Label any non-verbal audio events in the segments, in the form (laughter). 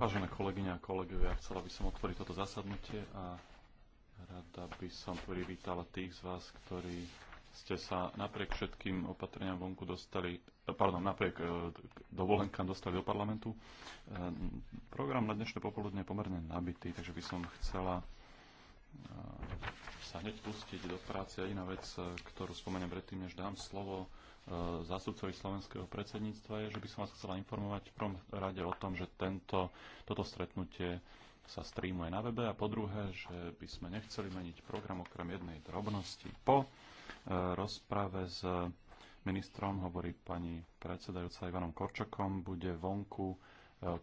Vážené kolegyne a kolegovia, chcela by som otvoriť toto zasadnutie a rada by som privítala tých z vás, ktorí ste sa napriek všetkým opatreniam vonku dostali, pardon, napriek e, dovolenkám dostali do parlamentu. E, program na dnešné popoludne je pomerne nabitý, takže by som chcela e, sa hneď pustiť do práce. Jediná vec, ktorú spomeniem predtým, než dám slovo E, zástupcovi slovenského predsedníctva je, že by som vás chcela informovať v prvom rade o tom, že tento, toto stretnutie sa streamuje na webe a po druhé, že by sme nechceli meniť program okrem jednej drobnosti. Po e, rozprave s ministrom, hovorí pani predsedajúca Ivanom Korčokom, bude vonku e,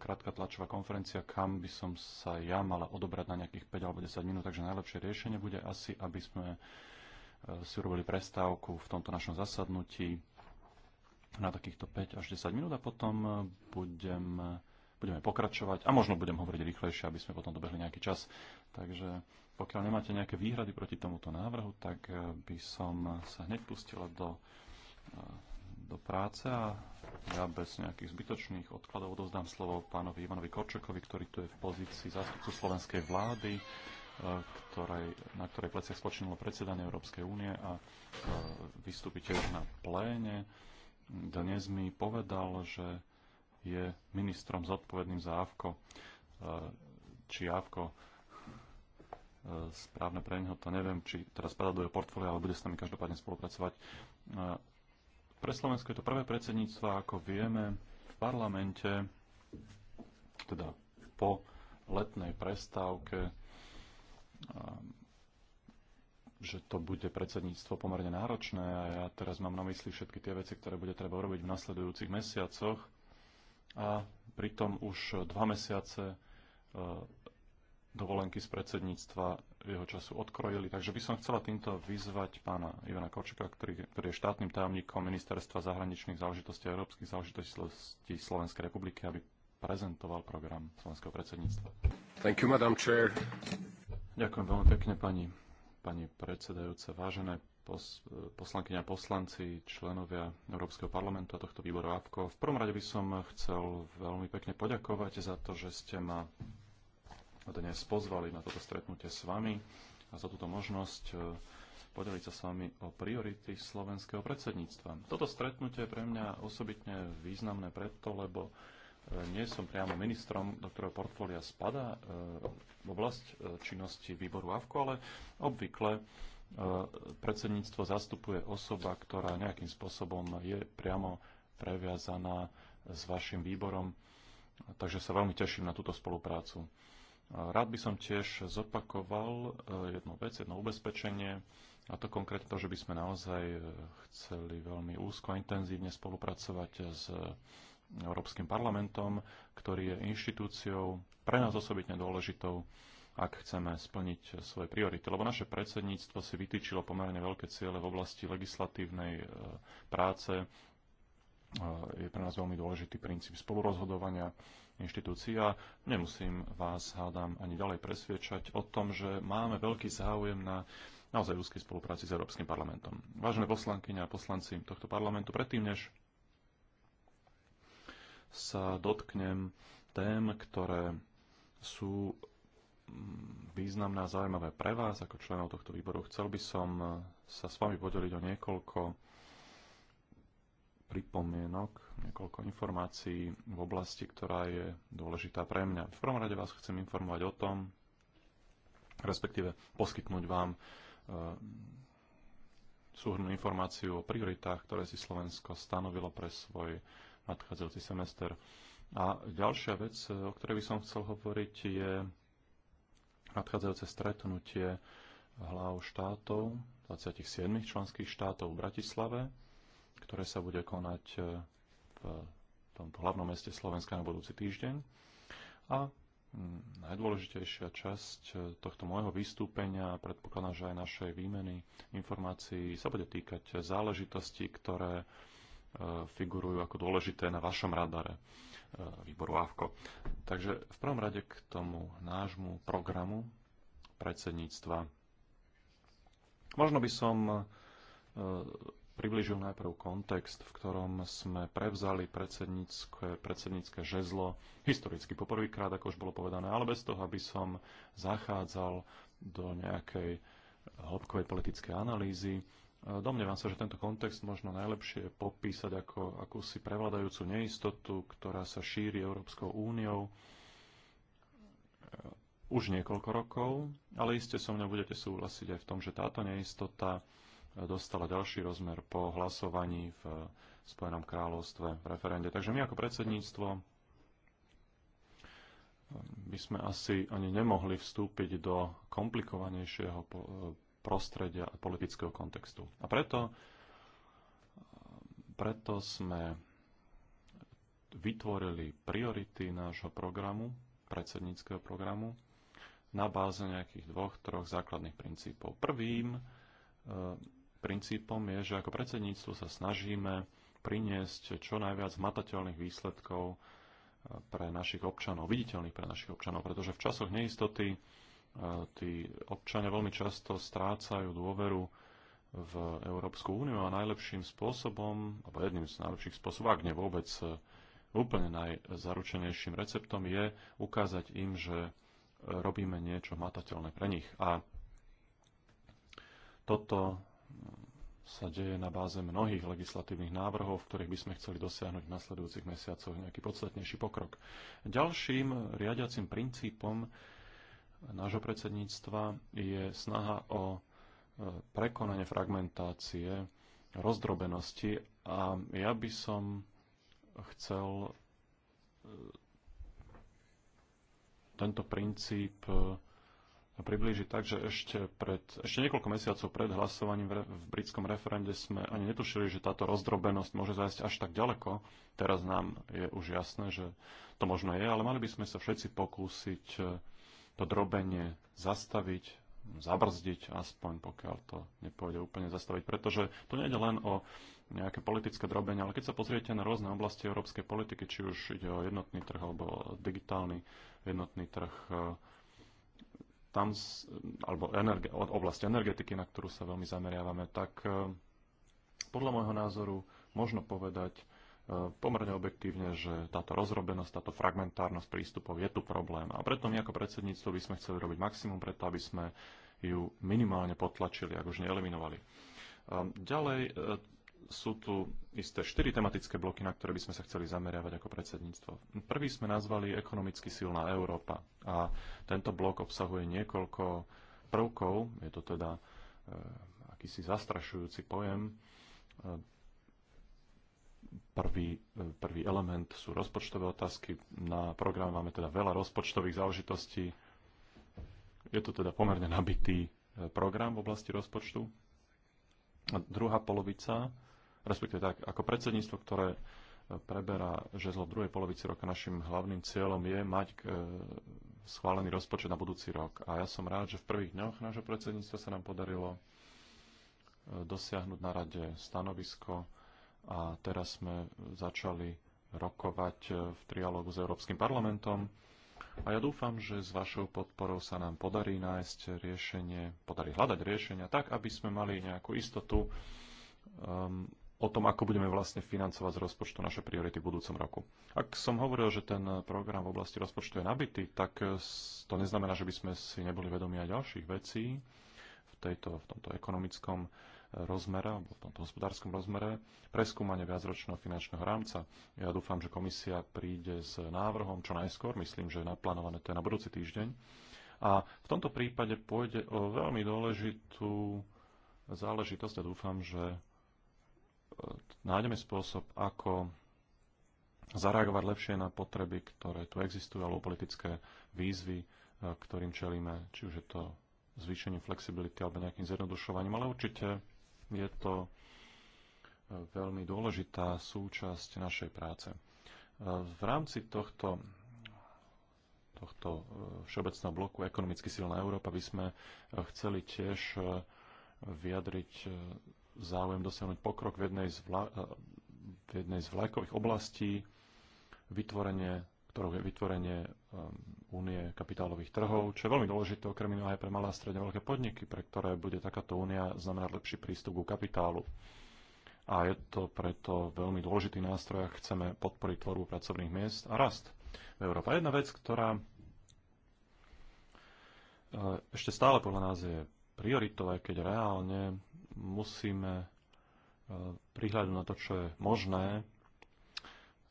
krátka tlačová konferencia, kam by som sa ja mala odobrať na nejakých 5 alebo 10 minút, takže najlepšie riešenie bude asi, aby sme e, si urobili prestávku v tomto našom zasadnutí na takýchto 5 až 10 minút a potom eh, budem, budeme pokračovať a možno budem hovoriť rýchlejšie, aby sme potom dobehli nejaký čas. Takže pokiaľ nemáte nejaké výhrady proti tomuto návrhu, tak eh, by som sa hneď pustila do, eh, do práce a ja bez nejakých zbytočných odkladov odovzdám slovo pánovi Ivanovi Korčokovi, ktorý tu je v pozícii zástupcu slovenskej vlády ktorej, na ktorej pleciach spočinulo predsedanie Európskej únie a vystúpite už na pléne dnes mi povedal, že je ministrom zodpovedným za AVKO, e, či AVKO e, správne pre neho, to neviem, či teraz spadá do jeho portfólia, ale bude s nami každopádne spolupracovať. E, pre Slovensko je to prvé predsedníctvo, ako vieme, v parlamente, teda po letnej prestávke, že to bude predsedníctvo pomerne náročné a ja teraz mám na mysli všetky tie veci, ktoré bude treba urobiť v nasledujúcich mesiacoch a pritom už dva mesiace e, dovolenky z predsedníctva jeho času odkrojili. Takže by som chcela týmto vyzvať pána Ivana Korčeka, ktorý, ktorý je štátnym tajomníkom Ministerstva zahraničných záležitostí a európskych záležitostí Slovenskej republiky, aby prezentoval program slovenského predsedníctva. Thank you, Madam Chair. Ďakujem veľmi pekne, pani pani predsedajúca, vážené pos- a poslanci, členovia Európskeho parlamentu a tohto výboru APKO. V prvom rade by som chcel veľmi pekne poďakovať za to, že ste ma dnes pozvali na toto stretnutie s vami a za túto možnosť e, podeliť sa s vami o priority slovenského predsedníctva. Toto stretnutie je pre mňa osobitne významné preto, lebo nie som priamo ministrom, do ktorého portfólia spada eh, oblasť eh, činnosti výboru AVKO, ale obvykle eh, predsedníctvo zastupuje osoba, ktorá nejakým spôsobom je priamo previazaná s vašim výborom. Takže sa veľmi teším na túto spoluprácu. Rád by som tiež zopakoval jednu vec, jedno ubezpečenie, a to konkrétne to, že by sme naozaj chceli veľmi úzko, intenzívne spolupracovať s Európskym parlamentom, ktorý je inštitúciou pre nás osobitne dôležitou, ak chceme splniť svoje priority. Lebo naše predsedníctvo si vytýčilo pomerne veľké ciele v oblasti legislatívnej e, práce. E, je pre nás veľmi dôležitý princíp spolurozhodovania inštitúcií a nemusím vás, hádam, ani ďalej presviečať o tom, že máme veľký záujem na naozaj úzkej spolupráci s Európskym parlamentom. Vážené poslankyne a poslanci tohto parlamentu, predtým, než sa dotknem tém, ktoré sú mm, významné a zaujímavé pre vás ako členov tohto výboru. Chcel by som e, sa s vami podeliť o niekoľko pripomienok, niekoľko informácií v oblasti, ktorá je dôležitá pre mňa. V prvom rade vás chcem informovať o tom, respektíve poskytnúť vám e, súhrnú informáciu o prioritách, ktoré si Slovensko stanovilo pre svoj nadchádzajúci semester. A ďalšia vec, e, o ktorej by som chcel hovoriť, je nadchádzajúce stretnutie hlav štátov, 27 členských štátov v Bratislave, ktoré sa bude konať e, v tomto hlavnom meste Slovenska na budúci týždeň. A najdôležitejšia časť e, tohto môjho vystúpenia, predpokladám, že aj našej výmeny informácií, sa bude týkať záležitostí, ktoré E, figurujú ako dôležité na vašom radare e, výboru AVKO. Takže v prvom rade k tomu nášmu programu predsedníctva. Možno by som e, priblížil najprv kontext, v ktorom sme prevzali predsednícke, predsednícke žezlo historicky poprvýkrát, ako už bolo povedané, ale bez toho, aby som zachádzal do nejakej hĺbkovej politickej analýzy. E, domnievam sa, že tento kontext možno najlepšie popísať ako akúsi prevladajúcu neistotu, ktorá sa šíri Európskou úniou e, už niekoľko rokov, ale iste so mnou budete súhlasiť aj v tom, že táto neistota e, dostala ďalší rozmer po hlasovaní v Spojenom kráľovstve v referende. Takže my ako predsedníctvo by sme asi ani nemohli vstúpiť do komplikovanejšieho prostredia a politického kontextu. A preto, preto sme vytvorili priority nášho programu, predsedníckého programu, na báze nejakých dvoch, troch základných princípov. Prvým e, princípom je, že ako predsedníctvo sa snažíme priniesť čo najviac matateľných výsledkov e, pre našich občanov, viditeľných pre našich občanov, pretože v časoch neistoty tí občania veľmi často strácajú dôveru v Európsku úniu a najlepším spôsobom, alebo jedným z najlepších spôsobov, ak nie vôbec e, úplne najzaručenejším receptom, je ukázať im, že robíme niečo matateľné pre nich. A toto sa deje na báze mnohých legislatívnych návrhov, v ktorých by sme chceli dosiahnuť v nasledujúcich mesiacoch nejaký podstatnejší pokrok. Ďalším riadiacim princípom nášho predsedníctva je snaha o e, prekonanie fragmentácie, rozdrobenosti a ja by som chcel e, tento princíp e, priblížiť tak, že ešte, pred, ešte niekoľko mesiacov pred hlasovaním v, v britskom referende sme ani netušili, že táto rozdrobenosť môže zajsť až tak ďaleko. Teraz nám je už jasné, že to možno je, ale mali by sme sa všetci pokúsiť to drobenie zastaviť, zabrzdiť aspoň, pokiaľ to nepôjde úplne zastaviť. Pretože to nie je len o nejaké politické drobenie, ale keď sa pozriete na rôzne oblasti európskej politiky, či už ide o jednotný trh alebo digitálny jednotný trh, e, tam, alebo energe, oblasti energetiky, na ktorú sa veľmi zameriavame, tak e, podľa môjho názoru možno povedať, E, pomerne objektívne, že táto rozrobenosť, táto fragmentárnosť prístupov je tu problém. A preto my ako predsedníctvo by sme chceli robiť maximum preto, aby sme ju minimálne potlačili, ak už neeliminovali. E, ďalej e, sú tu isté štyri tematické bloky, na ktoré by sme sa chceli zameriavať ako predsedníctvo. Prvý sme nazvali ekonomicky silná Európa a tento blok obsahuje niekoľko prvkov, je to teda akýsi zastrašujúci pojem, Prvý, prvý element sú rozpočtové otázky. Na programe máme teda veľa rozpočtových záležitostí. Je to teda pomerne nabitý e, program v oblasti rozpočtu. A druhá polovica, respektíve tak, ako predsedníctvo, ktoré e, preberá žezlo v druhej polovici roka, našim hlavným cieľom je mať e, schválený rozpočet na budúci rok. A ja som rád, že v prvých dňoch nášho predsedníctva sa nám podarilo dosiahnuť na rade stanovisko, a teraz sme začali rokovať e, v trialógu s Európskym parlamentom. A ja dúfam, že s vašou podporou sa nám podarí nájsť riešenie, podarí hľadať riešenia tak, aby sme mali nejakú istotu um, o tom, ako budeme vlastne financovať z rozpočtu naše priority v budúcom roku. Ak som hovoril, že ten program v oblasti rozpočtu je nabitý, tak e, to neznamená, že by sme si neboli vedomi aj ďalších vecí v, tejto, v tomto ekonomickom rozmere, alebo v tomto hospodárskom rozmere, preskúmanie viacročného finančného rámca. Ja dúfam, že komisia príde s návrhom čo najskôr, myslím, že je naplánované to je na budúci týždeň. A v tomto prípade pôjde o veľmi dôležitú záležitosť a dúfam, že e, nájdeme spôsob, ako zareagovať lepšie na potreby, ktoré tu existujú, alebo politické výzvy, e, ktorým čelíme, či už je to zvýšením flexibility alebo nejakým zjednodušovaním, ale určite je to e, veľmi dôležitá súčasť našej práce. E, v rámci tohto, tohto e, všeobecného bloku Ekonomicky silná Európa by sme chceli tiež vyjadriť záujem dosiahnuť pokrok v jednej z, vla, v jednej z vlajkových oblastí, vytvorenie ktorou je vytvorenie um, únie kapitálových trhov, čo je veľmi dôležité okrem iného aj pre malé a stredne veľké podniky, pre ktoré bude takáto únia znamenať lepší prístup ku kapitálu. A je to preto veľmi dôležitý nástroj, ak chceme podporiť tvorbu pracovných miest a rast v Európe. A jedna vec, ktorá uh, ešte stále podľa nás je prioritou, aj keď reálne musíme uh, prihľadnúť na to, čo je možné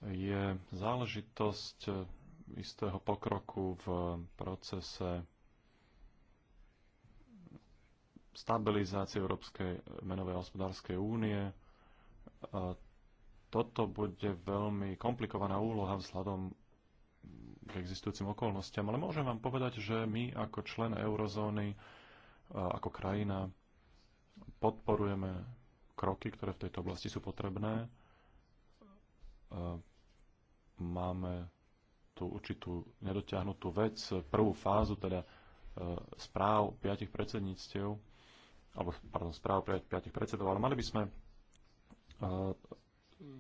je záležitosť eh, istého pokroku v procese stabilizácie Európskej menovej hospodárskej únie. Eh, toto bude veľmi komplikovaná úloha vzhľadom k existujúcim okolnostiam, ale môžem vám povedať, že my ako člen eurozóny, eh, ako krajina, podporujeme kroky, ktoré v tejto oblasti sú potrebné máme tú určitú nedotiahnutú vec, prvú fázu teda e, správ piatich predsedníctiev, alebo pardon, správ piatich predsedov, ale mali by sme e,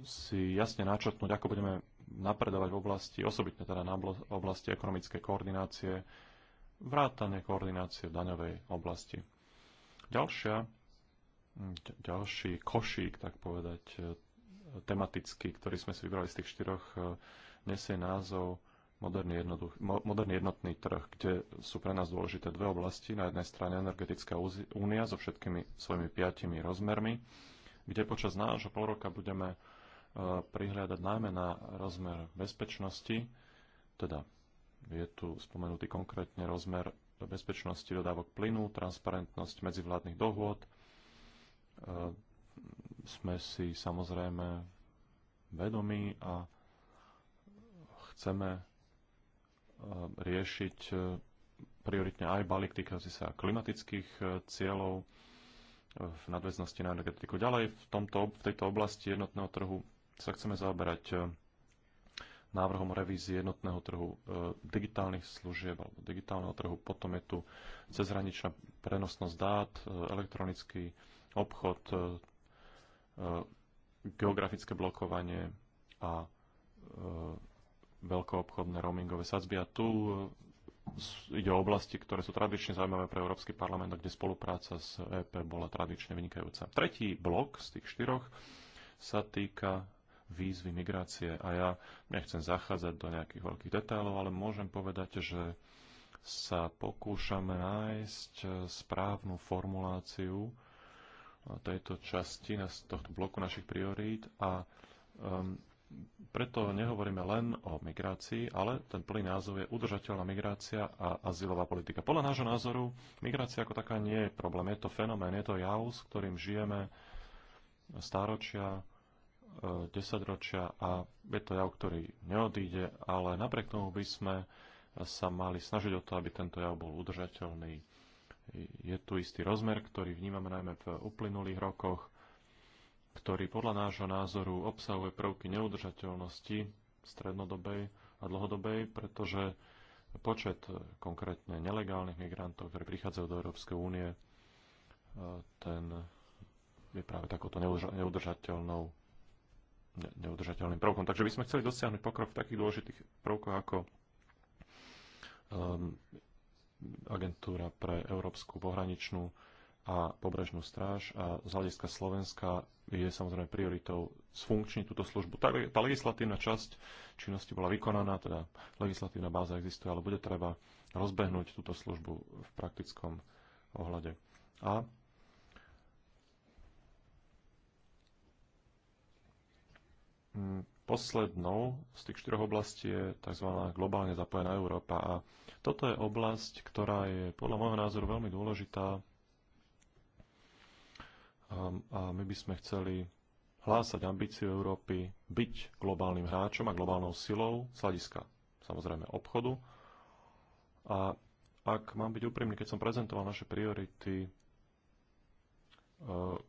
si jasne načrtnúť, ako budeme napredovať v oblasti, osobitne teda na oblasti ekonomickej koordinácie, vrátane koordinácie v daňovej oblasti. Ďalšia, ďalší košík, tak povedať, tematický, ktorý sme si vybrali z tých štyroch, e, nesie názov moderný, moderný jednotný trh, kde sú pre nás dôležité dve oblasti. Na jednej strane energetická únia so všetkými svojimi piatimi rozmermi, kde počas nášho pol roka budeme e, prihľadať najmä na rozmer bezpečnosti, teda je tu spomenutý konkrétne rozmer bezpečnosti dodávok plynu, transparentnosť medzivládnych dohôd, e, sme si samozrejme vedomí a chceme eh, riešiť eh, prioritne aj balík týkajúci sa klimatických eh, cieľov v nadväznosti na energetiku. Ďalej v, tomto, v tejto oblasti jednotného trhu sa chceme zaoberať návrhom revízie jednotného trhu digitálnych služieb alebo digitálneho trhu. Potom je tu cezhraničná prenosnosť dát, elektronický obchod, E, geografické blokovanie a e, veľkoobchodné roamingové sadzby. A tu e, ide o oblasti, ktoré sú tradične zaujímavé pre Európsky parlament, kde spolupráca s EP bola tradične vynikajúca. Tretí blok z tých štyroch sa týka výzvy migrácie a ja nechcem zachádzať do nejakých veľkých detailov, ale môžem povedať, že sa pokúšame nájsť správnu formuláciu tejto časti z tohto bloku našich priorít a um, preto nehovoríme len o migrácii, ale ten plný názov je udržateľná migrácia a azylová politika. Podľa nášho názoru migrácia ako taká nie je problém, je to fenomén, je to jav, s ktorým žijeme stáročia, eh, desaťročia a je to jav, ktorý neodíde, ale napriek tomu by sme sa mali snažiť o to, aby tento jav bol udržateľný je tu istý rozmer, ktorý vnímame najmä v uplynulých rokoch, ktorý podľa nášho názoru obsahuje prvky neudržateľnosti strednodobej a dlhodobej, pretože počet konkrétne nelegálnych migrantov, ktorí prichádzajú do Európskej únie, e, ten je práve takouto neudržateľnou neudržateľným prvkom. Takže by sme chceli dosiahnuť pokrok v takých dôležitých prvkoch ako um, agentúra pre Európsku pohraničnú a pobrežnú stráž a z hľadiska Slovenska je samozrejme prioritou sfunkčniť túto službu. Tá, tá legislatívna časť činnosti bola vykonaná, teda legislatívna báza existuje, ale bude treba rozbehnúť túto službu v praktickom ohľade. A mm, poslednou z tých štyroch oblastí je tzv. globálne zapojená Európa a toto je oblasť, ktorá je podľa môjho názoru veľmi dôležitá a my by sme chceli hlásať ambíciu Európy byť globálnym hráčom a globálnou silou z hľadiska samozrejme obchodu. A ak mám byť úprimný, keď som prezentoval naše priority e,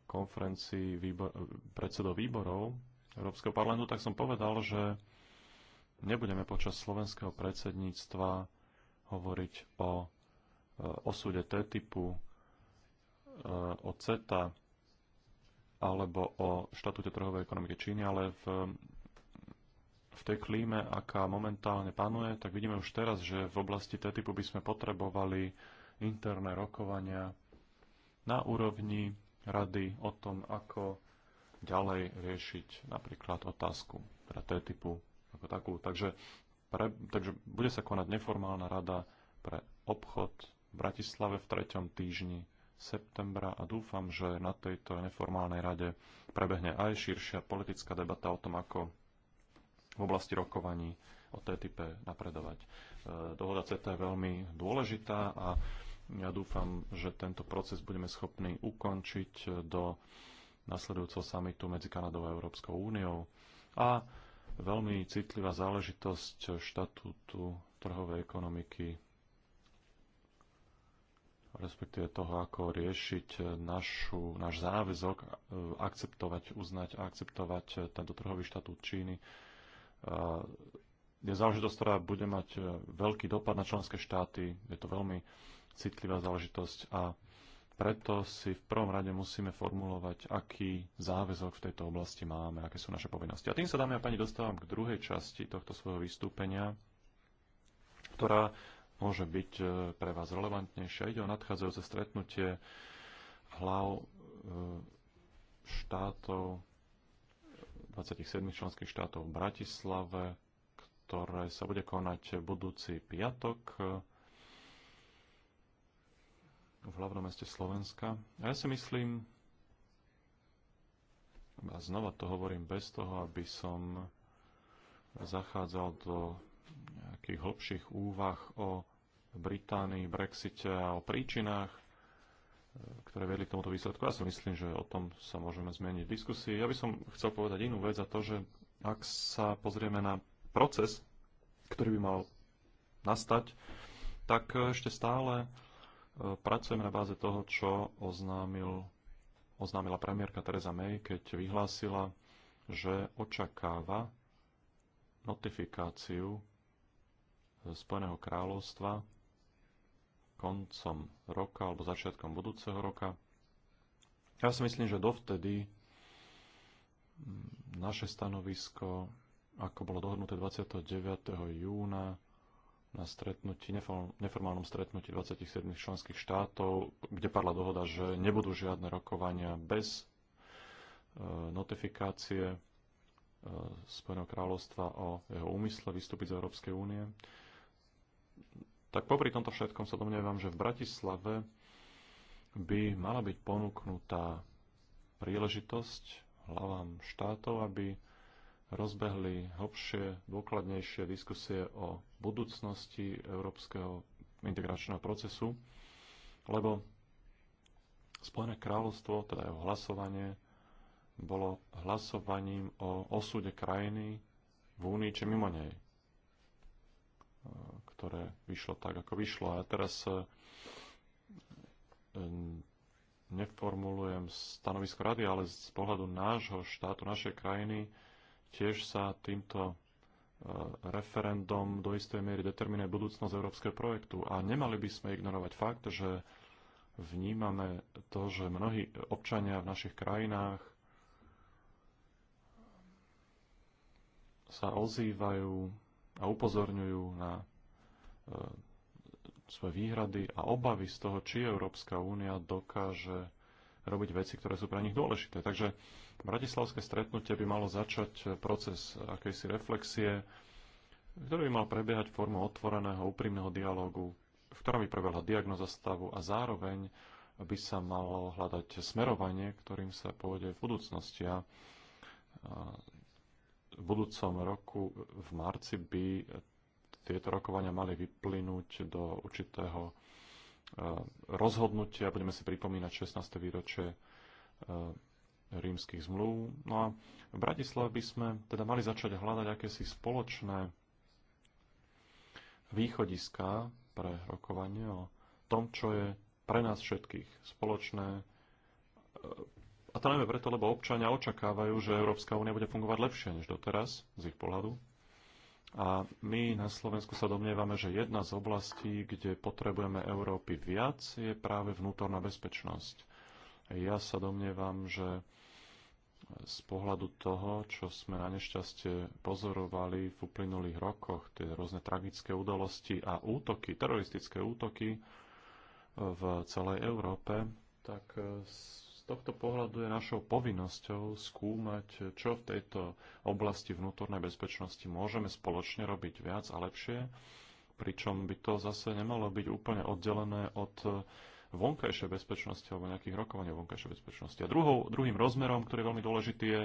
konferencii výbor, predsedov výborov Európskeho parlamentu, tak som povedal, že nebudeme počas slovenského predsedníctva hovoriť o e, osude T-typu, e, o CETA alebo o štatúte trhovej ekonomiky Číny, ale v, v tej klíme, aká momentálne panuje, tak vidíme už teraz, že v oblasti T-typu by sme potrebovali interné rokovania na úrovni rady o tom, ako ďalej riešiť napríklad otázku teda T-typu ako takú. Takže pre, takže bude sa konať neformálna rada pre obchod v Bratislave v 3. týždni septembra a dúfam, že na tejto neformálnej rade prebehne aj širšia politická debata o tom, ako v oblasti rokovaní o TTIP napredovať. E, dohoda CETA je veľmi dôležitá a ja dúfam, že tento proces budeme schopní ukončiť do nasledujúceho samitu medzi Kanadou a Európskou úniou. A veľmi citlivá záležitosť štatútu trhovej ekonomiky, respektíve toho, ako riešiť našu, náš záväzok e, akceptovať, uznať a akceptovať tento trhový štatút Číny. E, je záležitosť, ktorá bude mať veľký dopad na členské štáty. Je to veľmi citlivá záležitosť a preto si v prvom rade musíme formulovať, aký záväzok v tejto oblasti máme, aké sú naše povinnosti. A tým sa, dámy a pani, dostávam k druhej časti tohto svojho vystúpenia, ktorá môže byť e, pre vás relevantnejšia. Ide o nadchádzajúce stretnutie hlav e, štátov, 27 členských štátov v Bratislave, ktoré sa bude konať budúci piatok v hlavnom meste Slovenska. A ja si myslím, a znova to hovorím bez toho, aby som zachádzal do nejakých hlbších úvah o Británii, Brexite a o príčinách, ktoré vedli k tomuto výsledku. Ja si myslím, že o tom sa môžeme zmeniť v diskusii. Ja by som chcel povedať inú vec a to, že ak sa pozrieme na proces, ktorý by mal nastať, tak ešte stále E, pracujeme na báze toho, čo oznámil, oznámila premiérka Teresa May, keď vyhlásila, že očakáva notifikáciu Spojeného kráľovstva koncom roka alebo začiatkom budúceho roka. Ja si myslím, že dovtedy naše stanovisko, ako bolo dohodnuté 29. júna, na stretnutí, neformálnom stretnutí 27 členských štátov, kde padla dohoda, že nebudú žiadne rokovania bez e, notifikácie e, Spojeného kráľovstva o jeho úmysle vystúpiť z Európskej únie. Tak popri tomto všetkom sa domnievam, že v Bratislave by mala byť ponúknutá príležitosť hlavám štátov, aby rozbehli hlbšie, dôkladnejšie diskusie o budúcnosti európskeho integračného procesu, lebo Spojené kráľovstvo, teda jeho hlasovanie, bolo hlasovaním o osude krajiny v Únii či mimo nej, ktoré vyšlo tak, ako vyšlo. A ja teraz e, neformulujem stanovisko rady, ale z pohľadu nášho štátu, našej krajiny, Tiež sa týmto e, referendum do istej miery determinuje budúcnosť európskeho projektu. A nemali by sme ignorovať fakt, že vnímame to, že mnohí občania v našich krajinách sa ozývajú a upozorňujú na e, svoje výhrady a obavy z toho, či Európska únia dokáže robiť veci, ktoré sú pre nich dôležité. Takže bratislavské stretnutie by malo začať proces akejsi reflexie, ktorý by mal prebiehať formu otvoreného, úprimného dialógu, v ktorom by prebehla diagnoza stavu a zároveň by sa malo hľadať smerovanie, ktorým sa pôjde v budúcnosti. A v budúcom roku, v marci, by tieto rokovania mali vyplynúť do určitého Eh, rozhodnutia, budeme si pripomínať 16. výročie eh, rímskych zmluv. No a v Bratislave by sme teda mali začať hľadať akési spoločné východiská pre rokovanie o tom, čo je pre nás všetkých spoločné. Eh, a to najmä preto, lebo občania očakávajú, že Európska únia bude fungovať lepšie než doteraz, z ich pohľadu. A my na Slovensku sa domnievame, že jedna z oblastí, kde potrebujeme Európy viac, je práve vnútorná bezpečnosť. Ja sa domnievam, že z pohľadu toho, čo sme na nešťastie pozorovali v uplynulých rokoch, tie rôzne tragické udalosti a útoky, teroristické útoky v celej Európe, tak tohto pohľadu je našou povinnosťou skúmať, čo v tejto oblasti vnútornej bezpečnosti môžeme spoločne robiť viac a lepšie, pričom by to zase nemalo byť úplne oddelené od vonkajšej bezpečnosti alebo nejakých rokovaní o vonkajšej bezpečnosti. A druhou, druhým rozmerom, ktorý je veľmi dôležitý, je,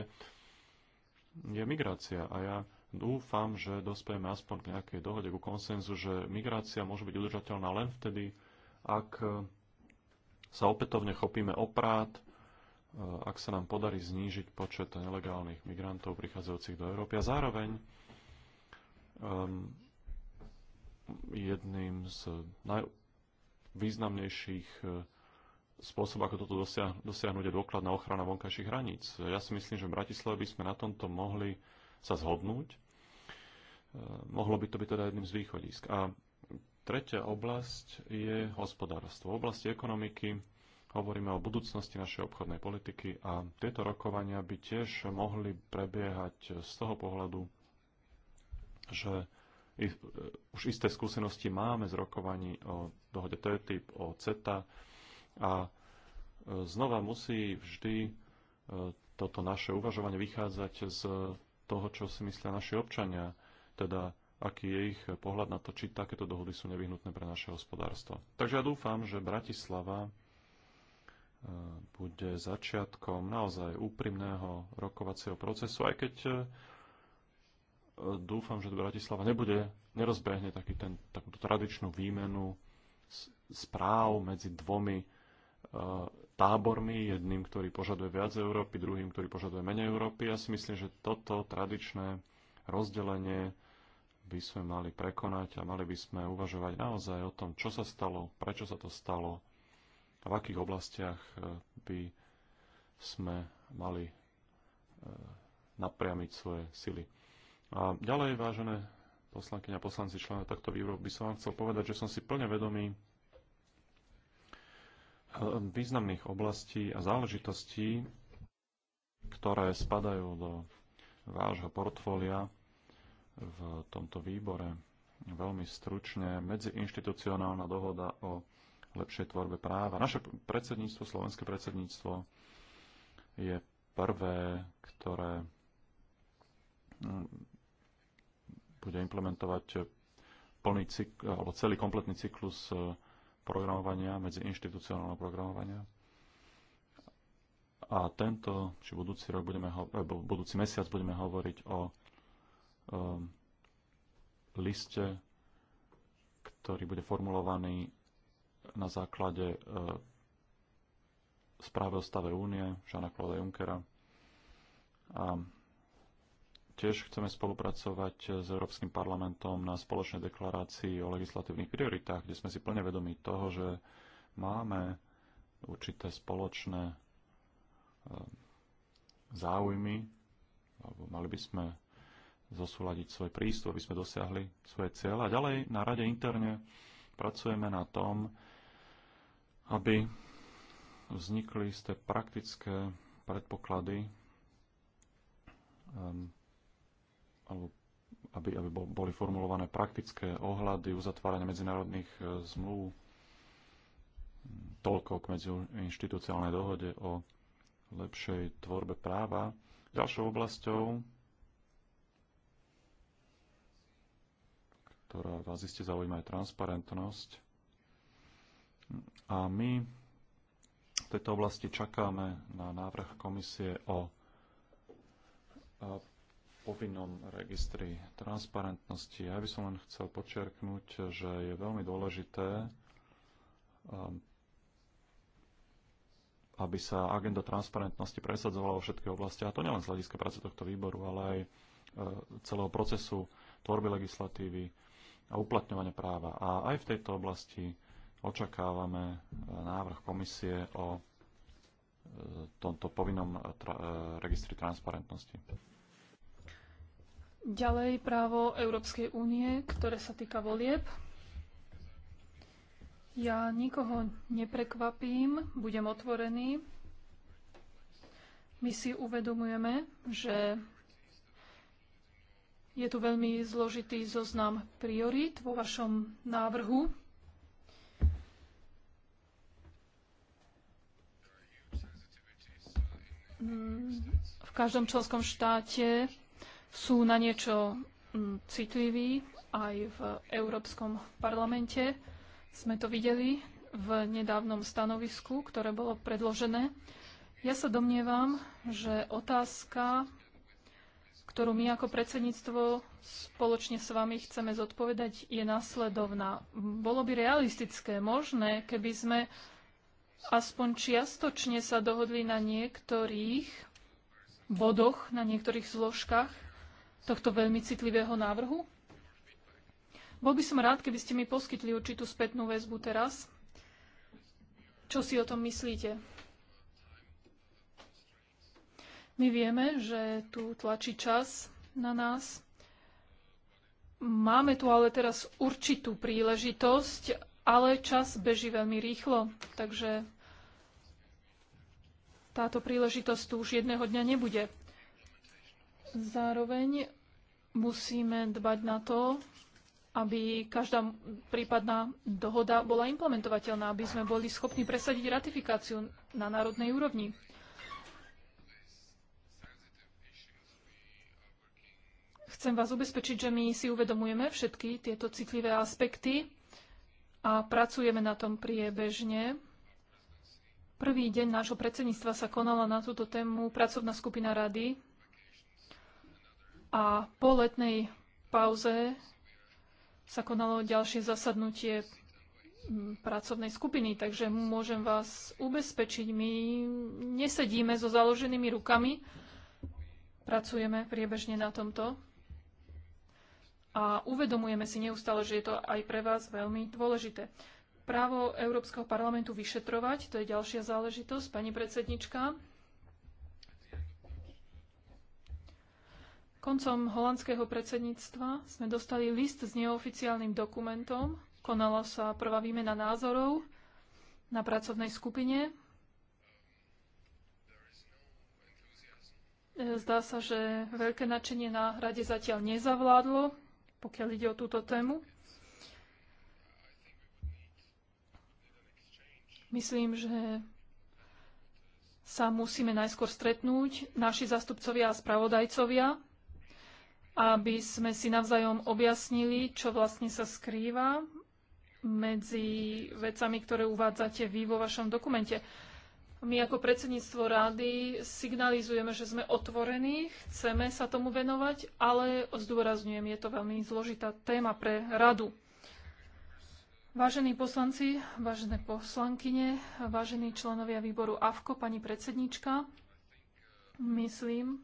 je migrácia. A ja dúfam, že dospejeme aspoň k nejakej dohode, ku konsenzu, že migrácia môže byť udržateľná len vtedy, ak sa opätovne chopíme oprát ak sa nám podarí znížiť počet nelegálnych migrantov prichádzajúcich do Európy. A zároveň um, jedným z najvýznamnejších uh, spôsobov, ako toto dosiahnuť, je dôkladná ochrana vonkajších hraníc. Ja si myslím, že v Bratislave by sme na tomto mohli sa zhodnúť. Uh, mohlo by to byť teda jedným z východisk. A tretia oblasť je hospodárstvo. V oblasti ekonomiky hovoríme o budúcnosti našej obchodnej politiky a tieto rokovania by tiež mohli prebiehať z toho pohľadu, že už isté skúsenosti máme z rokovaní o dohode TTIP, o CETA a e, znova musí vždy e, toto naše uvažovanie vychádzať z toho, čo si myslia naši občania, teda aký je ich pohľad na to, či takéto dohody sú nevyhnutné pre naše hospodárstvo. Takže ja dúfam, že Bratislava bude začiatkom naozaj úprimného rokovacieho procesu, aj keď e, dúfam, že Bratislava nebude, nerozbehne taký ten, takúto tradičnú výmenu správ medzi dvomi e, tábormi, jedným, ktorý požaduje viac Európy, druhým, ktorý požaduje menej Európy. Ja si myslím, že toto tradičné rozdelenie by sme mali prekonať a mali by sme uvažovať naozaj o tom, čo sa stalo, prečo sa to stalo, v akých oblastiach e, by sme mali e, napriamiť svoje sily. A ďalej, vážené poslankyňa, poslanci, člena takto výrob, by som vám chcel povedať, že som si plne vedomý e, významných oblastí a záležitostí, ktoré spadajú do vášho portfólia v tomto výbore. Veľmi stručne medziinštitucionálna dohoda o lepšej tvorbe práva. Naše predsedníctvo, slovenské predsedníctvo, je prvé, ktoré mm, bude implementovať plný cykl, alebo celý kompletný cyklus e, programovania, medzi inštitucionálne programovania. A tento, či budúci rok budeme e, budúci mesiac budeme hovoriť o um, liste, ktorý bude formulovaný na základe e, správy o stave únie Žana Claude Junckera. A tiež chceme spolupracovať s Európskym parlamentom na spoločnej deklarácii o legislatívnych prioritách, kde sme si plne vedomi toho, že máme určité spoločné e, záujmy, alebo mali by sme zosúľadiť svoj prístup, aby sme dosiahli svoje cieľe. A ďalej na rade interne pracujeme na tom, aby vznikli isté praktické predpoklady um, alebo aby, aby boli formulované praktické ohľady uzatvárania medzinárodných e, zmluv toľko k medziinstitucionálnej dohode o lepšej tvorbe práva. Ďalšou oblasťou, ktorá vás iste zaujíma, je transparentnosť. A my v tejto oblasti čakáme na návrh komisie o povinnom registri transparentnosti. Ja by som len chcel počerknúť, že je veľmi dôležité, ehm, aby sa agenda transparentnosti presadzovala vo všetkých oblastiach, a to nielen z hľadiska práce tohto výboru, ale aj ehm, celého procesu tvorby legislatívy a uplatňovania práva. A aj v tejto oblasti Očakávame e, návrh komisie o e, tomto povinnom e, tra- registri transparentnosti. Ďalej právo Európskej únie, ktoré sa týka volieb. Ja nikoho neprekvapím, budem otvorený. My si uvedomujeme, že je tu veľmi zložitý zoznam priorít vo vašom návrhu v každom členskom štáte sú na niečo mm, citliví, aj v Európskom parlamente sme to videli v nedávnom stanovisku, ktoré bolo predložené. Ja sa domnievam, že otázka, ktorú my ako predsedníctvo spoločne s vami chceme zodpovedať, je následovná. Bolo by realistické, možné, keby sme aspoň čiastočne sa dohodli na niektorých bodoch, na niektorých zložkách tohto veľmi citlivého návrhu? Bol by som rád, keby ste mi poskytli určitú spätnú väzbu teraz. Čo si o tom myslíte? My vieme, že tu tlačí čas na nás. Máme tu ale teraz určitú príležitosť ale čas beží veľmi rýchlo, takže táto príležitosť tu už jedného dňa nebude. Zároveň musíme dbať na to, aby každá prípadná dohoda bola implementovateľná, aby sme boli schopní presadiť ratifikáciu na národnej úrovni. Chcem vás ubezpečiť, že my si uvedomujeme všetky tieto citlivé aspekty a pracujeme na tom priebežne. Prvý deň nášho predsedníctva sa konala na túto tému pracovná skupina rady a po letnej pauze sa konalo ďalšie zasadnutie mm, pracovnej skupiny, takže môžem vás ubezpečiť, my nesedíme so založenými rukami, pracujeme priebežne na tomto a uvedomujeme si neustále, že je to aj pre vás veľmi dôležité. Právo Európskeho parlamentu vyšetrovať, to je ďalšia záležitosť, pani predsednička. Koncom holandského predsedníctva sme dostali list s neoficiálnym dokumentom. Konala sa prvá výmena názorov na pracovnej skupine. Zdá sa, že veľké nadšenie na rade zatiaľ nezavládlo pokiaľ ide o túto tému. Myslím, že sa musíme najskôr stretnúť, naši zastupcovia a spravodajcovia, aby sme si navzájom objasnili, čo vlastne sa skrýva medzi vecami, ktoré uvádzate vy vo vašom dokumente. My ako predsedníctvo rády signalizujeme, že sme otvorení, chceme sa tomu venovať, ale zdôrazňujem, je to veľmi zložitá téma pre radu. Vážení poslanci, vážené poslankyne, vážení členovia výboru AVKO, pani predsednička, myslím,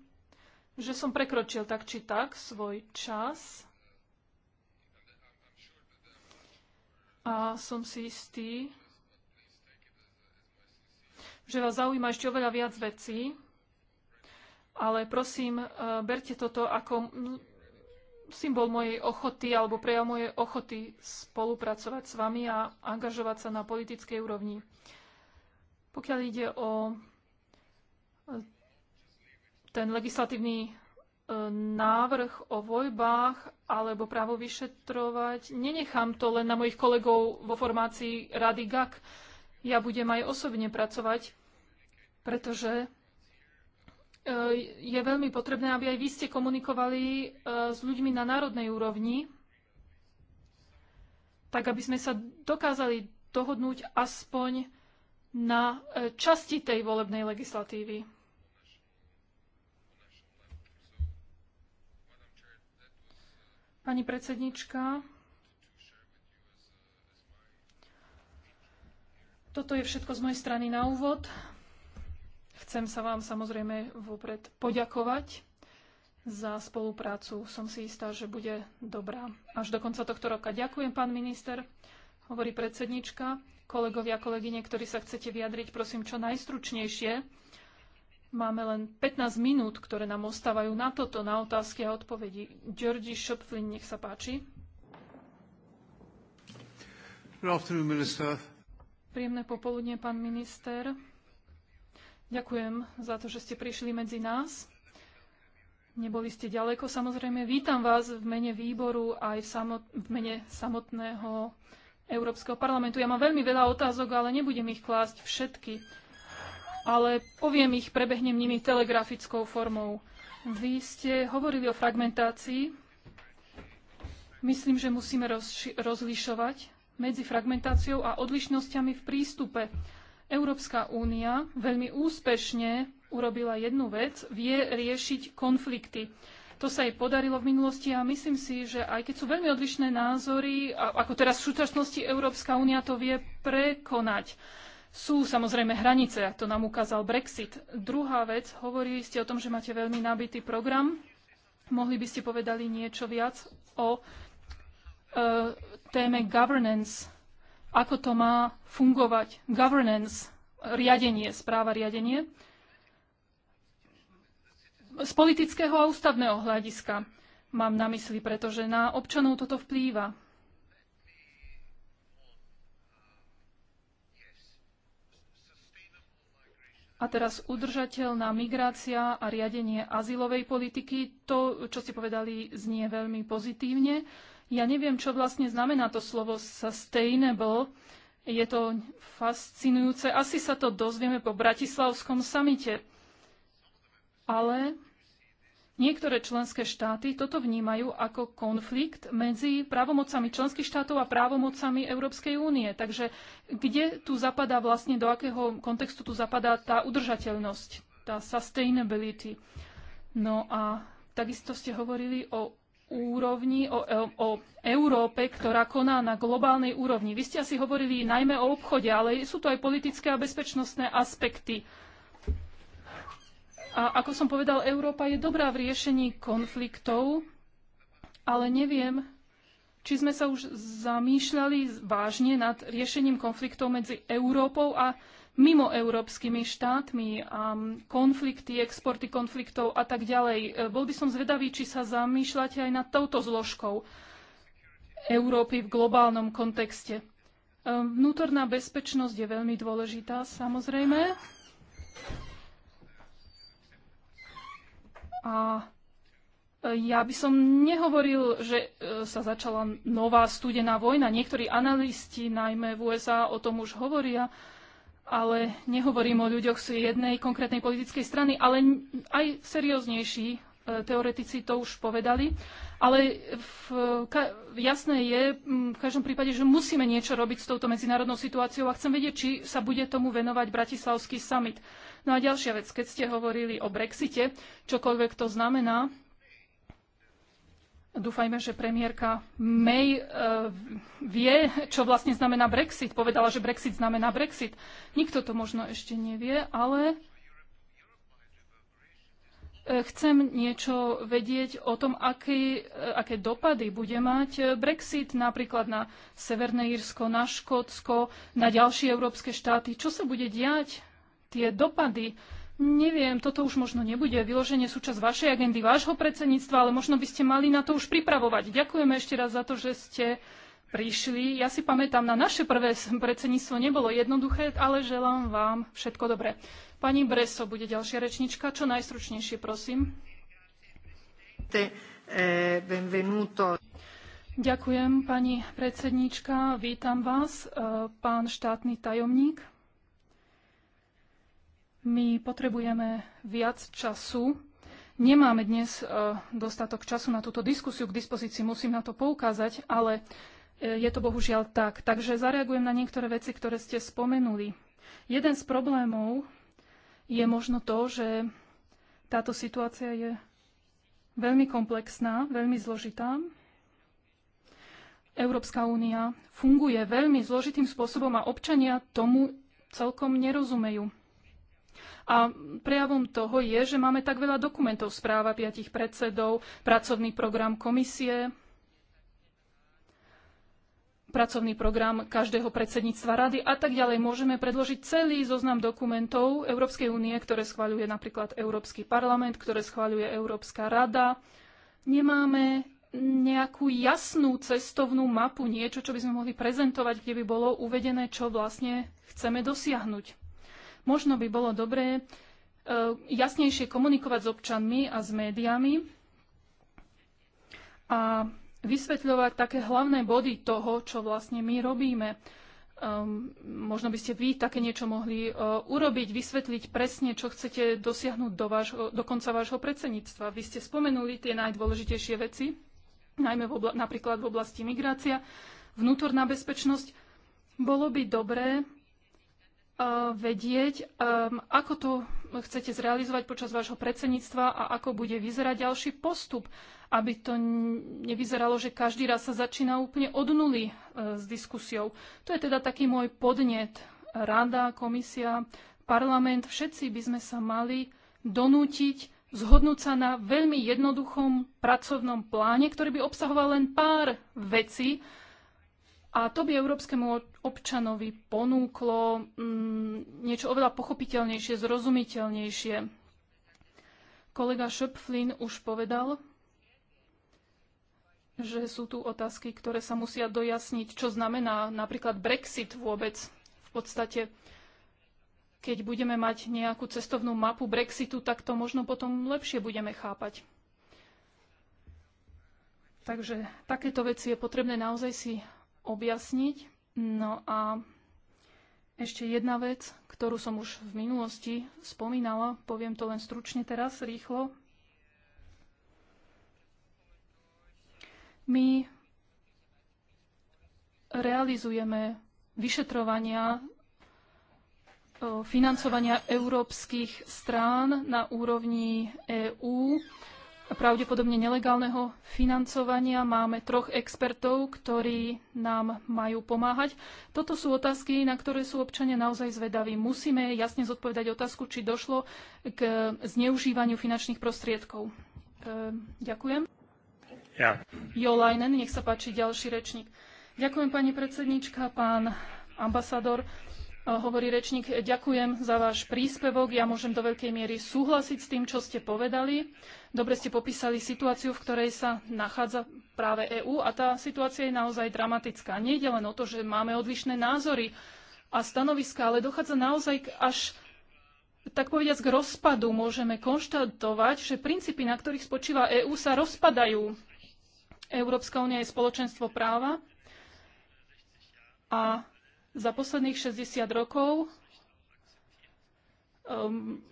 že som prekročil tak či tak svoj čas. A som si istý, že vás zaujíma ešte oveľa viac vecí, ale prosím, eh, berte toto ako symbol mojej ochoty alebo prejav mojej ochoty spolupracovať s vami a angažovať sa na politickej úrovni. Pokiaľ ide o eh, ten legislatívny eh, návrh o voľbách alebo právo vyšetrovať. Nenechám to len na mojich kolegov vo formácii Rady GAK. Ja budem aj osobne pracovať pretože e, je veľmi potrebné, aby aj vy ste komunikovali e, s ľuďmi na národnej úrovni, tak aby sme sa dokázali dohodnúť aspoň na e, časti tej volebnej legislatívy. Pani predsednička, toto je všetko z mojej strany na úvod. Chcem sa vám samozrejme vopred poďakovať za spoluprácu. Som si istá, že bude dobrá. Až do konca tohto roka. Ďakujem, pán minister, hovorí predsednička. Kolegovia, kolegyne, ktorí sa chcete vyjadriť, prosím, čo najstručnejšie. Máme len 15 minút, ktoré nám ostávajú na toto, na otázky a odpovedi. Georgi Šopflin, nech sa páči. Príjemné popoludne, pán minister. Ďakujem za to, že ste prišli medzi nás. Neboli ste ďaleko, samozrejme. Vítam vás v mene výboru aj v, samot, v mene samotného Európskeho parlamentu. Ja mám veľmi veľa otázok, ale nebudem ich klásť všetky. Ale poviem ich, prebehnem nimi telegrafickou formou. Vy ste hovorili o fragmentácii. Myslím, že musíme rozlišovať medzi fragmentáciou a odlišnosťami v prístupe Európska únia veľmi úspešne urobila jednu vec, vie riešiť konflikty. To sa jej podarilo v minulosti a myslím si, že aj keď sú veľmi odlišné názory, ako teraz v súčasnosti Európska únia to vie prekonať. Sú samozrejme hranice, to nám ukázal Brexit. Druhá vec, hovorili ste o tom, že máte veľmi nabitý program. Mohli by ste povedali niečo viac o e, téme governance ako to má fungovať governance, riadenie, správa riadenie, z politického a ústavného hľadiska mám na mysli, pretože na občanov toto vplýva. A teraz udržateľná migrácia a riadenie azylovej politiky. To, čo ste povedali, znie veľmi pozitívne. Ja neviem, čo vlastne znamená to slovo sustainable. Je to fascinujúce. Asi sa to dozvieme po bratislavskom samite. Ale niektoré členské štáty toto vnímajú ako konflikt medzi právomocami členských štátov a právomocami Európskej únie. Takže kde tu zapadá vlastne, do akého kontextu tu zapadá tá udržateľnosť, tá sustainability. No a takisto ste hovorili o úrovni, o, o Európe, ktorá koná na globálnej úrovni. Vy ste asi hovorili najmä o obchode, ale sú to aj politické a bezpečnostné aspekty. A ako som povedal, Európa je dobrá v riešení konfliktov, ale neviem, či sme sa už zamýšľali vážne nad riešením konfliktov medzi Európou a mimo európskymi štátmi, a konflikty, exporty konfliktov a tak ďalej. E, bol by som zvedavý, či sa zamýšľate aj nad touto zložkou Európy v globálnom kontexte. E, vnútorná bezpečnosť je veľmi dôležitá, samozrejme. A e, ja by som nehovoril, že sa začala nová studená vojna. Niektorí analisti, najmä v USA, o tom už hovoria ale nehovorím o ľuďoch z jednej konkrétnej politickej strany, ale aj serióznejší e, teoretici to už povedali. Ale v, ka, jasné je v každom prípade, že musíme niečo robiť s touto medzinárodnou situáciou a chcem vedieť, či sa bude tomu venovať Bratislavský summit. No a ďalšia vec, keď ste hovorili o Brexite, čokoľvek to znamená, Dúfajme, že premiérka May uh, vie, čo vlastne znamená Brexit. Povedala, že Brexit znamená Brexit. Nikto to možno ešte nevie, ale e, chcem niečo vedieť o tom, aký, e, aké dopady bude mať Brexit napríklad na Severné Írsko, na Škótsko, na ďalšie európske štáty. Čo sa bude diať? Tie dopady Neviem, toto už možno nebude vyloženie súčasť vašej agendy, vášho predsedníctva, ale možno by ste mali na to už pripravovať. Ďakujeme ešte raz za to, že ste prišli. Ja si pamätám, na naše prvé predsedníctvo nebolo jednoduché, ale želám vám všetko dobré. Pani Breso bude ďalšia rečnička, čo najstručnejšie, prosím. Eh, Ďakujem, pani predsedníčka. Vítam vás, eh, pán štátny tajomník. My potrebujeme viac času. Nemáme dnes e, dostatok času na túto diskusiu k dispozícii, musím na to poukázať, ale e, je to bohužiaľ tak. Takže zareagujem na niektoré veci, ktoré ste spomenuli. Jeden z problémov je možno to, že táto situácia je veľmi komplexná, veľmi zložitá. Európska únia funguje veľmi zložitým spôsobom a občania tomu celkom nerozumejú. A prejavom toho je, že máme tak veľa dokumentov, správa piatich predsedov, pracovný program komisie, pracovný program každého predsedníctva rady a tak ďalej. Môžeme predložiť celý zoznam dokumentov Európskej únie, ktoré schváľuje napríklad Európsky parlament, ktoré schváľuje Európska rada. Nemáme nejakú jasnú cestovnú mapu, niečo, čo by sme mohli prezentovať, kde by bolo uvedené, čo vlastne chceme dosiahnuť. Možno by bolo dobré e, jasnejšie komunikovať s občanmi a s médiami a vysvetľovať také hlavné body toho, čo vlastne my robíme. E, možno by ste vy také niečo mohli e, urobiť, vysvetliť presne, čo chcete dosiahnuť do, vášho, do konca vášho predsedníctva. Vy ste spomenuli tie najdôležitejšie veci, najmä v obla- napríklad v oblasti migrácia, vnútorná bezpečnosť. Bolo by dobré vedieť, um, ako to chcete zrealizovať počas vášho predsedníctva a ako bude vyzerať ďalší postup, aby to nevyzeralo, že každý raz sa začína úplne od nuly e, s diskusiou. To je teda taký môj podnet. Rada, komisia, parlament, všetci by sme sa mali donútiť zhodnúť sa na veľmi jednoduchom pracovnom pláne, ktorý by obsahoval len pár vecí, a to by európskemu občanovi ponúklo mm, niečo oveľa pochopiteľnejšie, zrozumiteľnejšie. Kolega Schöpflin už povedal, že sú tu otázky, ktoré sa musia dojasniť, čo znamená napríklad Brexit vôbec. V podstate, keď budeme mať nejakú cestovnú mapu Brexitu, tak to možno potom lepšie budeme chápať. Takže takéto veci je potrebné naozaj si objasniť. No a ešte jedna vec, ktorú som už v minulosti spomínala, poviem to len stručne teraz, rýchlo. My realizujeme vyšetrovania financovania európskych strán na úrovni EÚ. EU pravdepodobne nelegálneho financovania. Máme troch expertov, ktorí nám majú pomáhať. Toto sú otázky, na ktoré sú občania naozaj zvedaví. Musíme jasne zodpovedať otázku, či došlo k zneužívaniu finančných prostriedkov. E, ďakujem. Ja. Jo Leinen, nech sa páči ďalší rečník. Ďakujem pani predsednička, pán ambasador. E, hovorí rečník, e, ďakujem za váš príspevok. Ja môžem do veľkej miery súhlasiť s tým, čo ste povedali. Dobre ste popísali situáciu, v ktorej sa nachádza práve EÚ a tá situácia je naozaj dramatická. Nie je len o to, že máme odlišné názory a stanoviska, ale dochádza naozaj k až tak povediac k rozpadu môžeme konštatovať, že princípy, na ktorých spočíva EÚ, sa rozpadajú. Európska únia je spoločenstvo práva a za posledných 60 rokov um,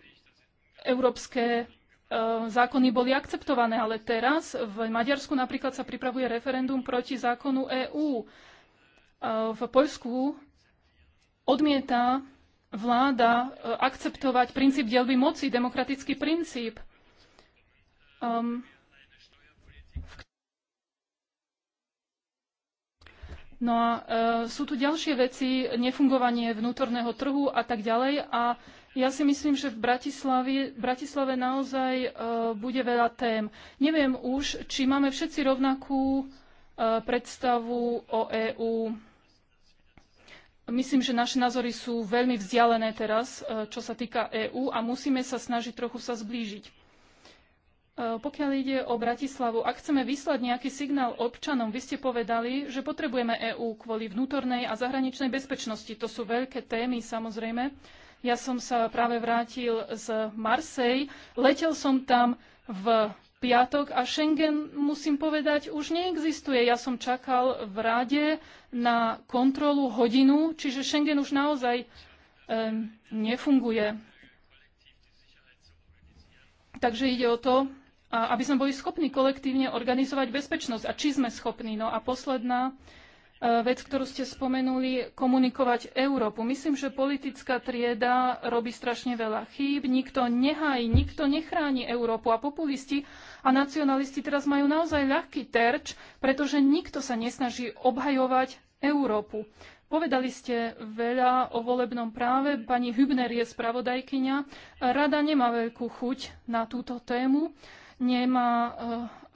európske uh, zákony boli akceptované, ale teraz v Maďarsku napríklad sa pripravuje referendum proti zákonu EÚ. Uh, v Poľsku odmieta vláda uh, akceptovať princíp delby moci, demokratický princíp. V um, No a e, sú tu ďalšie veci, nefungovanie vnútorného trhu a tak ďalej. A ja si myslím, že v Bratislave, v Bratislave naozaj e, bude veľa tém. Neviem už, či máme všetci rovnakú e, predstavu o EÚ. Myslím, že naše názory sú veľmi vzdialené teraz, e, čo sa týka EÚ a musíme sa snažiť trochu sa zblížiť. E, pokiaľ ide o Bratislavu, ak chceme vyslať nejaký signál občanom, vy ste povedali, že potrebujeme EÚ kvôli vnútornej a zahraničnej bezpečnosti. To sú veľké témy, samozrejme. Ja som sa práve vrátil z Marsej. Letel som tam v piatok a Schengen, musím povedať, už neexistuje. Ja som čakal v rade na kontrolu hodinu, čiže Schengen už naozaj um, nefunguje. Takže ide o to, a aby sme boli schopní kolektívne organizovať bezpečnosť a či sme schopní. No a posledná e, vec, ktorú ste spomenuli, komunikovať Európu. Myslím, že politická trieda robí strašne veľa chýb, nikto nehájí, nikto nechráni Európu a populisti a nacionalisti teraz majú naozaj ľahký terč, pretože nikto sa nesnaží obhajovať Európu. Povedali ste veľa o volebnom práve, pani Hübner je spravodajkyňa. Rada nemá veľkú chuť na túto tému nemá eh,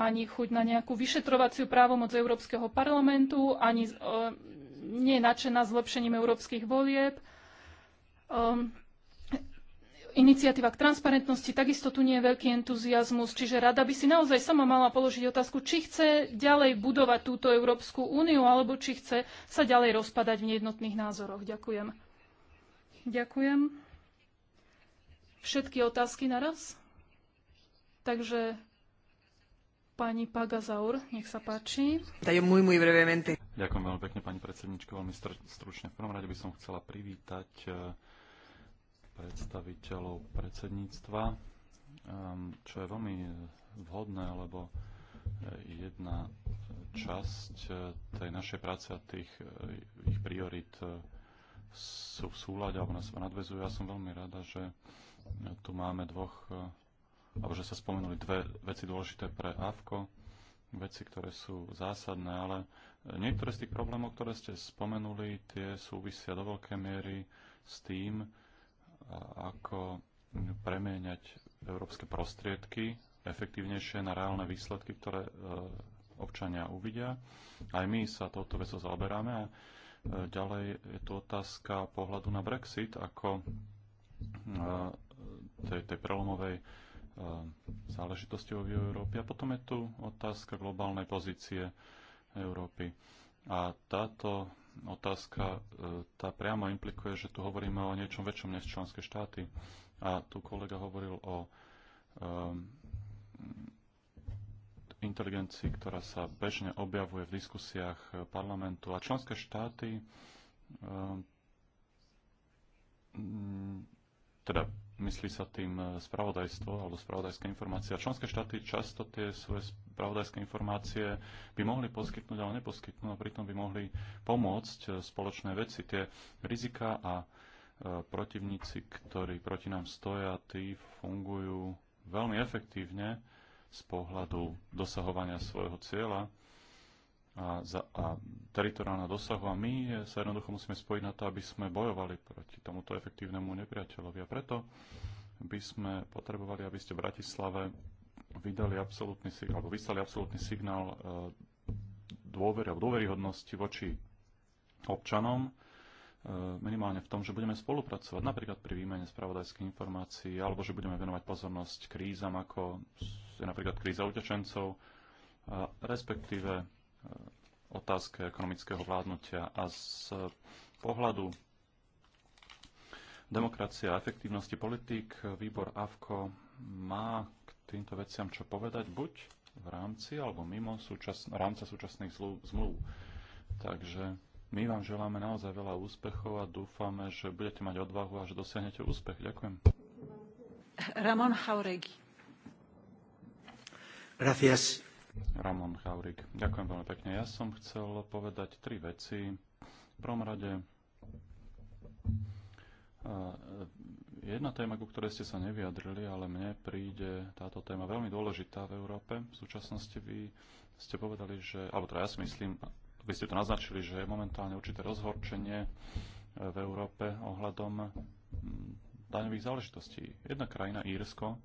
ani chuť na nejakú vyšetrovaciu právomoc Európskeho parlamentu, ani eh, nie je nadšená zlepšením európskych volieb. Ehm, iniciatíva k transparentnosti, takisto tu nie je veľký entuziasmus, čiže rada by si naozaj sama mala položiť otázku, či chce ďalej budovať túto Európsku úniu, alebo či chce sa ďalej rozpadať v nejednotných názoroch. Ďakujem. Ďakujem. Všetky otázky naraz? Takže pani Pagazaur, nech sa páči. Ďakujem veľmi pekne, pani predsedničko, veľmi stručne. V prvom rade by som chcela privítať eh, predstaviteľov predsedníctva, ehm, čo je veľmi vhodné, lebo eh, jedna časť eh, tej našej práce a tých ich priorit sú v súľade alebo na seba nadvezujú. Ja som veľmi rada, že tu máme dvoch alebo že sa spomenuli dve veci dôležité pre AVKO, veci, ktoré sú zásadné, ale niektoré z tých problémov, ktoré ste spomenuli, tie súvisia do veľkej miery s tým, ako premieňať európske prostriedky efektívnejšie na reálne výsledky, ktoré e, občania uvidia. Aj my sa touto vecou zaoberáme a e, ďalej je tu otázka pohľadu na Brexit ako e, tej, tej prelomovej záležitosťou Európe. A potom je tu otázka globálnej pozície Európy. A táto otázka e, tá priamo implikuje, že tu hovoríme o niečom väčšom než členské štáty. A tu kolega hovoril o um, inteligencii, ktorá sa bežne objavuje v diskusiách parlamentu. A členské štáty um, teda myslí sa tým e, spravodajstvo alebo spravodajská informácia. Členské štáty často tie svoje spravodajské informácie by mohli poskytnúť, ale neposkytnú a pritom by mohli pomôcť e, spoločné veci. Tie rizika a e, protivníci, ktorí proti nám stoja, tí fungujú veľmi efektívne z pohľadu dosahovania svojho cieľa a, za, a teritoriálna dosahu a my sa jednoducho musíme spojiť na to, aby sme bojovali proti tomuto efektívnemu nepriateľovi. A preto by sme potrebovali, aby ste v Bratislave vydali absolútny signál, alebo vyslali absolútny signál e, dôvery a dôveryhodnosti voči občanom, e, minimálne v tom, že budeme spolupracovať napríklad pri výmene spravodajských informácií, alebo že budeme venovať pozornosť krízam, ako je napríklad kríza utečencov, respektíve otázke ekonomického vládnutia a z pohľadu demokracie a efektívnosti politík výbor AVKO má k týmto veciam čo povedať buď v rámci alebo mimo súčasn- rámca súčasných zmluv. Takže my vám želáme naozaj veľa úspechov a dúfame, že budete mať odvahu a že dosiahnete úspech. Ďakujem. Ramon Jauregui. Gracias, Ramon Chaurik. Ďakujem veľmi pekne. Ja som chcel povedať tri veci. V prvom rade eh, jedna téma, ku ktorej ste sa nevyjadrili, ale mne príde táto téma veľmi dôležitá v Európe. V súčasnosti vy ste povedali, že, alebo teda ja si myslím, vy ste to naznačili, že je momentálne určité rozhorčenie eh, v Európe ohľadom hm, daňových záležitostí. Jedna krajina, Írsko,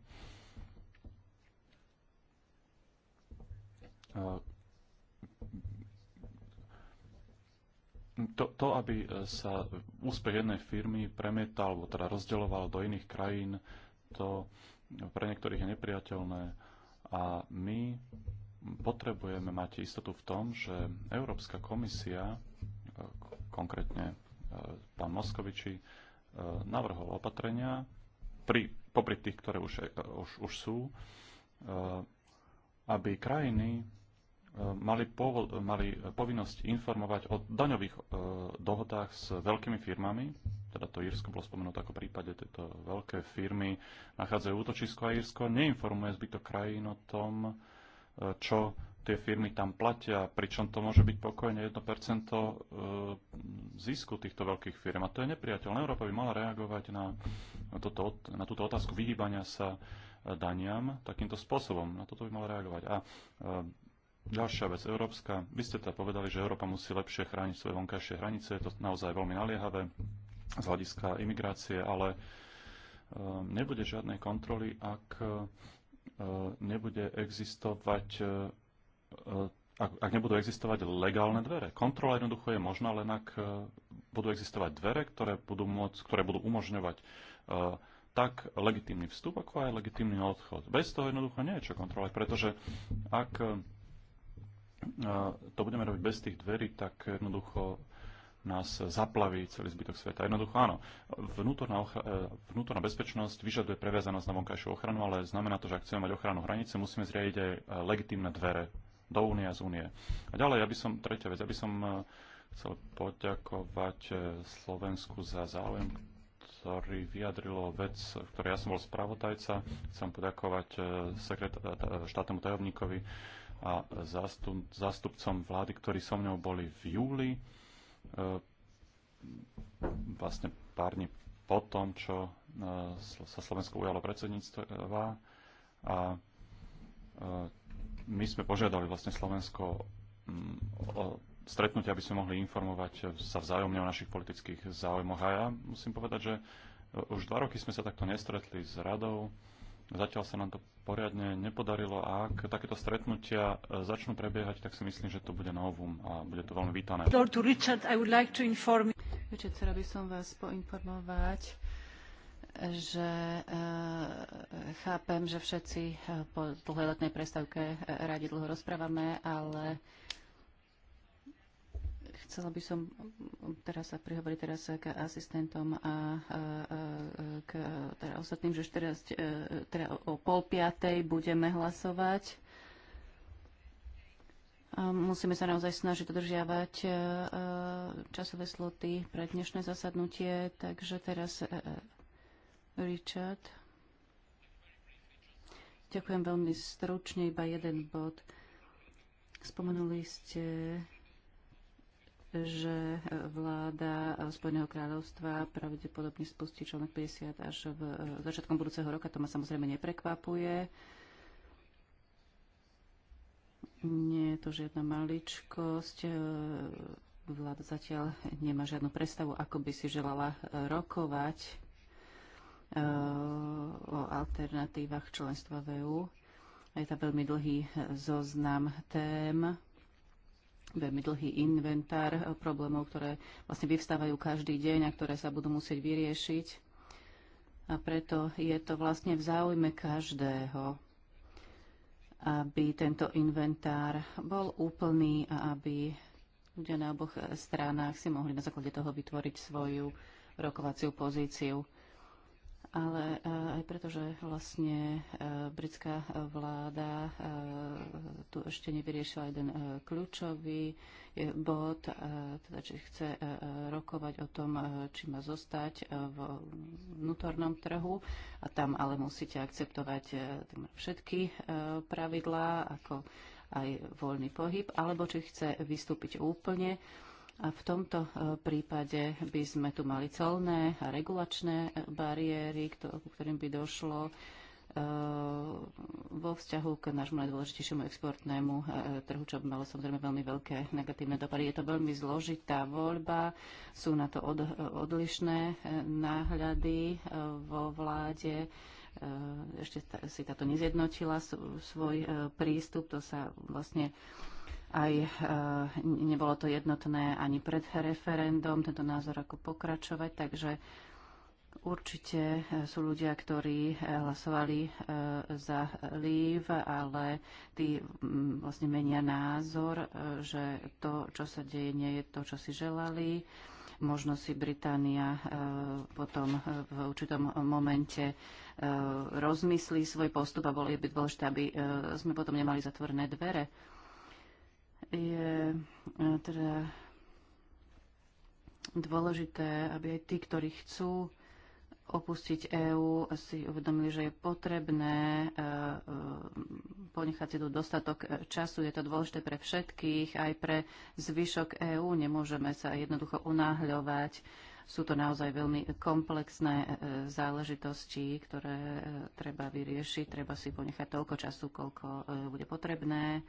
to, to, aby sa úspech jednej firmy premietal, alebo teda rozdeľoval do iných krajín, to pre niektorých je nepriateľné. A my potrebujeme mať istotu v tom, že Európska komisia, konkrétne pán Moskoviči, navrhol opatrenia, pri, popri tých, ktoré už, už, už sú, aby krajiny mali, povol, mali povinnosť informovať o daňových e, dohodách s veľkými firmami, teda to Írsko bolo spomenuté ako prípade, tieto veľké firmy nachádzajú útočisko a Írsko neinformuje zbytok krajín o tom, e, čo tie firmy tam platia, pričom to môže byť pokojne 1% e, zisku týchto veľkých firm. A to je nepriateľné. Európa by mala reagovať na, toto, na túto otázku vyhýbania sa e, daniam takýmto spôsobom. Na toto by mala reagovať. A e, Ďalšia vec, európska. Vy ste teda povedali, že Európa musí lepšie chrániť svoje vonkajšie hranice. Je to naozaj veľmi naliehavé z hľadiska imigrácie, ale e, nebude žiadnej kontroly, ak e, nebude existovať e, ak, ak nebudú existovať legálne dvere. Kontrola jednoducho je možná len ak budú existovať dvere, ktoré budú, môcť, ktoré budú umožňovať tak legitímny vstup, ako aj legitímny odchod. Bez toho jednoducho nie je čo kontrolovať, pretože ak to budeme robiť bez tých dverí, tak jednoducho nás zaplaví celý zbytok sveta. Jednoducho áno, vnútorná, e, vnútorná bezpečnosť vyžaduje previazanosť na vonkajšiu ochranu, ale znamená to, že ak chceme mať ochranu hranice, musíme zriadiť aj e, legitímne dvere do únie a z únie. A ďalej, aby som, tretia vec, aby som e, chcel poďakovať Slovensku za záujem, ktorý vyjadrilo vec, v ktorej ja som bol spravodajca. Chcem poďakovať štátnemu tajomníkovi a zástupcom vlády, ktorí so mnou boli v júli, e, vlastne pár dní po tom, čo e, sa Slovensko ujalo predsedníctva a e, my sme požiadali vlastne Slovensko o stretnutie, aby sme mohli informovať sa vzájomne o našich politických záujmoch. A ja musím povedať, že už dva roky sme sa takto nestretli s radou. Zatiaľ sa nám to poriadne nepodarilo a ak takéto stretnutia e, začnú prebiehať, tak si myslím, že to bude novum a bude to veľmi vítané. Richard, I would like to inform... Richard, chcela by som vás poinformovať, že e, chápem, že všetci e, po dlhej letnej prestávke radi dlho rozprávame, ale Chcela by som teraz sa prihovoriť teraz k asistentom a k teda ostatným, že 14, e, teda o pol piatej budeme hlasovať. Musíme sa naozaj snažiť dodržiavať e, e, časové sloty pre dnešné zasadnutie, takže teraz Richard. Ďakujem veľmi stručne, iba jeden bod. Spomenuli ste že vláda Spojeného kráľovstva pravdepodobne spustí článok 50 až v eh, začiatkom budúceho roka. To ma samozrejme neprekvapuje. Nie je to žiadna maličkosť. Eh, vláda zatiaľ nemá žiadnu predstavu, ako by si želala eh, rokovať o alternatívach členstva v e Je tam veľmi dlhý zoznam tém, veľmi dlhý inventár eh, problémov, ktoré vlastne vyvstávajú každý deň a ktoré sa budú musieť vyriešiť. A preto je to vlastne v záujme každého, aby tento inventár bol úplný a aby ľudia na oboch stranách si mohli na základe toho vytvoriť svoju rokovaciu pozíciu ale e, aj preto, že vlastne e, britská vláda e, tu ešte nevyriešila jeden kľúčový bod, teda či chce rokovať o tom, či má zostať v vnútornom trhu a tam ale musíte akceptovať všetky pravidlá, ako aj voľný pohyb, alebo či chce vystúpiť úplne. A v tomto e, prípade by sme tu mali celné a regulačné e, bariéry, ku ktorým by došlo e, vo vzťahu k nášmu najdôležitejšiemu exportnému trhu, čo by malo samozrejme veľmi veľké negatívne dopady. Je to veľmi zložitá voľba, sú na to od, odlišné náhľady vo vláde. Ešte si táto nezjednotila svoj prístup, to sa vlastne aj e, nebolo to jednotné ani pred referendum, tento názor ako pokračovať, takže Určite e, sú ľudia, ktorí e, hlasovali za lív, ale tí vlastne menia názor, že to, čo sa deje, nie je to, čo si želali. Možno si Británia potom v určitom momente rozmyslí svoj postup a bolo by dôležité, aby sme potom nemali zatvorené dvere je eh, teda dôležité, aby aj tí, ktorí chcú opustiť EÚ, si uvedomili, že je potrebné eh, eh, ponechať si tu dostatok času. Je to dôležité pre všetkých, aj pre zvyšok EÚ. Nemôžeme sa jednoducho unáhľovať. Sú to naozaj veľmi komplexné záležitosti, ktoré treba vyriešiť. Treba si ponechať toľko času, koľko bude potrebné.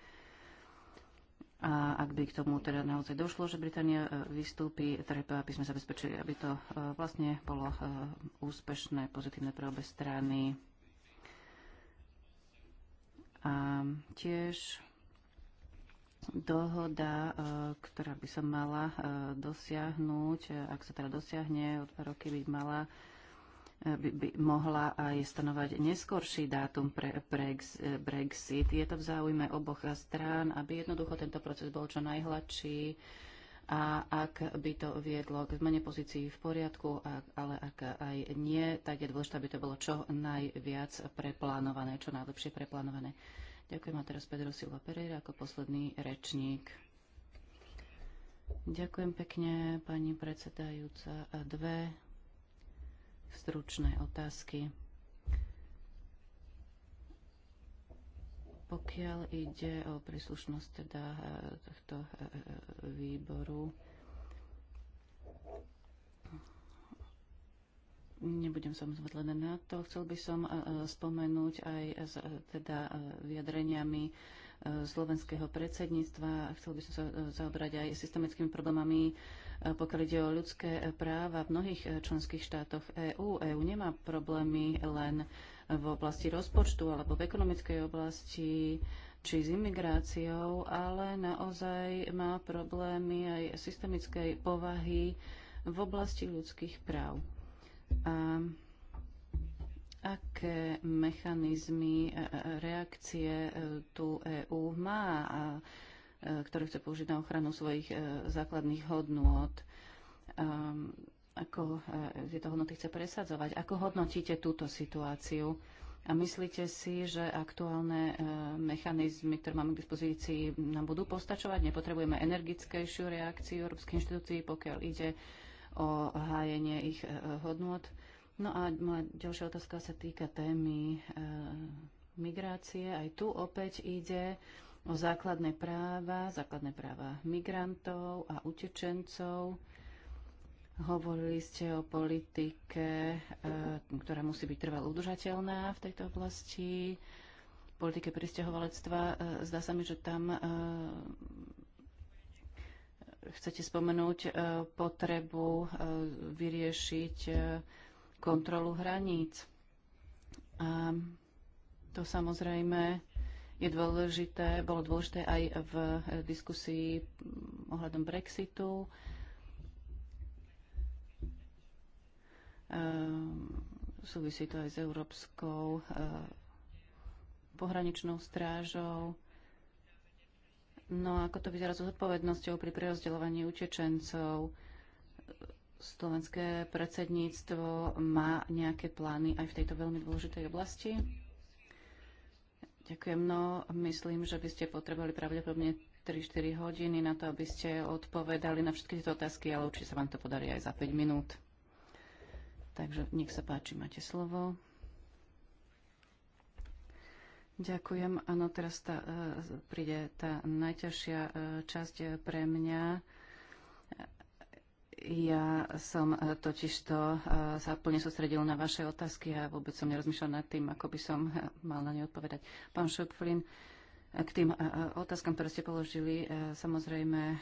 A ak by k tomu teda naozaj došlo, že Británia e, vystúpi, treba, aby sme zabezpečili, aby to e, vlastne bolo e, úspešné, pozitívne pre obe strany. A tiež dohoda, ktorá by sa mala dosiahnuť, ak sa teda dosiahne, o dva roky by mala E, by, by mohla aj stanovať neskorší dátum pre brex, e, Brexit. Je to v záujme oboch strán, aby jednoducho tento proces bol čo najhladší a ak by to viedlo k zmene pozícií v poriadku, ale ak aj nie, tak je dôležité, aby to bolo čo najviac preplánované, čo najlepšie preplánované. Ďakujem a teraz Pedro Silva Pereira ako posledný rečník. Ďakujem pekne, pani predsedajúca. A dve stručné otázky. Pokiaľ ide o príslušnosť teda e, tohto e, e, výboru, Nebudem sa zvedlená na to. Chcel by som spomenúť aj s teda vyjadreniami slovenského predsedníctva. Chcel by som sa zaobrať aj systemickými problémami E, pokiaľ ide o ľudské e, práva v mnohých e, členských štátoch EÚ. EÚ nemá problémy len v oblasti rozpočtu alebo v ekonomickej oblasti či s imigráciou, ale naozaj má problémy aj systemickej povahy v oblasti ľudských práv. A aké mechanizmy reakcie tu EÚ má. A E, ktoré chce použiť na ochranu svojich e, základných hodnôt. Ehm, ako e, tieto hodnoty chce presadzovať? Ako hodnotíte túto situáciu? A myslíte si, že aktuálne mechanizmy, ktoré máme k dispozícii, nám budú postačovať? Nepotrebujeme energickejšiu reakciu Európskej inštitúcií, pokiaľ ide o hájenie ich hodnôt. No a moja ďalšia otázka sa týka témy migrácie. Aj tu opäť ide o základné práva, základné práva migrantov a utečencov. Hovorili ste o politike, e, ktorá musí byť trvalo udržateľná v tejto oblasti, politike pristahovalectva. E, zdá sa mi, že tam e, chcete spomenúť potrebu vyriešiť kontrolu hraníc. A to samozrejme je dôležité, bolo dôležité aj v diskusii ohľadom Brexitu. Ehm, súvisí to aj s Európskou eh, pohraničnou strážou. No a ako to vyzerá so zodpovednosťou pri prerozdeľovaní utečencov? Slovenské predsedníctvo má nejaké plány aj v tejto veľmi dôležitej oblasti? Ďakujem. No, myslím, že by ste potrebovali pravdepodobne 3-4 hodiny na to, aby ste odpovedali na všetky tieto otázky, ale určite sa vám to podarí aj za 5 minút. Takže nech sa páči, máte slovo. Ďakujem. Áno, teraz tá, e, príde tá najťažšia e, časť e, pre mňa ja som e, totižto e, sa plne sústredil na vaše otázky a vôbec som nerozmýšľal nad tým, ako by som e, mal na ne odpovedať. Pán Šupflin, k tým otázkam, ktoré ste položili, samozrejme,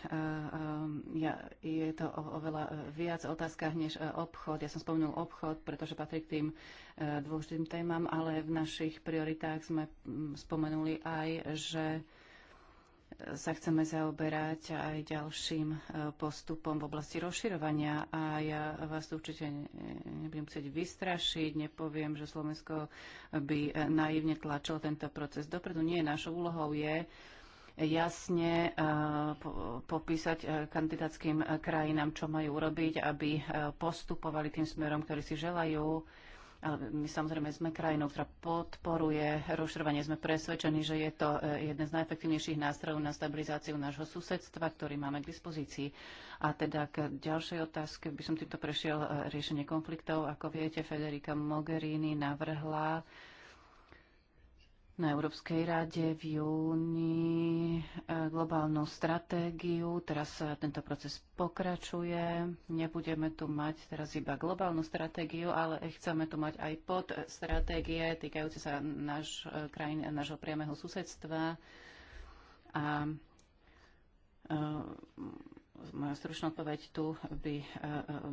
ja, je to oveľa viac otázkach než obchod. Ja som spomenul obchod, pretože patrí k tým dôležitým témam, ale v našich prioritách sme spomenuli aj, že sa chceme zaoberať aj ďalším e, postupom v oblasti rozširovania a ja vás tu určite nebudem chcieť vystrašiť, nepoviem, že Slovensko by e, naivne tlačilo tento proces dopredu. Nie, našou úlohou je jasne e, popísať kandidátským krajinám, čo majú urobiť, aby postupovali tým smerom, ktorý si želajú ale my samozrejme sme krajinou, ktorá podporuje rozširovanie. Sme presvedčení, že je to e, jeden z najefektívnejších nástrojov na stabilizáciu nášho susedstva, ktorý máme k dispozícii. A teda k ďalšej otázke by som týmto prešiel e, riešenie konfliktov. Ako viete, Federica Mogherini navrhla na Európskej rade v júni e, globálnu stratégiu. Teraz e, tento proces pokračuje. Nebudeme tu mať teraz iba globálnu stratégiu, ale chceme tu mať aj pod stratégie týkajúce sa náš, e, krajín, nášho priameho susedstva. A moja stručná odpoveď tu by e, e,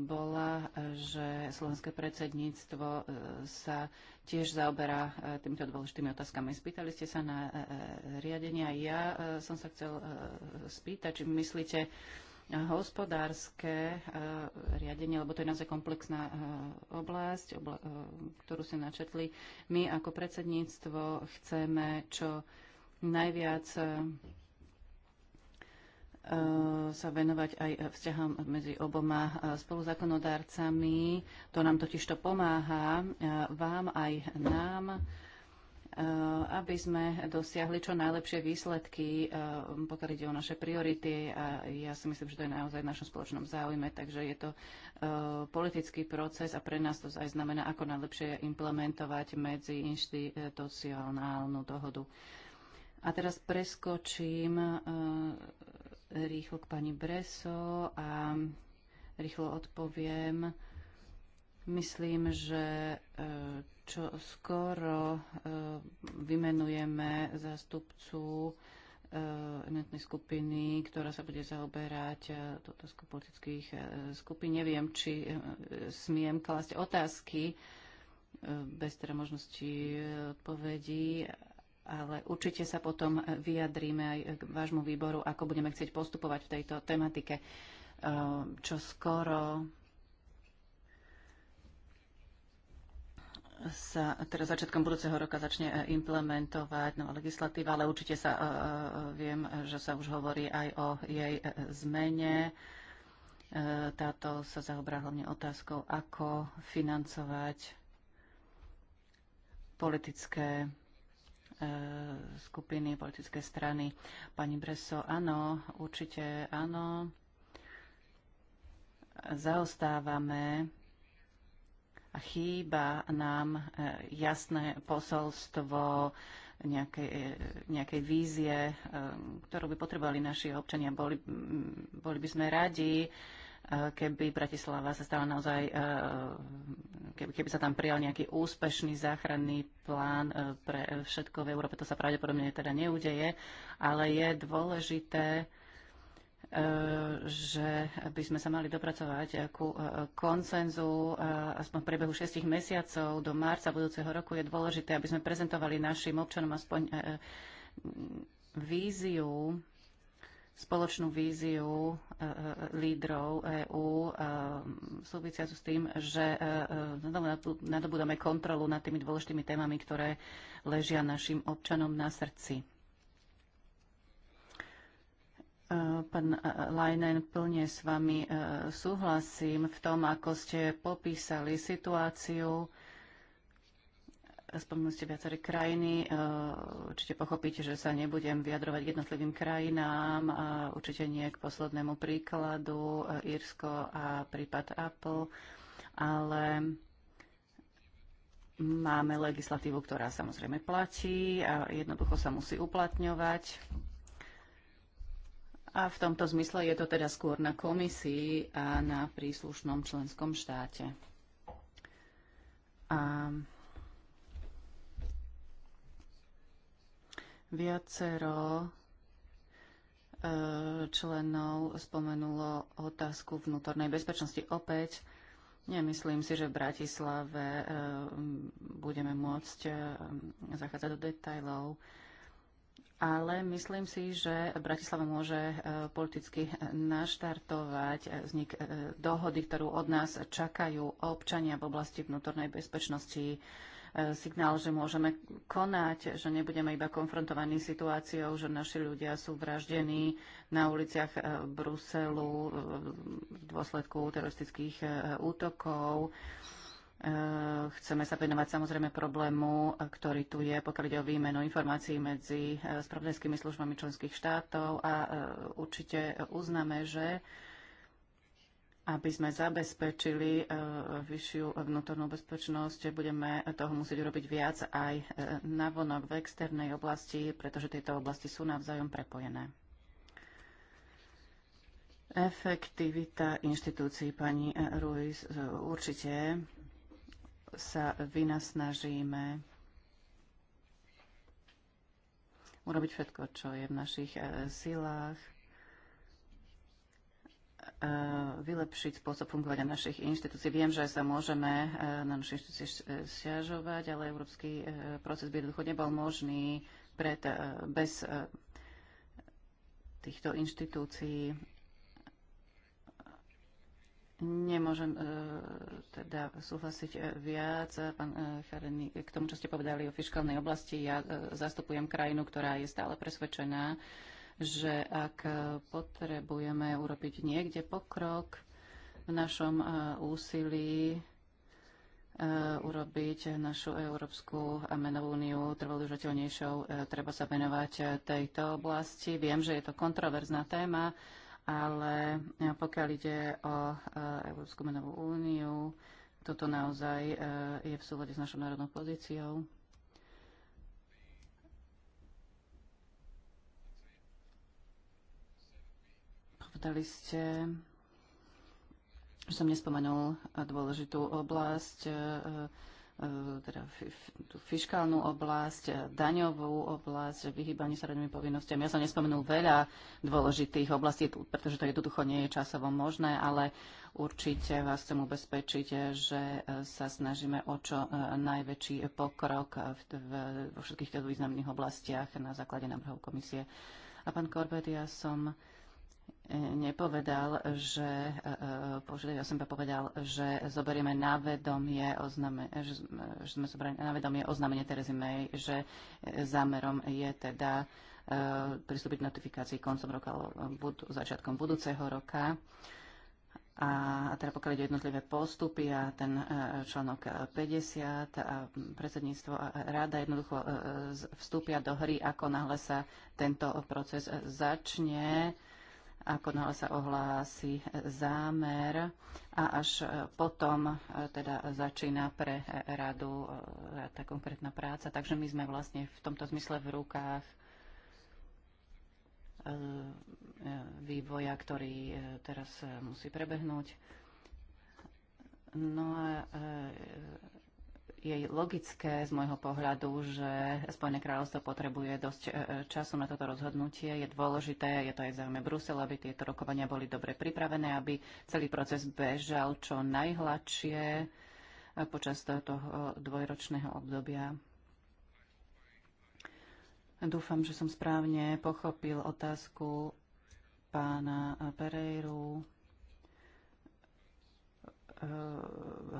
bola, že slovenské predsedníctvo e, sa tiež zaoberá týmito dôležitými otázkami. Spýtali ste sa na riadenia. Ja som sa chcel spýtať, či myslíte hospodárske riadenie, lebo to je naozaj komplexná oblasť, ktorú ste načetli. My ako predsedníctvo chceme čo najviac Eh, sa venovať aj vzťahom medzi oboma eh, spoluzákonodárcami. To nám totiž to pomáha eh, vám aj nám, aby sme dosiahli čo najlepšie výsledky, pokiaľ ide o naše priority. A ja si myslím, že to je naozaj v našom spoločnom záujme, takže je to politický proces a pre nás to aj znamená, ako najlepšie implementovať medzi inštitucionálnu dohodu. A teraz preskočím rýchlo k pani Breso a rýchlo odpoviem. Myslím, že e, čo skoro e, vymenujeme zástupcu jednotnej skupiny, ktorá sa bude zaoberať e, toto politických skupín. Neviem, či smiem klásť otázky bez teda možnosti odpovedí, ale určite sa potom vyjadríme aj k vášmu výboru, ako budeme chcieť postupovať v tejto tematike. E, čo skoro sa teraz začiatkom budúceho roka začne e, implementovať nová legislatíva, ale určite sa e, viem, že sa už hovorí aj o jej zmene. Táto sa zaobrá hlavne otázkou, ako financovať politické E, skupiny, politické strany. Pani Breso, áno, určite áno. Zaostávame a chýba nám e, jasné posolstvo nejakej, e, nejakej vízie, ktorú by potrebovali naši občania. Boli, boli by sme radi, Eh, keby Bratislava sa stala naozaj, eh, keby sa tam prijal nejaký úspešný záchranný plán eh, pre všetko v Európe, to sa pravdepodobne teda neudeje, ale je dôležité, že by sme sa mali dopracovať ku koncenzu aspoň v priebehu šestich mesiacov do marca budúceho roku. Je dôležité, aby sme prezentovali našim občanom aspoň víziu spoločnú víziu e, e, lídrov EÚ e, súvisiacu s tým, že nadobudame kontrolu nad tými dôležitými témami, ktoré ležia našim občanom na srdci. Pán Leinen, plne s vami súhlasím v tom, ako ste popísali situáciu Spomenuli ste viaceré krajiny. Eh, určite pochopíte, že sa nebudem vyjadrovať jednotlivým krajinám. Určite nie k poslednému príkladu eh, Írsko a prípad Apple. Ale máme legislatívu, ktorá samozrejme platí a jednoducho sa musí uplatňovať. A v tomto zmysle je to teda skôr na komisii a na príslušnom členskom štáte. Viacero e, členov spomenulo otázku vnútornej bezpečnosti. Opäť Nemyslím si, že v Bratislave e, budeme môcť e, zachádzať do detajlov, ale myslím si, že Bratislava môže politicky naštartovať vznik dohody, ktorú od nás čakajú občania v oblasti vnútornej bezpečnosti signál, že môžeme konať, že nebudeme iba konfrontovaní situáciou, že naši ľudia sú vraždení na uliciach eh, Bruselu v dôsledku teroristických eh, útokov. Eh, chceme sa venovať samozrejme problému, ktorý tu je, pokiaľ ide o výmenu informácií medzi spravodajskými službami členských štátov a určite uznáme, že aby sme zabezpečili e, vyššiu vnútornú bezpečnosť, budeme toho musieť urobiť viac aj e, navonok v externej oblasti, pretože tieto oblasti sú navzájom prepojené. Efektivita inštitúcií pani e, Ruiz určite sa vynasnažíme urobiť všetko, čo je v našich silách E, vylepšiť spôsob fungovania našich inštitúcií. Viem, že sa môžeme e, na naše inštitúcie e, stiažovať, ale európsky proces by jednoducho nebol možný pred, bez týchto inštitúcií. Nemôžem teda súhlasiť viac, pán e, Chareny, k tomu, čo ste povedali o fiskálnej oblasti. Ja zastupujem krajinu, ktorá je stále presvedčená, že ak e, potrebujeme urobiť niekde pokrok v našom e, úsilí e, urobiť našu Európsku menovú úniu trvalúžateľnejšou, treba sa venovať tejto oblasti. Viem, že je to kontroverzná téma, ale pokiaľ ide o Európsku menovú úniu, toto naozaj je v súlade s našou národnou pozíciou. pýtali ste, že som nespomenul dôležitú oblasť, e, e, teda tú fiskálnu oblasť, daňovú oblasť, vyhýbanie sa radnými povinnostiam. Ja som nespomenul veľa dôležitých oblastí, pretože to jednoducho nie je časovo možné, ale určite vás chcem ubezpečiť, že e, sa snažíme o čo najväčší pokrok vo všetkých týchto významných oblastiach na základe návrhov komisie. A pán Korbet, ja som nepovedal, že e, e, požiadavia som povedal, že zoberieme na vedomie oznámenie, e, že, sme zobrali na vedomie oznámenie Terezy May, že zámerom je teda pristúpiť k notifikácii koncom roka alebo začiatkom budúceho roka. A, a teda pokiaľ ide jednotlivé postupy a ten článok 50 a predsedníctvo a rada jednoducho vstúpia do hry, ako náhle sa tento proces začne ako náhle sa ohlási zámer a až e, potom e, teda začína pre e, radu tá konkrétna práca. Takže my sme vlastne v tomto zmysle v rukách vývoja, ktorý teraz musí prebehnúť. No a je logické z môjho pohľadu, že Spojené kráľovstvo potrebuje dosť e, e, času na toto rozhodnutie. Je dôležité, je to aj v záujme Brusel, aby tieto rokovania boli dobre pripravené, aby celý proces bežal čo najhladšie e, počas toho dvojročného obdobia. Dúfam, že som správne pochopil otázku pána Pereiru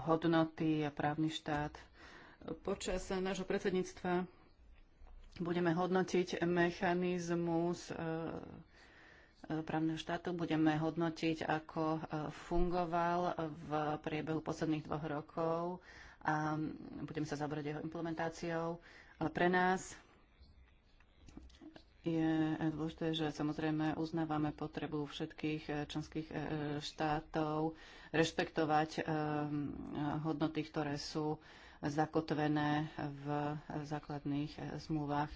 hodnoty a právny štát. Počas nášho predsedníctva budeme hodnotiť mechanizmus e, e, právneho štátu, budeme hodnotiť, ako e, fungoval v priebehu posledných dvoch rokov a budeme sa zabrať jeho implementáciou. Ale pre nás je dôležité, že samozrejme uznávame potrebu všetkých členských štátov rešpektovať hodnoty, ktoré sú zakotvené v základných eh, zmluvách.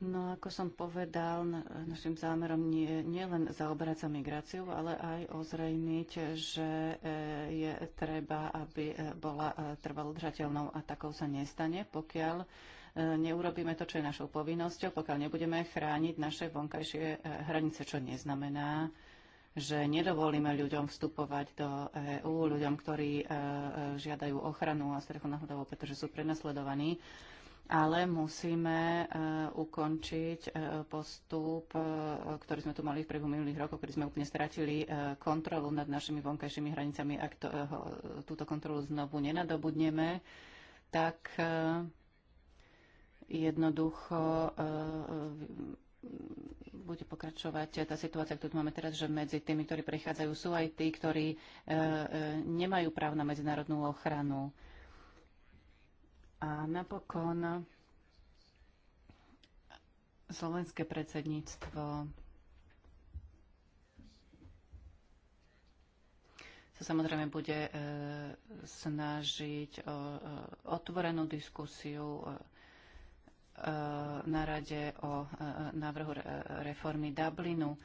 No ako som povedal, našim zámerom nie, nie len zaoberať sa migráciou, ale aj ozrejmiť, že eh, je treba, aby eh, bola trvalo a takou sa nestane, pokiaľ neurobíme to, čo je našou povinnosťou, pokiaľ nebudeme chrániť naše vonkajšie hranice, čo neznamená, že nedovolíme ľuďom vstupovať do EÚ, ľuďom, ktorí e, e, žiadajú ochranu a strechu na hľadovo, pretože sú prenasledovaní. Ale musíme e, ukončiť postup, ktorý sme tu mali v priebehu minulých rokov, kedy sme úplne stratili kontrolu nad našimi vonkajšími hranicami. Ak to, túto kontrolu znovu nenadobudneme, tak jednoducho bude pokračovať tá situácia, ktorú máme teraz, že medzi tými, ktorí prechádzajú, sú aj tí, ktorí e, e, nemajú práv na medzinárodnú ochranu. A napokon slovenské predsedníctvo sa samozrejme bude e, snažiť o otvorenú diskusiu, e, na rade o e, návrhu reformy Dublinu.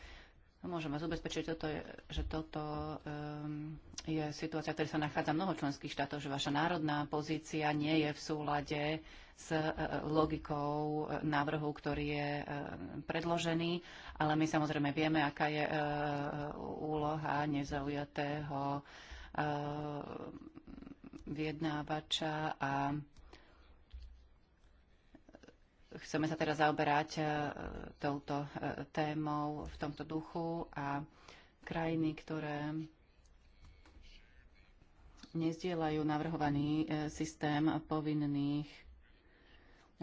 No, môžem vás ubezpečiť, toto je, že toto um, je situácia, v ktorej sa nachádza mnoho členských štátov, že vaša národná pozícia nie je v súlade s e, logikou e, návrhu, ktorý je predložený, ale my samozrejme vieme, aká je úloha nezaujatého vyjednávača a Chceme sa teda zaoberať e, touto e, témou v tomto duchu a krajiny, ktoré nezdielajú navrhovaný e, systém povinných,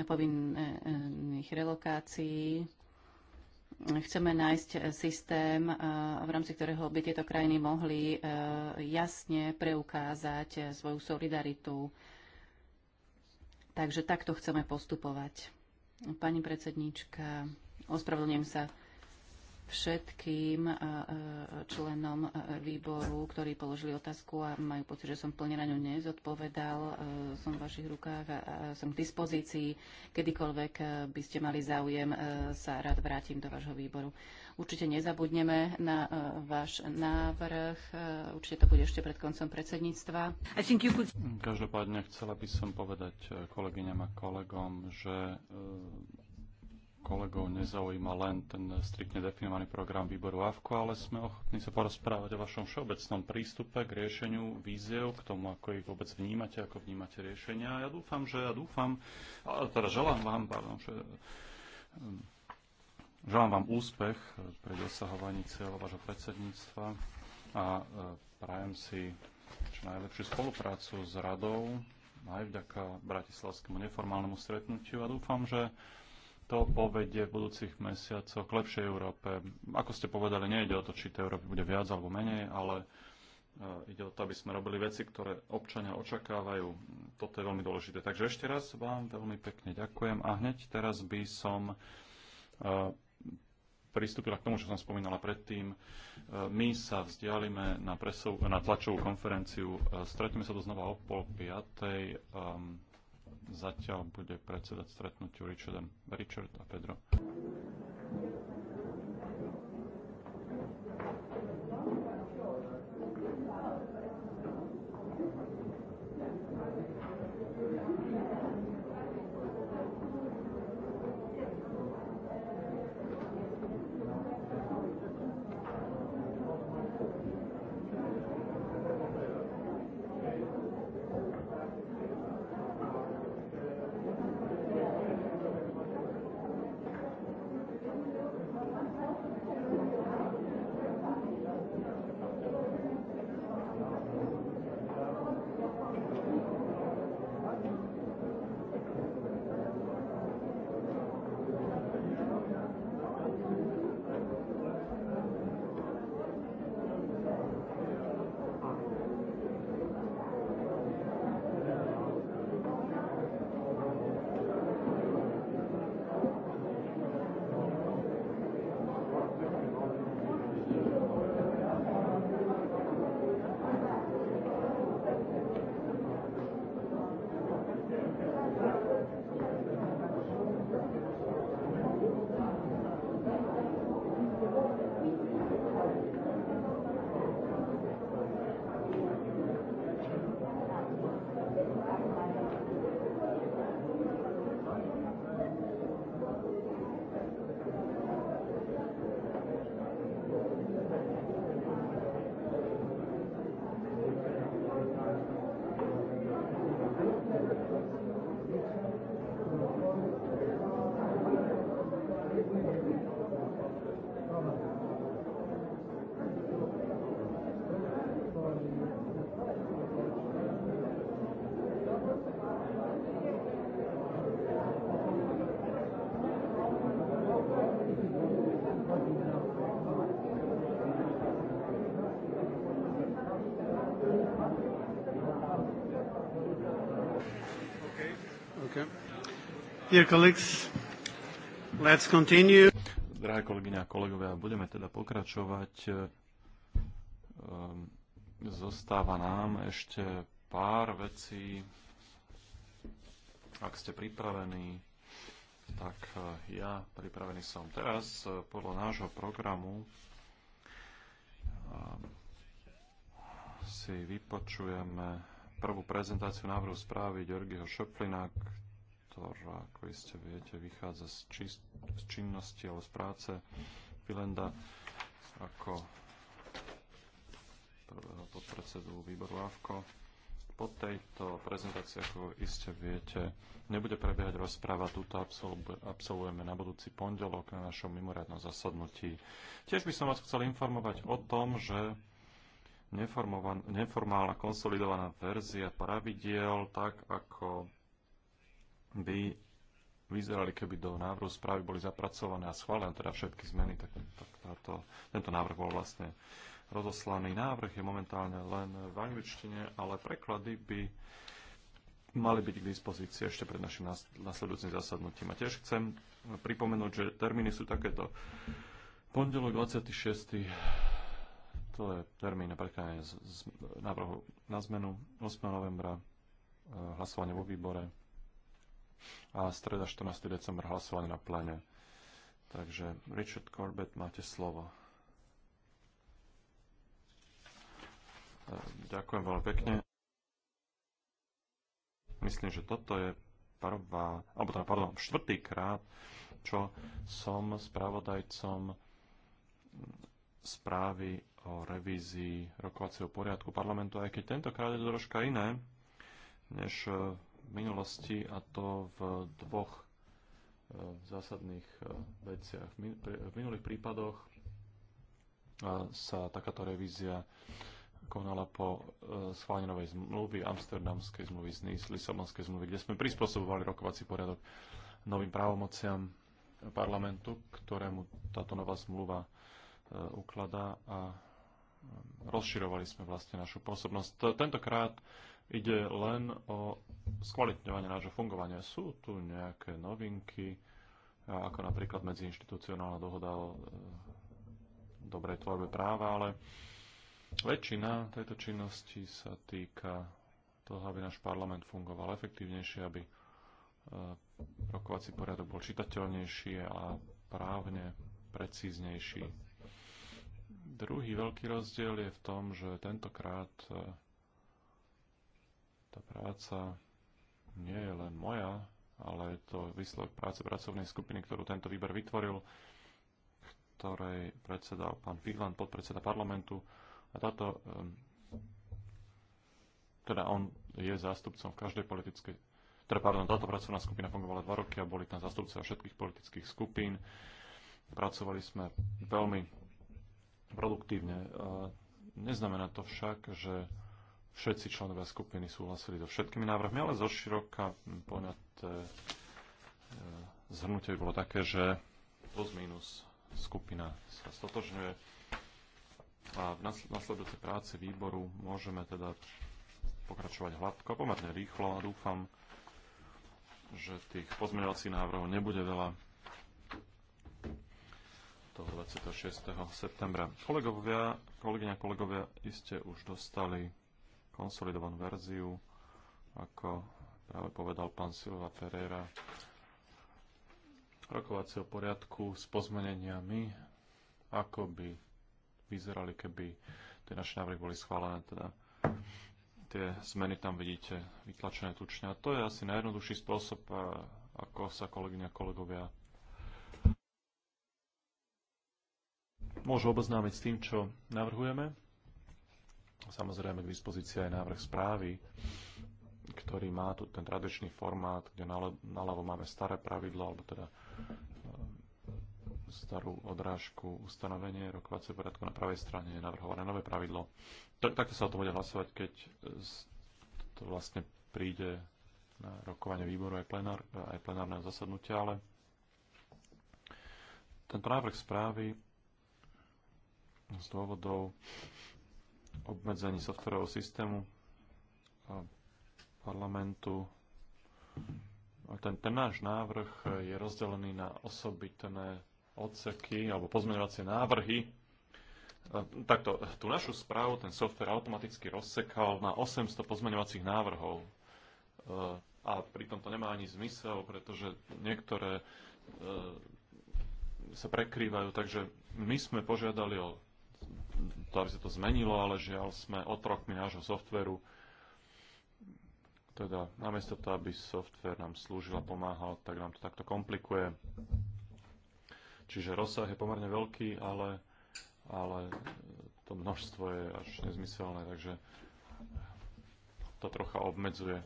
povinných relokácií. Chceme nájsť systém, v rámci ktorého by tieto krajiny mohli jasne preukázať svoju solidaritu. Takže takto chceme postupovať. Pani predsedníčka, ospravedlňujem sa všetkým členom výboru, ktorí položili otázku a majú pocit, že som plne na ňu nezodpovedal. Som v vašich rukách a som k dispozícii. Kedykoľvek by ste mali záujem, sa rád vrátim do vášho výboru. Určite nezabudneme na váš návrh. Určite to bude ešte pred koncom predsedníctva. Could... Každopádne chcela by som povedať e, kolegyňam a kolegom, že e, kolegov nezaujíma len ten striktne definovaný program výboru AVKO, ale sme ochotní sa porozprávať o vašom všeobecnom prístupe k riešeniu víziev, k tomu, ako ich vôbec vnímate, ako vnímate riešenia. Ja dúfam, že ja dúfam, teda želám vám, pardon, že, um, želám vám úspech pri dosahovaní cieľov vášho predsedníctva a e, prajem si čo najlepšiu spoluprácu s radou aj vďaka bratislavskému neformálnemu stretnutiu a dúfam, že to povedie v budúcich mesiacoch k lepšej Európe. Ako ste povedali, nejde o to, či tej Európy bude viac alebo menej, ale e, ide o to, aby sme robili veci, ktoré občania očakávajú. Toto je veľmi dôležité. Takže ešte raz vám veľmi pekne ďakujem a hneď teraz by som e, pristúpila k tomu, čo som spomínala predtým. E, my sa vzdialime na, presov, na tlačovú konferenciu. Stretneme sa tu znova o pol piatej. Ehm, zatiaľ bude predsedať stretnutiu Richard, Richard a Pedro. Dear colleagues, let's continue. Drahé kolegyne a kolegovia, budeme teda pokračovať. Ehm, zostáva nám ešte pár vecí. Ak ste pripravení, tak eh, ja pripravený som teraz eh, podľa nášho programu ehm, si vypočujeme prvú prezentáciu návrhu správy Georgieho Šoplina, ktorá, ako iste viete, vychádza z, čist, z činnosti alebo z práce Pilenda ako prvého podpredsedu výboru AVKO. Po tejto prezentácii, ako iste viete, nebude prebiehať rozpráva, túto absolvujeme na budúci pondelok na našom mimoriadnom zasadnutí. Tiež by som vás chcel informovať o tom, že neformálna konsolidovaná verzia pravidiel, tak ako by vyzerali, keby do návrhu správy boli zapracované a schválené teda všetky zmeny, tak, tak táto, tento návrh bol vlastne rozoslaný. Návrh je momentálne len v angličtine, ale preklady by mali byť k dispozícii ešte pred našim nasledujúcim zasadnutím. A tiež chcem pripomenúť, že termíny sú takéto. Pondelok 26. To je termín na prekladanie návrhu na zmenu 8. novembra, eh, hlasovanie vo výbore a streda 14. december hlasovanie na plene. Takže Richard Corbett, máte slovo. Ďakujem veľmi pekne. Myslím, že toto je prvá, alebo teda, pardon, štvrtý krát, čo som spravodajcom správy o revízii rokovacieho poriadku parlamentu, aj keď tentokrát je to troška iné, než minulosti a to v dvoch e, zásadných e, veciach. V minulých prípadoch e, sa takáto revízia konala po schválení novej zmluvy, amsterdamskej zmluvy z NIS, Lisabonskej zmluvy, kde sme prispôsobovali rokovací poriadok novým právomociam parlamentu, ktorému táto nová zmluva ukladá a rozširovali sme vlastne našu pôsobnosť. Tentokrát Ide len o skvalitňovanie nášho fungovania. Sú tu nejaké novinky, ako napríklad medziinstitucionálna dohoda o e, dobrej tvorbe práva, ale väčšina tejto činnosti sa týka toho, aby náš parlament fungoval efektívnejšie, aby e, rokovací poriadok bol čitateľnejší a právne precíznejší. Druhý veľký rozdiel je v tom, že tentokrát e, tá práca nie je len moja, ale je to výsledok práce pracovnej skupiny, ktorú tento výber vytvoril, ktorej predsedal pán Fidlan, podpredseda parlamentu. A táto, teda on je zástupcom v každej politickej, teda pardon, táto pracovná skupina fungovala dva roky a boli tam zástupcovia všetkých politických skupín. Pracovali sme veľmi produktívne. Neznamená to však, že všetci členovia skupiny súhlasili so všetkými návrhmi, ale zo široka poňaté e, zhrnutie by bolo také, že plus minus skupina sa stotožňuje a v nasledujúcej práci výboru môžeme teda pokračovať hladko, pomerne rýchlo a dúfam, že tých pozmeňovacích návrhov nebude veľa toho 26. septembra. Kolegovia, kolegyňa, kolegovia iste už dostali konsolidovanú verziu, ako práve povedal pán Silva Pereira, rokovacieho poriadku s pozmeneniami, ako by vyzerali, keby tie naše návrhy boli schválené. Teda tie zmeny tam vidíte vytlačené tučne. A to je asi najjednoduchší spôsob, ako sa kolegyňa kolegovia môžu oboznámiť s tým, čo navrhujeme. Samozrejme k dispozícii aj návrh správy, ktorý má tu ten tradičný formát, kde naľavo máme staré pravidlo, alebo teda e, starú odrážku ustanovenie rokovacieho poriadku na pravej strane je navrhované nové pravidlo. Takto sa o tom bude hlasovať, keď to vlastne príde na rokovanie výboru aj, plenár, aj plenárneho zasadnutia, ale tento návrh správy z dôvodov obmedzení softverového systému parlamentu. Ten, ten náš návrh je rozdelený na osobitné odseky alebo pozmeňovacie návrhy. Takto, tú našu správu ten software automaticky rozsekal na 800 pozmeňovacích návrhov. E, a pritom to nemá ani zmysel, pretože niektoré e, sa prekrývajú. Takže my sme požiadali o to, aby sa to zmenilo, ale žiaľ sme otrokmi nášho softveru. Teda namiesto toho, aby software nám slúžil a pomáhal, tak nám to takto komplikuje. Čiže rozsah je pomerne veľký, ale, ale to množstvo je až nezmyselné, takže to trocha obmedzuje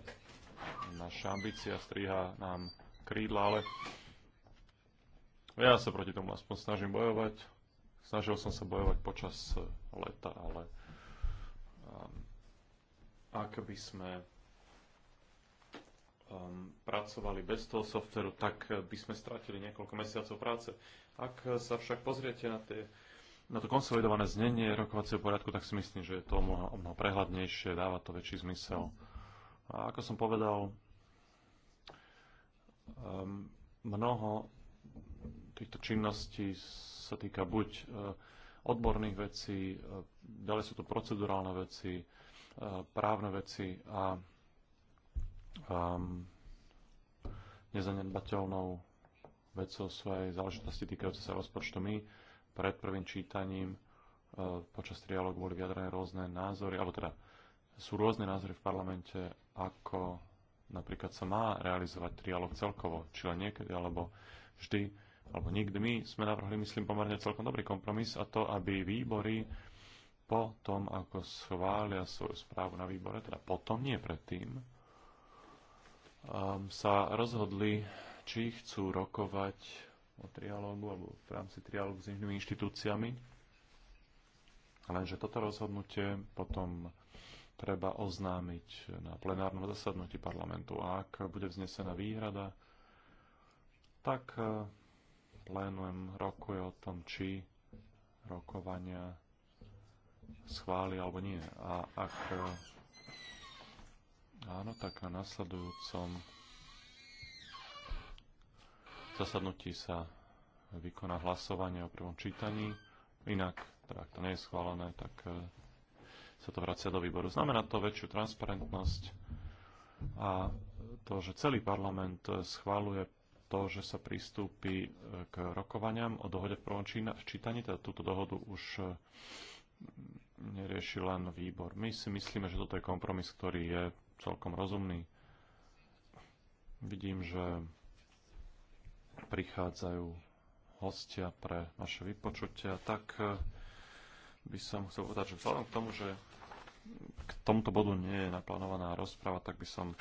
naša ambícia, striha nám krídla, ale ja sa proti tomu aspoň snažím bojovať Snažil som sa bojovať počas eh, leta, ale um, ak by sme um, pracovali bez toho softveru, tak eh, by sme stratili niekoľko mesiacov práce. Ak sa však pozriete na tie na to konsolidované znenie rokovacieho poriadku, tak si myslím, že je to mnoho, mnoho prehľadnejšie, dáva to väčší zmysel. A ako som povedal, um, mnoho týchto činností sa týka buď e, odborných vecí, e, ďalej sú to procedurálne veci, e, právne veci a nezanedbateľnou vecou sú aj záležitosti týkajúce sa rozpočtu. My pred prvým čítaním počas trialógu boli vyjadrené rôzne názory, alebo teda sú rôzne názory v parlamente, ako napríklad sa má realizovať trialóg celkovo, či len niekedy, alebo vždy alebo nikdy my sme navrhli, myslím, pomerne celkom dobrý kompromis a to, aby výbory po tom, ako schvália svoju správu na výbore, teda potom, nie predtým, um, sa rozhodli, či chcú rokovať o trialógu alebo v rámci trialógu s inými inštitúciami. Lenže toto rozhodnutie potom treba oznámiť na plenárnom zasadnutí parlamentu. A ak bude vznesená výhrada, tak plénum rokuje o tom, či rokovania schváli alebo nie. A ak eh, áno, tak na nasledujúcom zasadnutí sa vykoná hlasovanie o prvom čítaní. Inak, teda ak to nie je schválené, tak eh, sa to vracia do výboru. Znamená to väčšiu transparentnosť a to, že celý parlament eh, schváluje to, že sa pristúpi e, k rokovaniam o dohode v prvom čítaní. Teda túto dohodu už e, nerieši len výbor. My si myslíme, že toto je kompromis, ktorý je celkom rozumný. Vidím, že prichádzajú hostia pre naše vypočutia, tak e, by som chcel povedať, že vzhľadom k tomu, že k tomuto bodu nie je naplánovaná rozpráva, tak by som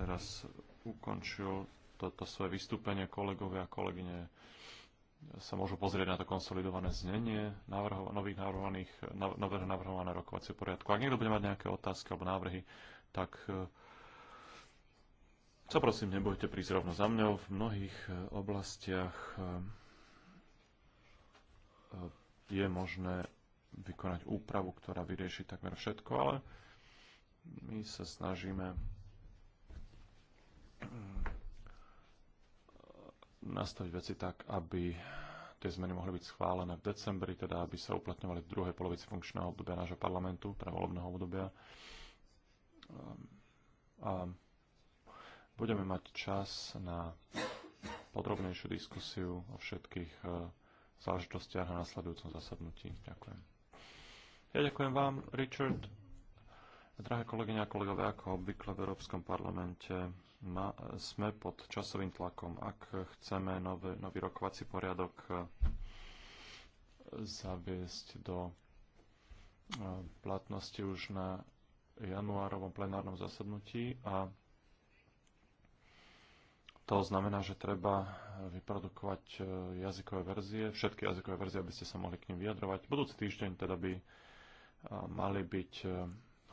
teraz ukončil toto svoje vystúpenie. Kolegovia a kolegyne sa môžu pozrieť na to konsolidované znenie navrho- nových navrhovaných, nové navrhované rokovacie poriadku. Ak niekto bude mať nejaké otázky alebo návrhy, tak e, sa prosím, nebojte prísť rovno za mňou. V mnohých e, oblastiach e, je možné vykonať úpravu, ktorá vyrieši takmer všetko, ale my sa snažíme Mm. nastaviť veci tak, aby tie zmeny mohli byť schválené v decembri, teda aby sa uplatňovali v druhej polovici funkčného obdobia nášho parlamentu, prevolobného teda obdobia. Ehm, a budeme mať čas na podrobnejšiu diskusiu o všetkých e, záležitostiach na nasledujúcom zasadnutí. Ďakujem. Ja ďakujem vám, Richard. Drahé kolegyne a kolegové, ako obvykle v Európskom parlamente ma, sme pod časovým tlakom. Ak chceme nové, nový rokovací poriadok eh, zaviesť do eh, platnosti už na januárovom plenárnom zasadnutí a to znamená, že treba vyprodukovať eh, jazykové verzie, všetky jazykové verzie, aby ste sa mohli k nim vyjadrovať. Budúci týždeň teda by mali byť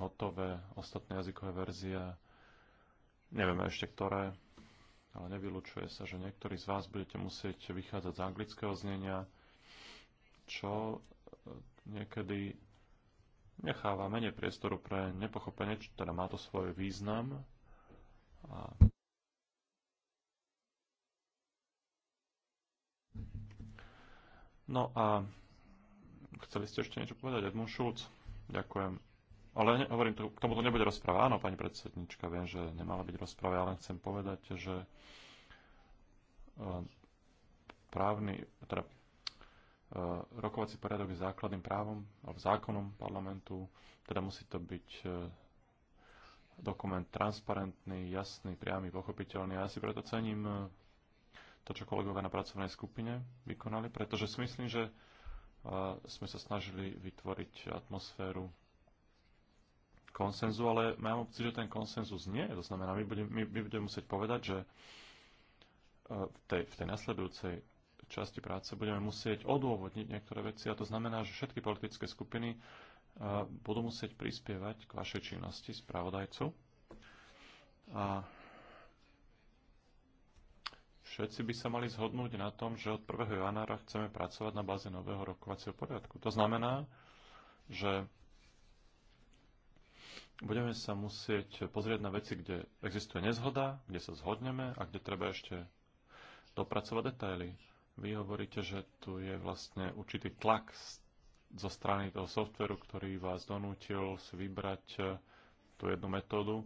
hotové ostatné jazykové verzie Nevieme ešte ktoré, ale nevylučuje sa, že niektorí z vás budete musieť vychádzať z anglického znenia, čo e, niekedy necháva menej priestoru pre nepochopenie, teda má to svoj význam. A No a chceli ste ešte niečo povedať, Edmund Schulz? Ďakujem. Ale hovorím, k tomuto nebude rozpráva. Áno, pani predsednička, viem, že nemala byť rozpráva, ale chcem povedať, že e, právny, teda e, rokovací poriadok je základným právom alebo zákonom parlamentu, teda musí to byť e, dokument transparentný, jasný, priamy, pochopiteľný. A ja si preto cením to, čo kolegovia na pracovnej skupine vykonali, pretože si myslím, že sme sa snažili vytvoriť atmosféru konsenzu, ale mám pocit, že ten konsenzus nie. To znamená, my budeme, my, my budeme musieť povedať, že e, v tej, v tej nasledujúcej časti práce budeme musieť odôvodniť niektoré veci a to znamená, že všetky politické skupiny e, budú musieť prispievať k vašej činnosti spravodajcu. A všetci by sa mali zhodnúť na tom, že od 1. januára chceme pracovať na báze nového rokovacieho poriadku. To znamená, že budeme sa musieť pozrieť na veci, kde existuje nezhoda, kde sa zhodneme a kde treba ešte dopracovať detaily. Vy hovoríte, že tu je vlastne určitý tlak zo strany toho softveru, ktorý vás donútil si vybrať eh, tú jednu metódu.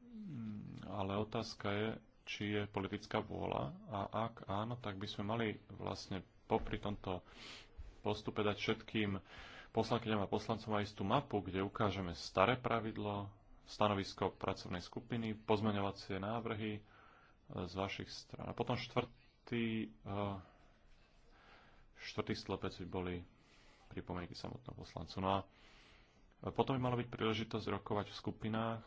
Mm, ale otázka je, či je politická vôľa a ak áno, tak by sme mali vlastne popri tomto postupe dať všetkým poslankyňam a poslancom aj istú mapu, kde ukážeme staré pravidlo, stanovisko pracovnej skupiny, pozmeňovacie návrhy e, z vašich strán. A potom štvrtý, e, štvrtý stlepec by boli pripomienky samotného poslancu. No a e, potom by mala byť príležitosť rokovať v skupinách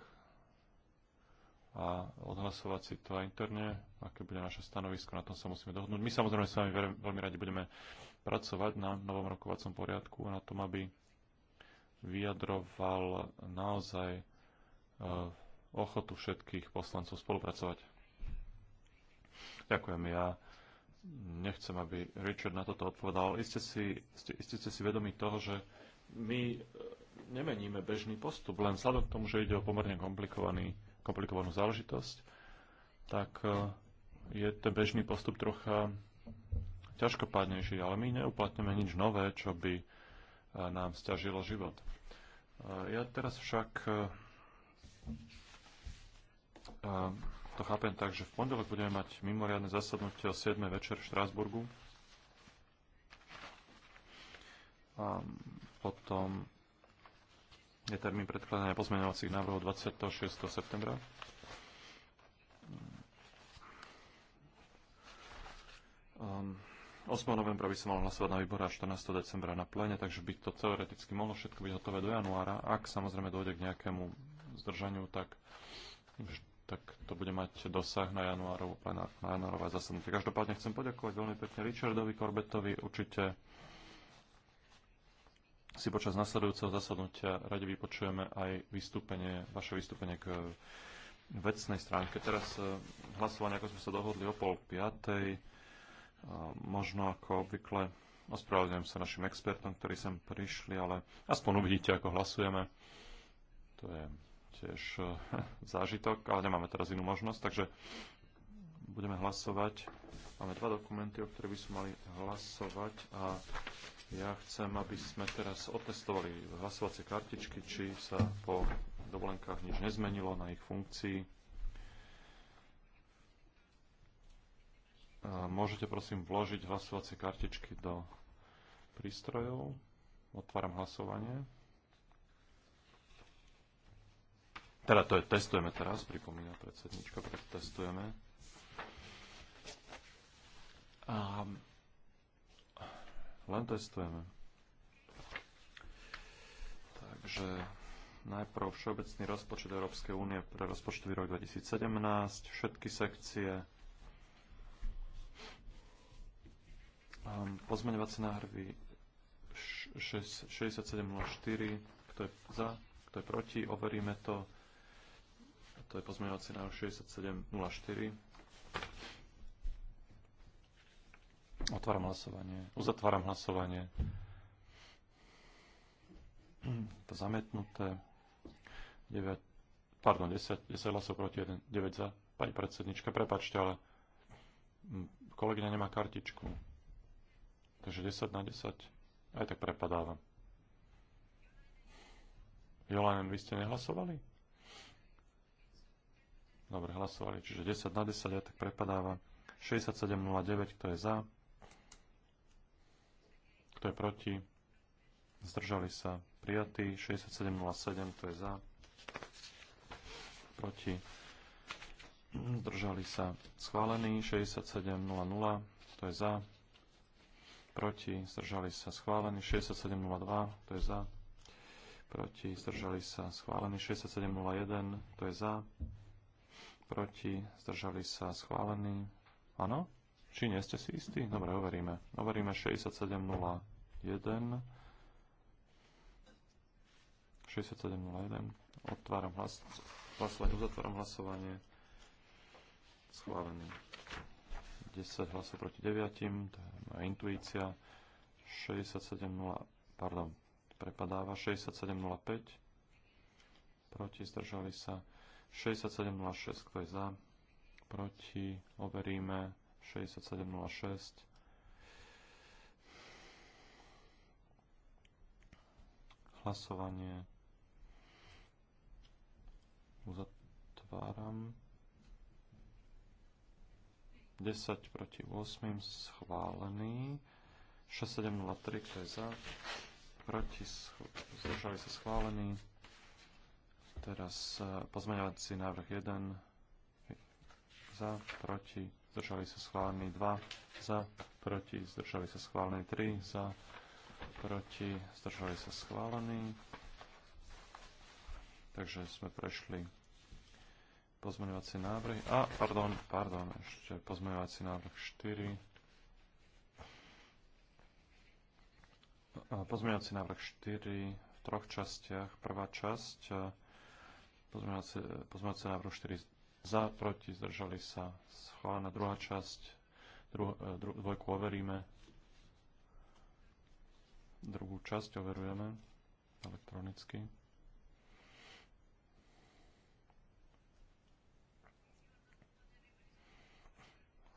a odhlasovať si to aj interne, aké bude naše stanovisko, na tom sa musíme dohodnúť. My samozrejme s vami veľmi radi budeme pracovať na novom rokovacom poriadku a na tom, aby vyjadroval naozaj e, ochotu všetkých poslancov spolupracovať. Ďakujem. Ja nechcem, aby Richard na toto odpovedal. Iste, si, ste, iste ste si vedomi toho, že my e, nemeníme bežný postup, len vzhľadom k tomu, že ide o pomerne komplikovaný, komplikovanú záležitosť, tak e, je ten bežný postup trocha ťažkopádnejší, ale my neuplatníme nič nové, čo by e, nám stiažilo život. E, ja teraz však e, to chápem tak, že v pondelok budeme mať mimoriadne zasadnutie o 7. večer v Štrásburgu. A potom je termín predkladania pozmeňovacích návrhov 26. septembra. Um, 8. novembra by som mal hlasovať na výbore a 14. decembra na plene, takže by to teoreticky mohlo všetko byť hotové do januára. Ak samozrejme dojde k nejakému zdržaniu, tak, tak to bude mať dosah na januárov, na, na januárové zasadnutie. Každopádne chcem poďakovať veľmi pekne Richardovi Korbetovi. Určite si počas nasledujúceho zasadnutia radi vypočujeme aj vystúpenie, vaše vystúpenie k vecnej stránke. Teraz eh, hlasovanie, ako sme sa dohodli o pol piatej. Možno ako obvykle ospravedlňujem sa našim expertom, ktorí sem prišli, ale aspoň uvidíte, ako hlasujeme. To je tiež eh, (laughs) zážitok, ale nemáme teraz inú možnosť, takže budeme hlasovať. Máme dva dokumenty, o ktorých by sme mali hlasovať a ja chcem, aby sme teraz otestovali hlasovacie kartičky, či sa po dovolenkách nič nezmenilo na ich funkcii. Môžete prosím vložiť hlasovacie kartičky do prístrojov. Otváram hlasovanie. Teda to je, testujeme teraz, pripomína predsednička, preto testujeme. A len testujeme. Takže najprv Všeobecný rozpočet Európskej únie pre rozpočtový rok 2017, všetky sekcie, pozmeňovacie návrhy 6704, kto je za, kto je proti, overíme to. To je pozmeňovací návrh 6704. Otváram hlasovanie. Uzatváram hlasovanie. (clears throat) To zamietnuté. 9, pardon, 10, 10 hlasov proti 1, 9 za. Pani predsednička, prepačte, ale kolegyňa nemá kartičku. Takže 10 na 10. Aj tak prepadávam. Jolanen, vy ste nehlasovali? Dobre, hlasovali. Čiže 10 na 10, aj tak prepadáva. 67,09, kto je za? Kto je proti? Zdržali sa. Prijatý. 67,07, kto je za? Proti. Zdržali sa. Schválený. 67,00, kto je za? proti, zdržali sa schválený 6702, to je za, proti, zdržali sa schválení, 6701, to je za, proti, zdržali sa schválení, áno? Či nie ste si istí? Dobre, overíme. Overíme 6701. 6701. Otváram hlas... hlasovanie, uzatváram hlasovanie. Schválený. 10 hlasov proti 9, to je moja intuícia. 670, pardon, prepadáva 67.05, proti, zdržali sa. 67.06, kto je za, proti, overíme. 67.06, hlasovanie uzatváram. 10 proti 8 schválený. 6703, kto je e, za, proti, zdržali sa schválený. Teraz pozmeňovací návrh 1, za, proti, zdržali sa schválený 2, za, proti, zdržali sa schválený 3, za, proti, zdržali sa schválený. Takže sme prešli pozmeňovací návrh A, pardon, pardon, ešte pozmeňovací návrh 4. Pozmeňovací návrh 4 v troch častiach. Prvá časť, pozmeňovací návrh 4 za, proti, zdržali sa, schválená druhá časť, dru, e, dru, dvojku overíme, druhú časť overujeme elektronicky.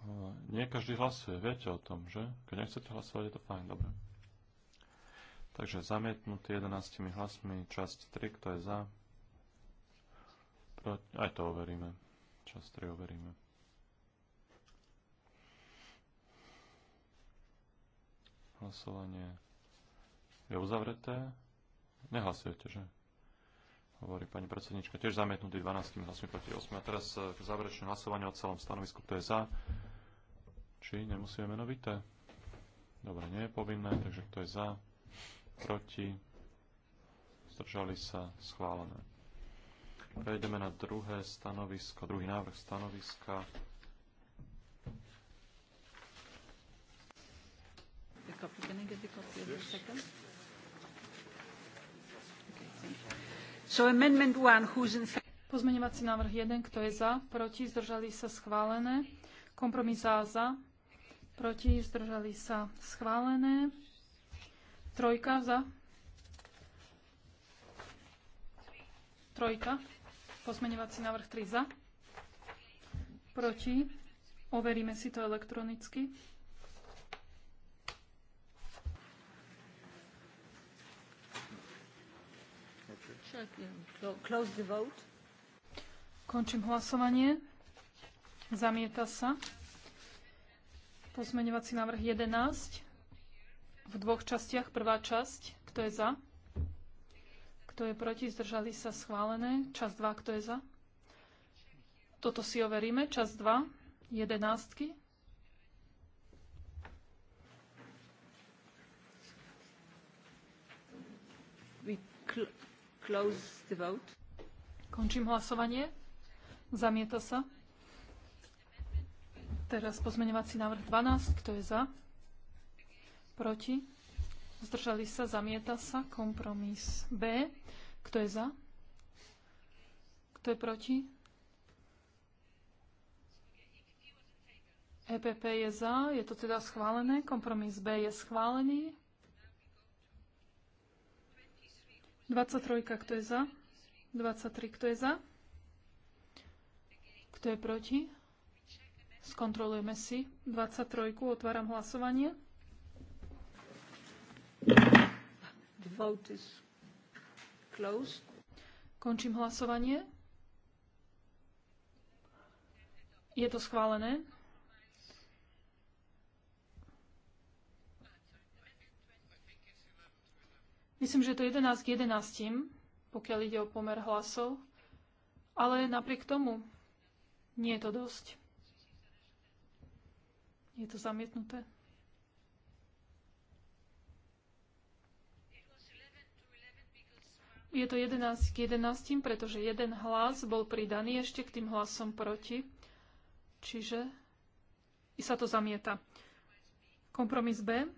Eh, nie každý hlasuje, viete o tom, že? Keď nechcete hlasovať, je to fajn, dobre. Takže zamietnutý 11 hlasmi, časť 3, kto je za? Proti, aj to overíme. Časť 3 overíme. Hlasovanie je uzavreté. Nehlasujete, že? Hovorí pani predsednička. Tiež zamietnutý 12 hlasmi proti 8. A teraz eh, k záverečnému hlasovaniu o celom stanovisku, kto je za? či nemusíme menovité. Dobre, nie je povinné, takže kto je za, proti, zdržali sa, schválené. Prejdeme na druhé stanovisko, druhý návrh stanoviska. Pozmeňovací návrh 1, kto je za, proti, zdržali sa schválené. Kompromis za, za, proti, zdržali sa schválené. Trojka za. Trojka. Pozmeňovací návrh 3 za. Proti. Overíme si to elektronicky. Končím hlasovanie. Zamieta sa. Pozmeňovací návrh 11 v dvoch častiach. Prvá časť, kto je za? Kto je proti? Zdržali sa schválené. Čas 2, kto je za? Toto si overíme. Čas 2, jedenáctky. Končím hlasovanie. Zamieta sa. Teraz pozmeňovací návrh 12. Kto je za? Proti? Zdržali sa? Zamieta sa? Kompromis B. Kto je za? Kto je proti? EPP je za, je to teda schválené, kompromis B je schválený. 23, kto je za? 23, kto je za? Kto je proti? Skontrolujeme si 23. Otváram hlasovanie. The vote is closed. Končím hlasovanie. Je to schválené. Myslím, že je to 11 k 11, pokiaľ ide o pomer hlasov. Ale napriek tomu nie je to dosť. Je to zamietnuté. Je to 11 k 11, pretože jeden hlas bol pridaný ešte k tým hlasom proti. Čiže i sa to zamieta. Kompromis B.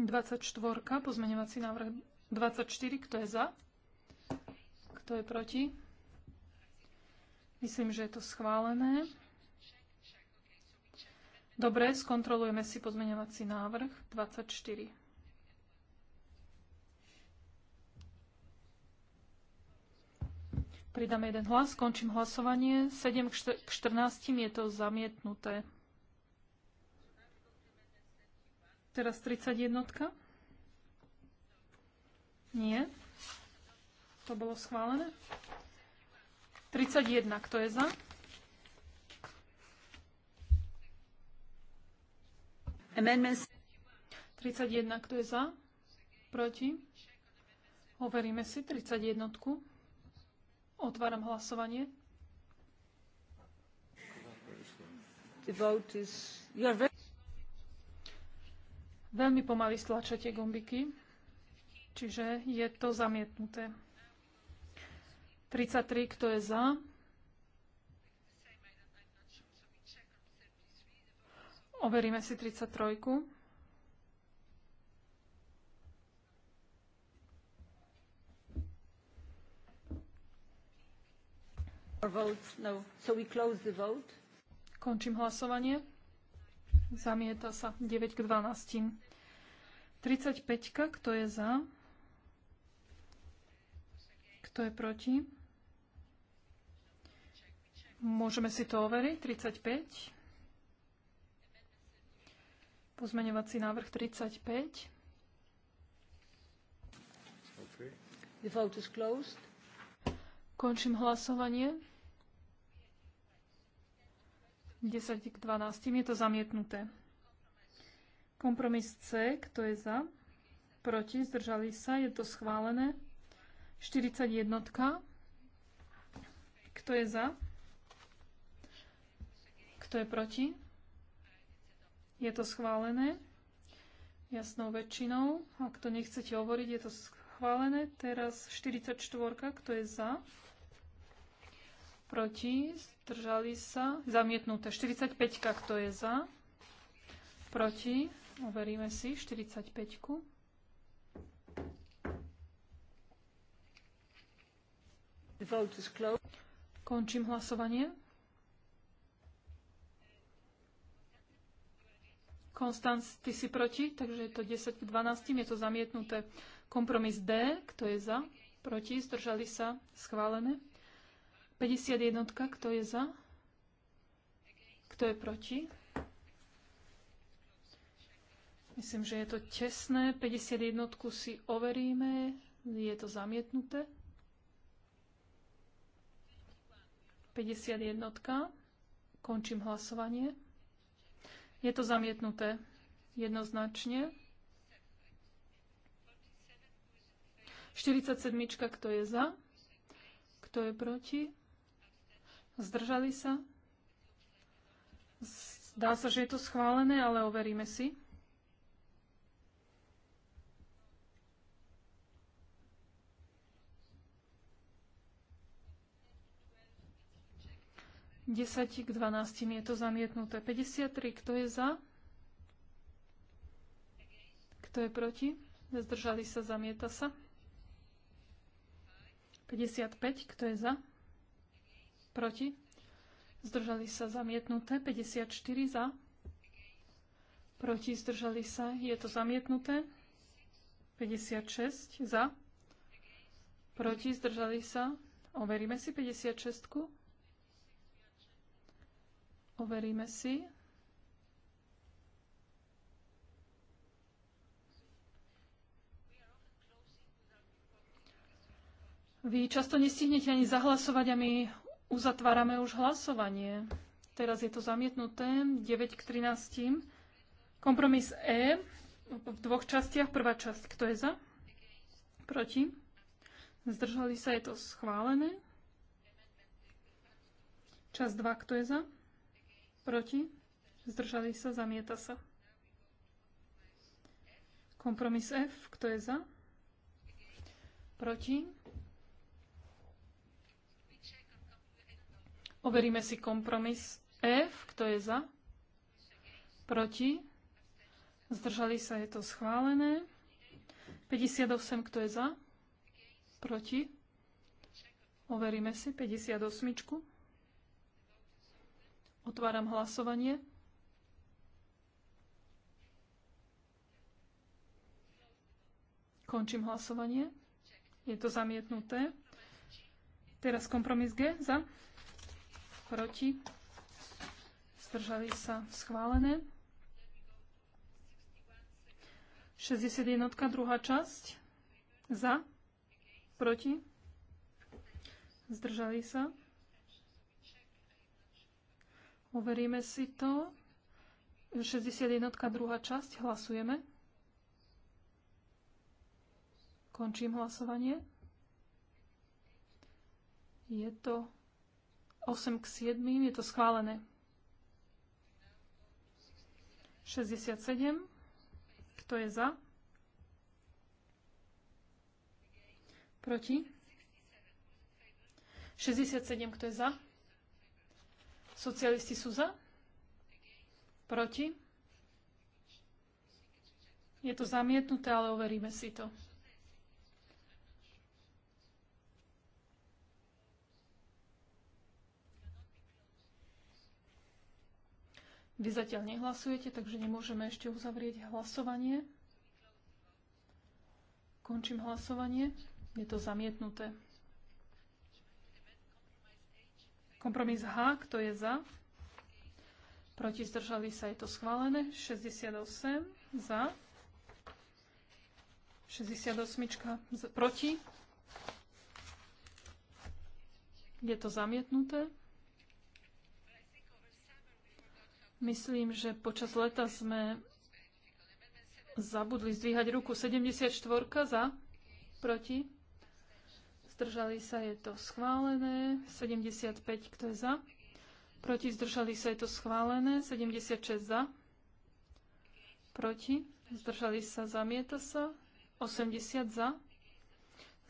Dvadsaťštvorka, pozmeňovací návrh 24, kto je za? Kto je proti? Myslím, že je to schválené. Dobre, skontrolujeme si pozmeňovací návrh 24. Pridám jeden hlas, skončím hlasovanie. 7 k 14 je to zamietnuté. Teraz 31. Nie. To bolo schválené. 31. Kto je za? Amendment 31. Kto je za? Proti? Overíme si 31. Otváram hlasovanie. The vote is... You're very... Veľmi pomaly stlačate gombiky, čiže je to zamietnuté. 33, kto je za? Overíme si 33. No. Končím hlasovanie. Zamieta sa 9 k 12. 35, kto je za? Kto je proti? Môžeme si to overiť. 35. Pozmeňovací návrh 35. Okay. The vote is closed. Končím hlasovanie. 10 k 12. Je to zamietnuté. Kompromis C. Kto je za? Proti. Zdržali sa. Je to schválené. 41. Kto je za? Kto je proti? Je to schválené jasnou väčšinou. Ak to nechcete hovoriť, je to schválené. Teraz 44, kto je za? Proti, zdržali sa, zamietnuté. 45, kto je za? Proti, overíme si 45. Končím hlasovanie. Konstanc, ty si proti, takže je to 10 k 12, je to zamietnuté. Kompromis D, kto je za? Proti, zdržali sa, schválené. 51, kto je za? Kto je proti? Myslím, že je to tesné. 51 si overíme. Je to zamietnuté. 51. Končím hlasovanie. Je to zamietnuté jednoznačne. 47. Kto je za? Kto je proti? Zdržali sa? Zdá sa, že je to schválené, ale overíme si. 10 k 12 je to zamietnuté. 53, kto je za? Kto je proti? Zdržali sa, zamieta sa. 55, kto je za? Proti? Zdržali sa, zamietnuté. 54 za? Proti, zdržali sa, je to zamietnuté. 56 za? Proti, zdržali sa. Overíme si 56. -ku. Overíme si. Vy často nestihnete ani zahlasovať a my uzatvárame už hlasovanie. Teraz je to zamietnuté 9 k 13. Kompromis E v dvoch častiach. Prvá časť, kto je za? Proti? Zdržali sa, je to schválené. Čas 2, kto je za? Proti? Zdržali sa? Zamieta sa. Kompromis F. Kto je za? Proti? Overíme si kompromis F. Kto je za? Proti? Zdržali sa? Je to schválené. 58. Kto je za? Proti? Overíme si 58. Otváram hlasovanie. Končím hlasovanie. Je to zamietnuté. Teraz kompromis G za, proti, zdržali sa schválené. 61. druhá časť za, proti, zdržali sa Overíme si to. 61. druhá časť. Hlasujeme. Končím hlasovanie. Je to 8 k 7, je to schválené. 67. Kto je za? Proti? 67. Kto je za? Socialisti sú za? Proti? Je to zamietnuté, ale overíme si to. Vy zatiaľ nehlasujete, takže nemôžeme ešte uzavrieť hlasovanie. Končím hlasovanie. Je to zamietnuté. Kompromis H, kto je za? Proti zdržali sa, je to schválené. 68 za. 68 proti. Je to zamietnuté. Myslím, že počas leta sme zabudli zdvíhať ruku. 74 za, proti zdržali sa, je to schválené. 75, kto je za? Proti, zdržali sa, je to schválené. 76 za. Proti, zdržali sa, zamieta sa. 80 za.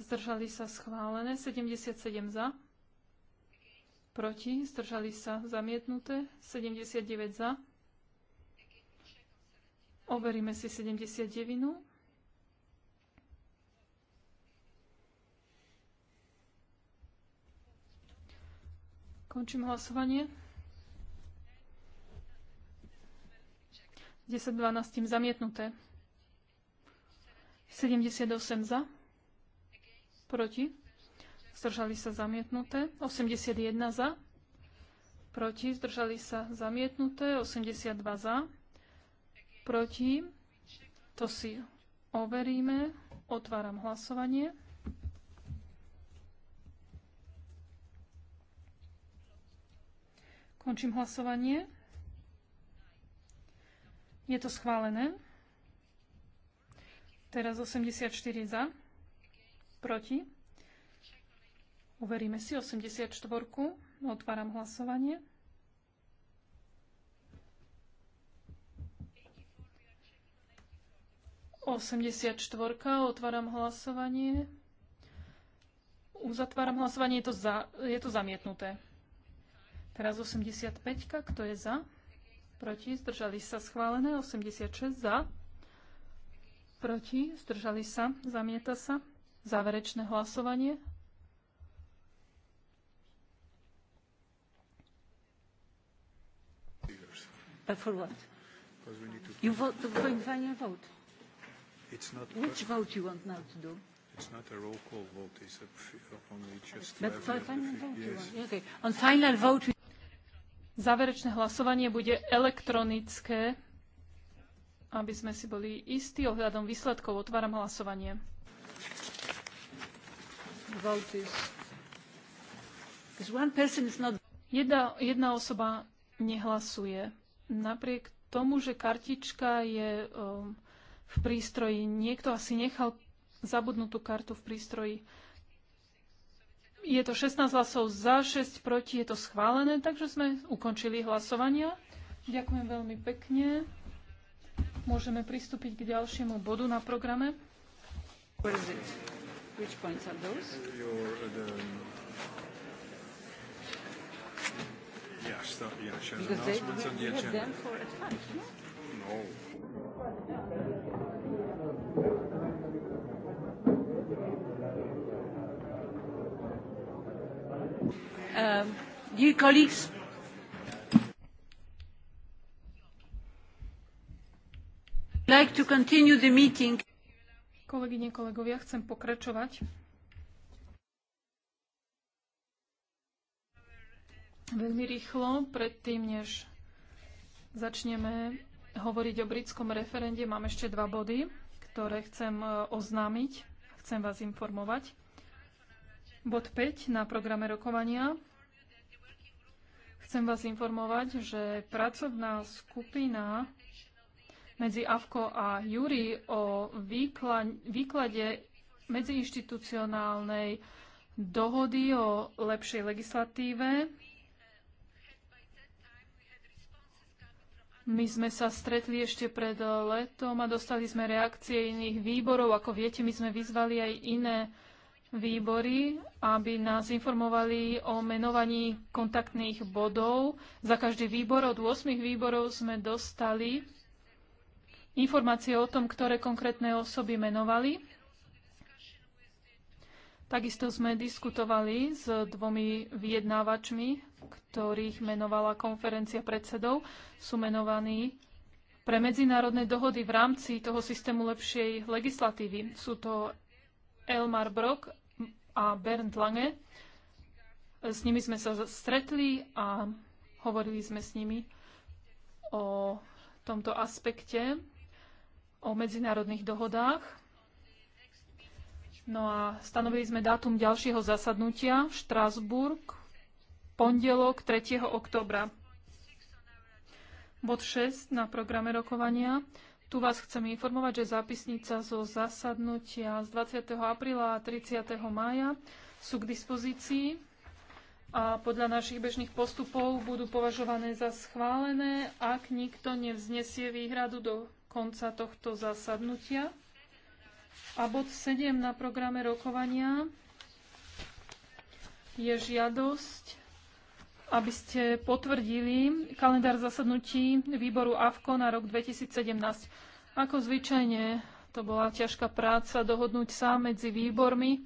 Zdržali sa, schválené. 77 za. Proti, zdržali sa, zamietnuté. 79 za. Overíme si 79. Končím hlasovanie. 10-12 tým zamietnuté. 78 za. Proti. Zdržali sa zamietnuté. 81 za. Proti. Zdržali sa zamietnuté. 82 za. Proti. To si overíme. Otváram hlasovanie. Končím hlasovanie. Je to schválené. Teraz 84 za. Proti. Uveríme si 84. Otváram hlasovanie. Osemdesiat otváram hlasovanie. Uzatváram hlasovanie, je to, za, je to zamietnuté. Teraz 85, kto je za? Proti, zdržali sa schválené. 86 za. Proti, zdržali sa, zamieta sa. Záverečné hlasovanie. But for what? You vote the final vote. It's not Which vote you want now to do? It's not a roll call vote. It's a, only just. But for final vote, yes. you want? Okay. On final vote. We Záverečné hlasovanie bude elektronické, aby sme si boli istí ohľadom výsledkov. Otváram hlasovanie. Jedna, jedna osoba nehlasuje. Napriek tomu, že kartička je um, v prístroji, niekto asi nechal zabudnutú kartu v prístroji. Je to 16 hlasov za, 6 proti, je to schválené, takže sme ukončili hlasovania. Ďakujem veľmi pekne. Môžeme pristúpiť k ďalšiemu bodu na programe. Where is it? Which points are those? Your, uh, the, they, no? No. Um, Kolegyne, kolegovia, chcem pokračovať. Veľmi rýchlo, predtým, než začneme hovoriť o britskom referende, mám ešte dva body, ktoré chcem e, oznámiť. Chcem vás informovať. Bod 5 na programe rokovania Chcem vás informovať, že pracovná skupina medzi AVKO a Júri o výklade medziinštitucionálnej dohody o lepšej legislatíve. My sme sa stretli ešte pred letom a dostali sme reakcie iných výborov. Ako viete, my sme vyzvali aj iné výbory, aby nás informovali o menovaní kontaktných bodov. Za každý výbor od 8 výborov sme dostali informácie o tom, ktoré konkrétne osoby menovali. Takisto sme diskutovali s dvomi vyjednávačmi, ktorých menovala konferencia predsedov. Sú menovaní pre medzinárodné dohody v rámci toho systému lepšej legislatívy. Sú to Elmar Brock a Bernd Lange. S nimi sme sa stretli a hovorili sme s nimi o tomto aspekte, o medzinárodných dohodách. No a stanovili sme dátum ďalšieho zasadnutia v Štrásburg, pondelok 3. oktobra. Bod 6 na programe rokovania tu vás chcem informovať, že zápisnica zo zasadnutia z 20. apríla a 30. mája sú k dispozícii a podľa našich bežných postupov budú považované za schválené, ak nikto nevznesie výhradu do konca tohto zasadnutia. A bod 7 na programe rokovania je žiadosť aby ste potvrdili kalendár zasadnutí výboru AVKO na rok 2017. Ako zvyčajne, to bola ťažká práca dohodnúť sa medzi výbormi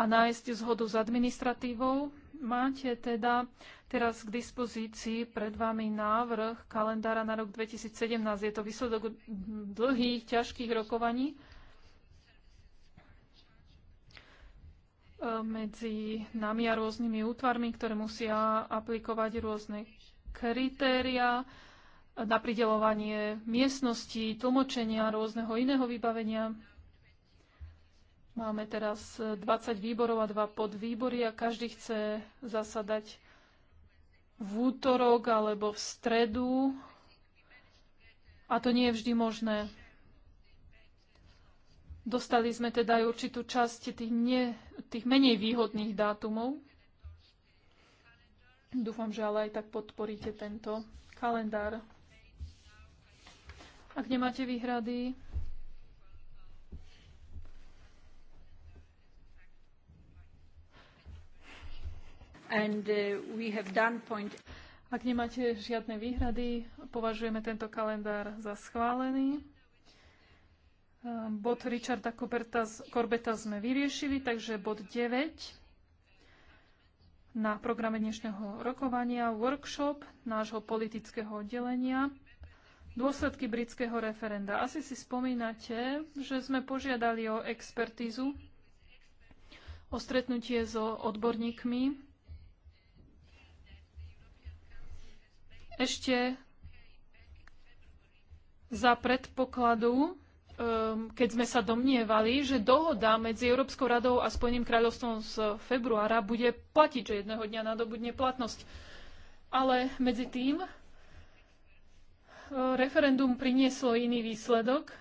a nájsť zhodu s administratívou. Máte teda teraz k dispozícii pred vami návrh kalendára na rok 2017. Je to výsledok dlhých, ťažkých rokovaní medzi nami a rôznymi útvarmi, ktoré musia aplikovať rôzne kritéria na pridelovanie miestnosti, tlmočenia, rôzneho iného vybavenia. Máme teraz 20 výborov a dva podvýbory a každý chce zasadať v útorok alebo v stredu a to nie je vždy možné. Dostali sme teda aj určitú časť tých, ne, tých menej výhodných dátumov. Dúfam, že ale aj tak podporíte tento kalendár. Ak nemáte výhrady, And, uh, we have done point... Ak nemáte žiadne výhrady, považujeme tento kalendár za schválený. Bod Richarda Korbeta Corbeta sme vyriešili, takže bod 9 na programe dnešného rokovania workshop nášho politického oddelenia dôsledky britského referenda. Asi si spomínate, že sme požiadali o expertízu, o stretnutie so odborníkmi. Ešte za predpokladu, Ehm, keď sme sa domnievali, že dohoda medzi Európskou radou a Spojeným kráľovstvom z februára bude platiť, že jedného dňa nadobudne platnosť. Ale medzi tým e, referendum prinieslo iný výsledok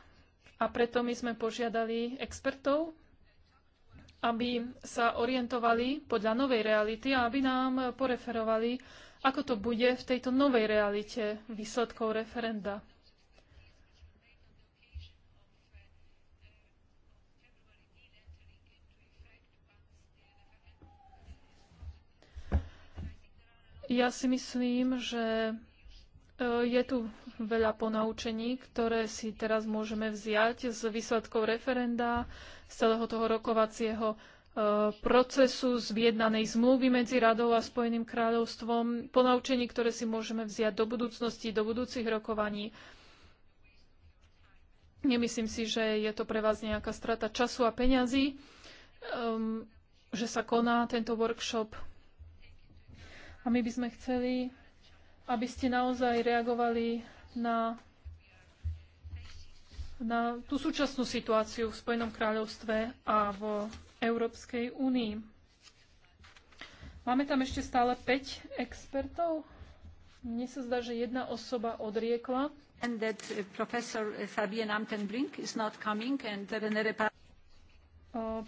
a preto my sme požiadali expertov, aby sa orientovali podľa novej reality a aby nám poreferovali, ako to bude v tejto novej realite výsledkov referenda. Ja si myslím, že e, je tu veľa ponaučení, ktoré si teraz môžeme vziať z výsledkov referenda, z celého toho rokovacieho e, procesu z viednanej zmluvy medzi Radou a Spojeným kráľovstvom, ponaučení, ktoré si môžeme vziať do budúcnosti, do budúcich rokovaní. Nemyslím si, že je to pre vás nejaká strata času a peňazí, um, že sa koná tento workshop a my by sme chceli, aby ste naozaj reagovali na, na tú súčasnú situáciu v Spojenom kráľovstve a v Európskej únii. Máme tam ešte stále 5 expertov. Mne sa zdá, že jedna osoba odriekla. And that uh, professor Fabien Amtenbrink is not coming and René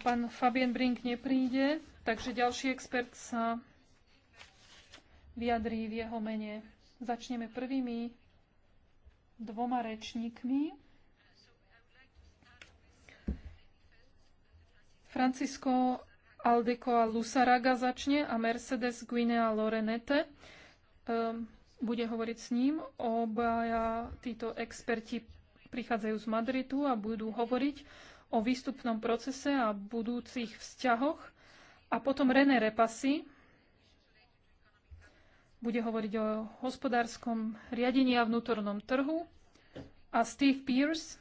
Pán Fabien Brink nepríde, takže ďalší expert sa vyjadrí v jeho mene. Začneme prvými dvoma rečníkmi. Francisco Aldeco a Lusaraga začne a Mercedes Guinea Lorenete um, bude hovoriť s ním. Obaja títo experti prichádzajú z Madridu a budú hovoriť o výstupnom procese a budúcich vzťahoch. A potom René Repasy, bude hovoriť o hospodárskom riadení a vnútornom trhu a Steve Pierce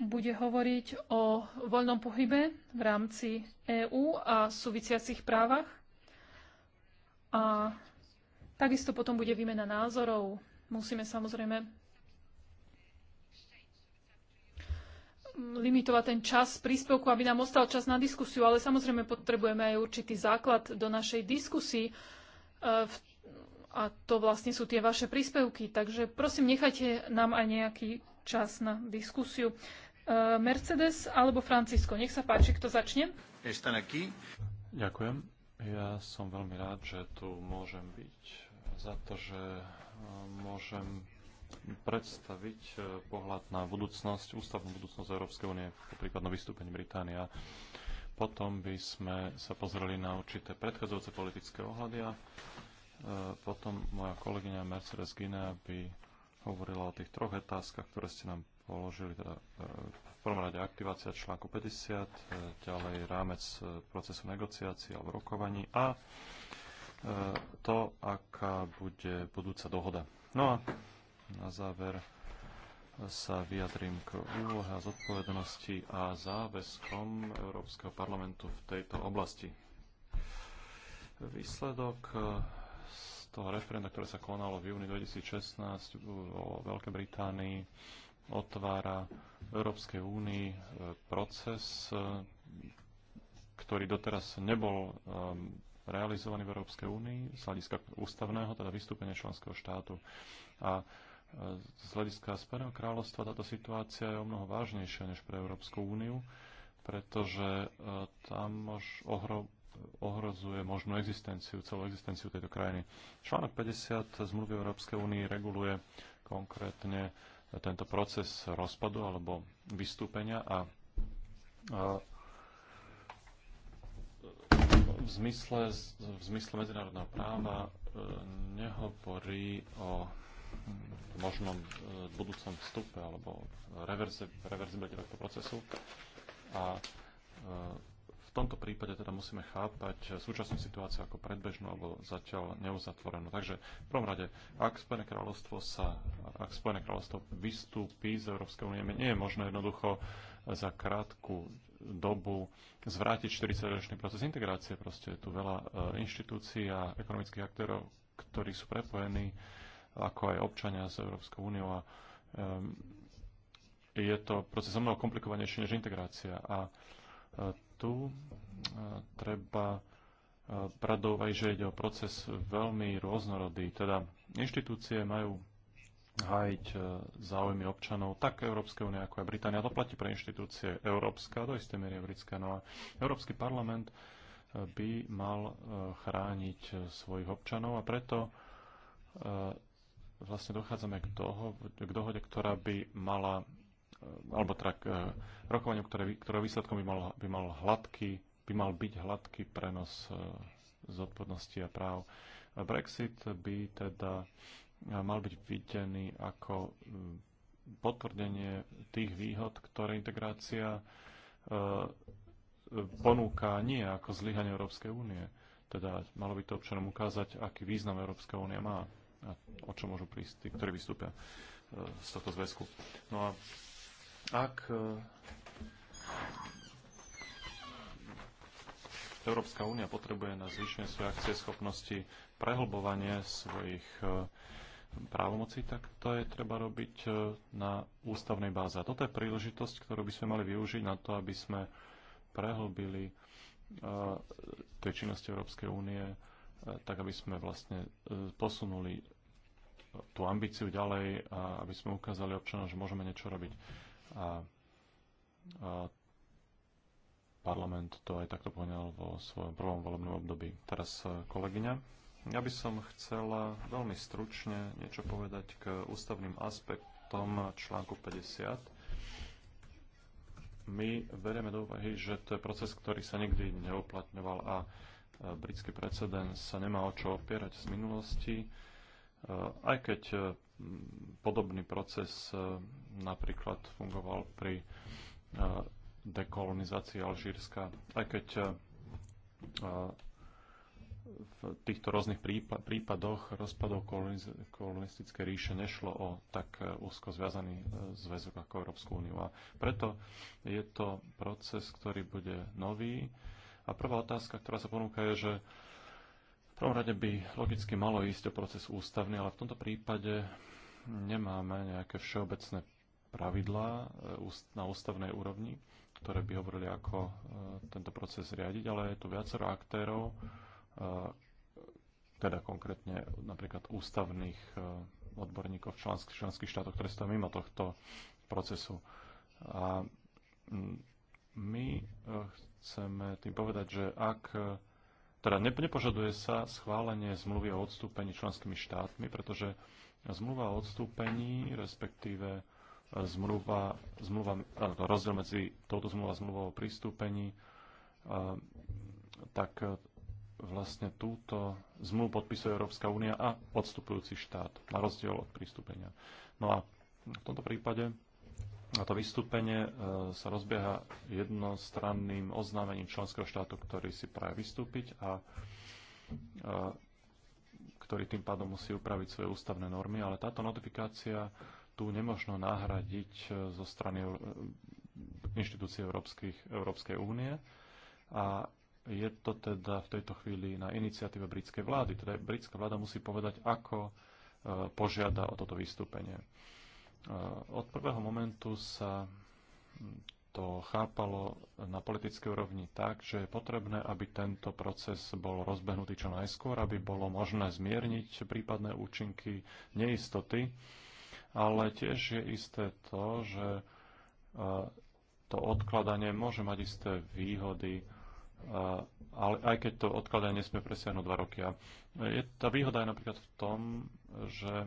bude hovoriť o voľnom pohybe v rámci EÚ a súvisiacich právach. A takisto potom bude výmena názorov. Musíme samozrejme limitovať ten čas príspevku, aby nám ostal čas na diskusiu, ale samozrejme potrebujeme aj určitý základ do našej diskusii E, a to vlastne sú tie vaše príspevky. Takže prosím, nechajte nám aj nejaký čas na diskusiu. E, Mercedes alebo Francisco, nech sa páči, kto začne. Ďakujem. Ja som veľmi rád, že tu môžem byť za to, že e, môžem predstaviť pohľad na budúcnosť, ústavnú budúcnosť Európskej únie, napríklad na vystúpení Británia potom by sme sa pozreli na určité predchádzajúce politické ohľady a e, potom moja kolegyňa Mercedes Guinea by hovorila o tých troch otázkach, ktoré ste nám položili, teda e, v prvom rade aktivácia článku 50, e, ďalej rámec procesu negociácií alebo rokovaní a to, aká bude budúca dohoda. No a na záver sa vyjadrím k úlohe a zodpovednosti a záväzkom Európskeho parlamentu v tejto oblasti. Výsledok eh, z toho referenda, ktoré sa konalo v júni 2016 eh, o Veľkej Británii, otvára Európskej únii eh, proces, ktorý doteraz nebol realizovaný v Európskej únii z hľadiska ústavného, teda vystúpenia členského štátu. A z hľadiska Spojeného kráľovstva táto situácia je o mnoho vážnejšia než pre Európsku úniu, pretože e, tam už ohro, ohrozuje možnú existenciu, celú existenciu tejto krajiny. Článok 50 zmluvy Európskej únie reguluje konkrétne tento proces rozpadu alebo vystúpenia a, a v zmysle, v zmysle medzinárodného práva e, nehovorí o možnom e, budúcom vstupe alebo reverzi, reverzibilite tohto procesu. A e, v tomto prípade teda musíme chápať súčasnú situáciu ako predbežnú alebo zatiaľ neuzatvorenú. Takže v prvom rade, ak Spojené kráľovstvo sa, ak Spojené kráľovstvo vystúpi z Európskej únie, nie je možné jednoducho za krátku dobu zvrátiť 40-ročný proces integrácie. Proste je tu veľa e, inštitúcií a ekonomických aktérov, ktorí sú prepojení ako aj občania s Európskou úniou. A um, je to proces o mnoho komplikovanejší než integrácia. A uh, tu uh, treba uh, e, pradovať, že ide o proces veľmi rôznorodý. Teda inštitúcie majú hájiť záujmy občanov tak Európskej únie ako aj Británia. To platí pre inštitúcie európska, do istej miery britská. No a Európsky parlament by mal chrániť svojich občanov a preto vlastne dochádzame k, doho- k dohode, ktorá by mala, eh, alebo teda k eh, rokovaniu, ktoré, ktoré výsledkom by mal, by mal hladký, by mal byť hladký prenos eh, zodpovednosti a práv. Brexit by teda mal byť videný ako hm, potvrdenie tých výhod, ktoré integrácia ponúka nie ako zlyhanie Európskej únie. Teda malo by to občanom ukázať, aký význam Európska únia má a o čo môžu prísť tí, ktorí vystúpia e, z tohto zväzku. No a ak e, Európska únia potrebuje na zvýšenie svojej akcie schopnosti prehlbovanie svojich e, právomocí, tak to je treba robiť na ústavnej báze. A toto je príležitosť, ktorú by sme mali využiť na to, aby sme prehlbili tie činnosti Európskej únie E, tak aby sme vlastne e, posunuli tú ambíciu ďalej a aby sme ukázali občanom, že môžeme niečo robiť. A, a parlament to aj takto poňal vo svojom prvom volebnom období. Teraz e, kolegyňa. Ja by som chcela veľmi stručne niečo povedať k ústavným aspektom článku 50. My bereme do úvahy, že to je proces, ktorý sa nikdy neuplatňoval a britský precedens sa nemá o čo opierať z minulosti, e, aj keď e, podobný proces e, napríklad fungoval pri dekolonizácii Alžírska, aj keď v týchto rôznych prípadoch rozpadov kolonistické ríše nešlo o tak úzko zviazaný zväzok ako Európsku úniu. A preto je to proces, ktorý bude nový, a prvá otázka, ktorá sa ponúka, je, že v prvom rade by logicky malo ísť o proces ústavný, ale v tomto prípade nemáme nejaké všeobecné pravidlá e, na ústavnej úrovni, ktoré by hovorili, ako e, tento proces riadiť, ale je tu viacero aktérov, e, teda konkrétne napríklad ústavných odborníkov v členských, členských štátoch, ktoré stojí mimo tohto procesu. A my chceme tým povedať, že ak e, teda nepožaduje sa schválenie zmluvy o odstúpení členskými štátmi, pretože zmluva o odstúpení, respektíve e, zmluva, zmluva, rozdiel medzi touto zmluvou a zmluvou o pristúpení, e, tak vlastne túto zmluvu podpisuje Európska únia a odstupujúci štát, na rozdiel od pristúpenia. No a v tomto prípade a to vystúpenie e, sa rozbieha jednostranným oznámením členského štátu, ktorý si praje vystúpiť a, e, ktorý tým pádom musí upraviť svoje ústavné normy, ale táto notifikácia tu nemožno nahradiť e, zo strany inštitúcií Európskej únie a je to teda v tejto chvíli na iniciatíve britskej vlády. Teda britská vláda musí povedať, ako požiada o toto vystúpenie. Eh, od prvého momentu sa to chápalo na politickej úrovni tak, že je potrebné, aby tento proces bol rozbehnutý čo najskôr, aby bolo možné zmierniť prípadné účinky neistoty, ale tiež je isté to, že eh, to odkladanie môže mať isté výhody, eh, ale aj keď to odkladanie nesmie presiahnuť dva roky. A je, tá výhoda je napríklad v tom, že e,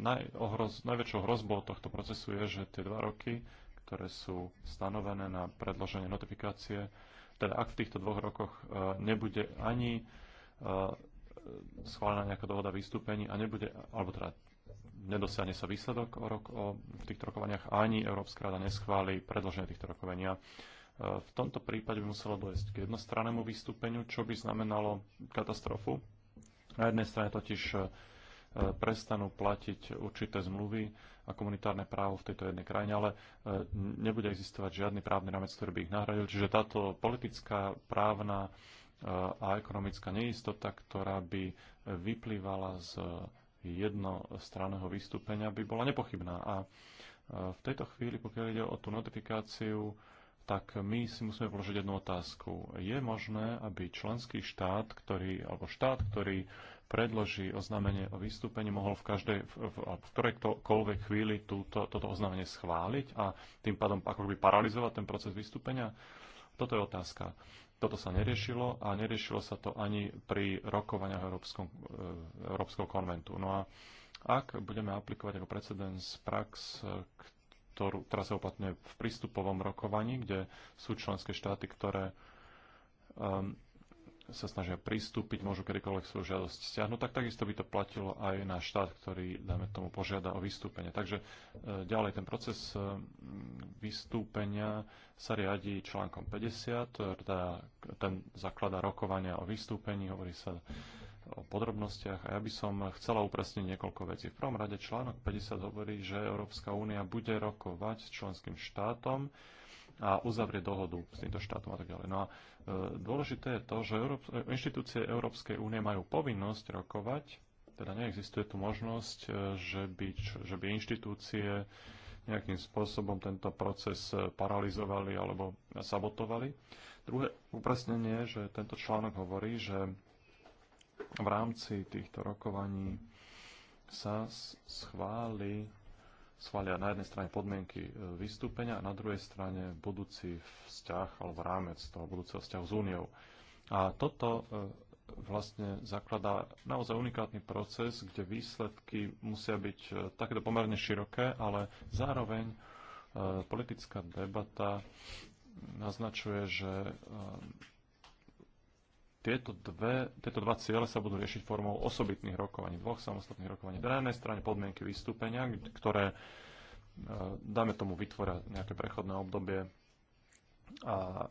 najohroz, najväčšou hrozbou tohto procesu je, že tie dva roky, ktoré sú stanovené na predloženie notifikácie, teda ak v týchto dvoch rokoch e, nebude ani e, schválená nejaká dohoda vystúpení a nebude, alebo teda nedosiahne sa výsledok o rok, o, v týchto rokovaniach ani Európska rada neschváli predloženie týchto rokovania. V tomto prípade by muselo dojsť k jednostrannému vystúpeniu, čo by znamenalo katastrofu. Na jednej strane totiž E, prestanú platiť určité zmluvy a komunitárne právo v tejto jednej krajine, ale e, nebude existovať žiadny právny rámec, ktorý by ich nahradil. Čiže táto politická, právna e, a ekonomická neistota, ktorá by vyplývala z jednostranného vystúpenia, by bola nepochybná. A v tejto chvíli, pokiaľ ide o tú notifikáciu, tak my si musíme položiť jednu otázku. Je možné, aby členský štát, ktorý, alebo štát, ktorý predloží oznámenie o vystúpení, mohol v každej, v, v, v ktorejkoľvek chvíli túto, toto oznámenie schváliť a tým pádom ako by paralizovať ten proces vystúpenia? Toto je otázka. Toto sa neriešilo a neriešilo sa to ani pri rokovaniach Európskom, e, Európskeho konventu. No a ak budeme aplikovať ako precedens prax, ktorú, teraz sa uplatňuje v prístupovom rokovaní, kde sú členské štáty, ktoré um, sa snažia pristúpiť, môžu kedykoľvek svoju žiadosť stiahnuť, tak takisto by to platilo aj na štát, ktorý, dáme tomu, požiada o vystúpenie. Takže e, ďalej ten proces e, vystúpenia sa riadi článkom 50, teda ten zaklada rokovania o vystúpení, hovorí sa o podrobnostiach a ja by som chcela upresniť niekoľko vecí. V prvom rade článok 50 hovorí, že Európska únia bude rokovať s členským štátom a uzavrie dohodu s týmto štátom a tak ďalej. No a E, dôležité je to, že e, inštitúcie Európskej únie majú povinnosť rokovať, teda neexistuje tu možnosť, e, že by, že by inštitúcie nejakým spôsobom tento proces paralizovali alebo sabotovali. Druhé upresnenie, že tento článok hovorí, že v rámci týchto rokovaní sa schváli schvália na jednej strane podmienky e, vystúpenia a na druhej strane budúci vzťah alebo rámec toho budúceho vzťahu s úniou. A toto e, vlastne zakladá naozaj unikátny proces, kde výsledky musia byť e, takéto pomerne široké, ale zároveň politická debata naznačuje, že tieto, dve, tieto dva ciele sa budú riešiť formou osobitných rokovaní, dvoch samostatných rokovaní. Na jednej strane podmienky vystúpenia, ktoré, e, dáme tomu, vytvoria nejaké prechodné obdobie a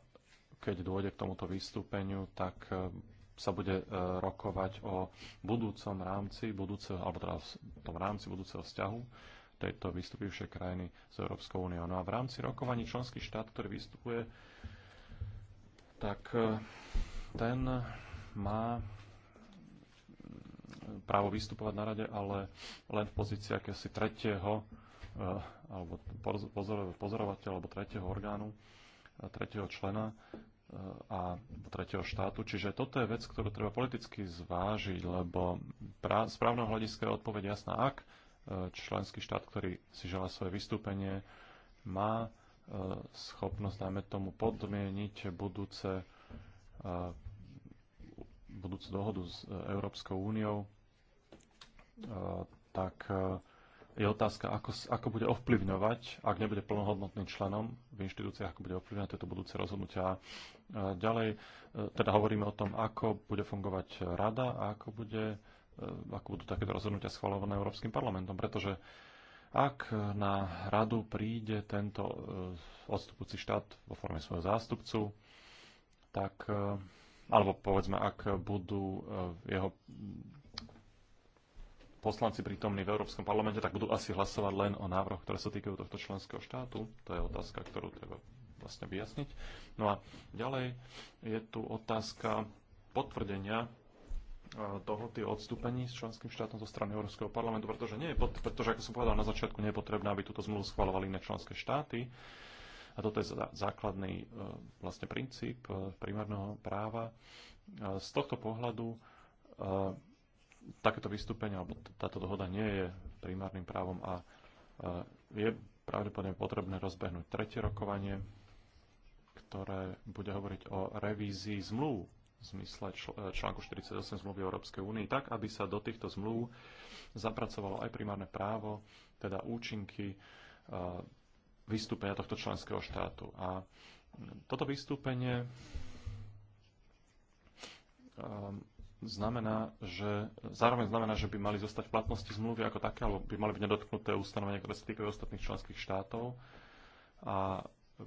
keď dôjde k tomuto vystúpeniu, tak e, sa bude e, rokovať o budúcom rámci, budúceho, alebo teda tom rámci budúceho vzťahu tejto vystupivšej krajiny z Európskou úniou. No a v rámci rokovaní členský štát, ktorý vystupuje, tak ten má právo vystupovať na rade, ale len v pozícii akési tretieho eh, alebo pozorovateľa alebo tretieho orgánu, eh, tretieho člena eh, a tretieho štátu. Čiže toto je vec, ktorú treba politicky zvážiť, lebo z právneho hľadiska je odpoveď jasná. Ak členský štát, ktorý si žela svoje vystúpenie, má schopnosť, dajme tomu, podmieniť budúce budúcu dohodu s e, Európskou úniou, e, tak e, je otázka, ako, ako bude ovplyvňovať, ak nebude plnohodnotným členom v inštitúciách, ako bude ovplyvňovať tieto budúce rozhodnutia. Ďalej teda hovoríme o tom, ako bude fungovať rada a ako, bude, ako budú takéto rozhodnutia schvalované Európskym parlamentom, pretože ak na radu príde tento odstupujúci štát vo forme svojho zástupcu, tak e, alebo povedzme, ak budú e, jeho poslanci prítomní v Európskom parlamente, tak budú asi hlasovať len o návrhoch, ktoré sa týkajú tohto členského štátu. To je otázka, ktorú treba vlastne vyjasniť. No a ďalej je tu otázka potvrdenia e, dohody o odstúpení s členským štátom zo strany Európskeho parlamentu, pretože, nie je pot- pretože ako som povedal na začiatku, nie je potrebné, aby túto zmluvu schvalovali iné členské štáty. A toto je základný e, vlastne princíp e, primárneho práva. E, z tohto pohľadu takéto vystúpenie alebo táto dohoda nie je primárnym právom a je pravdepodobne potrebné rozbehnúť tretie rokovanie, ktoré bude hovoriť o revízii zmluv v zmysle čl článku 48 zmluvy Európskej únie, tak, aby sa do týchto zmluv zapracovalo aj primárne právo, teda účinky vystúpenia tohto členského štátu. A toto vystúpenie ehm, znamená, že zároveň znamená, že by mali zostať v platnosti zmluvy ako také, alebo by mali byť nedotknuté ustanovenia, ktoré sa týkajú ostatných členských štátov. A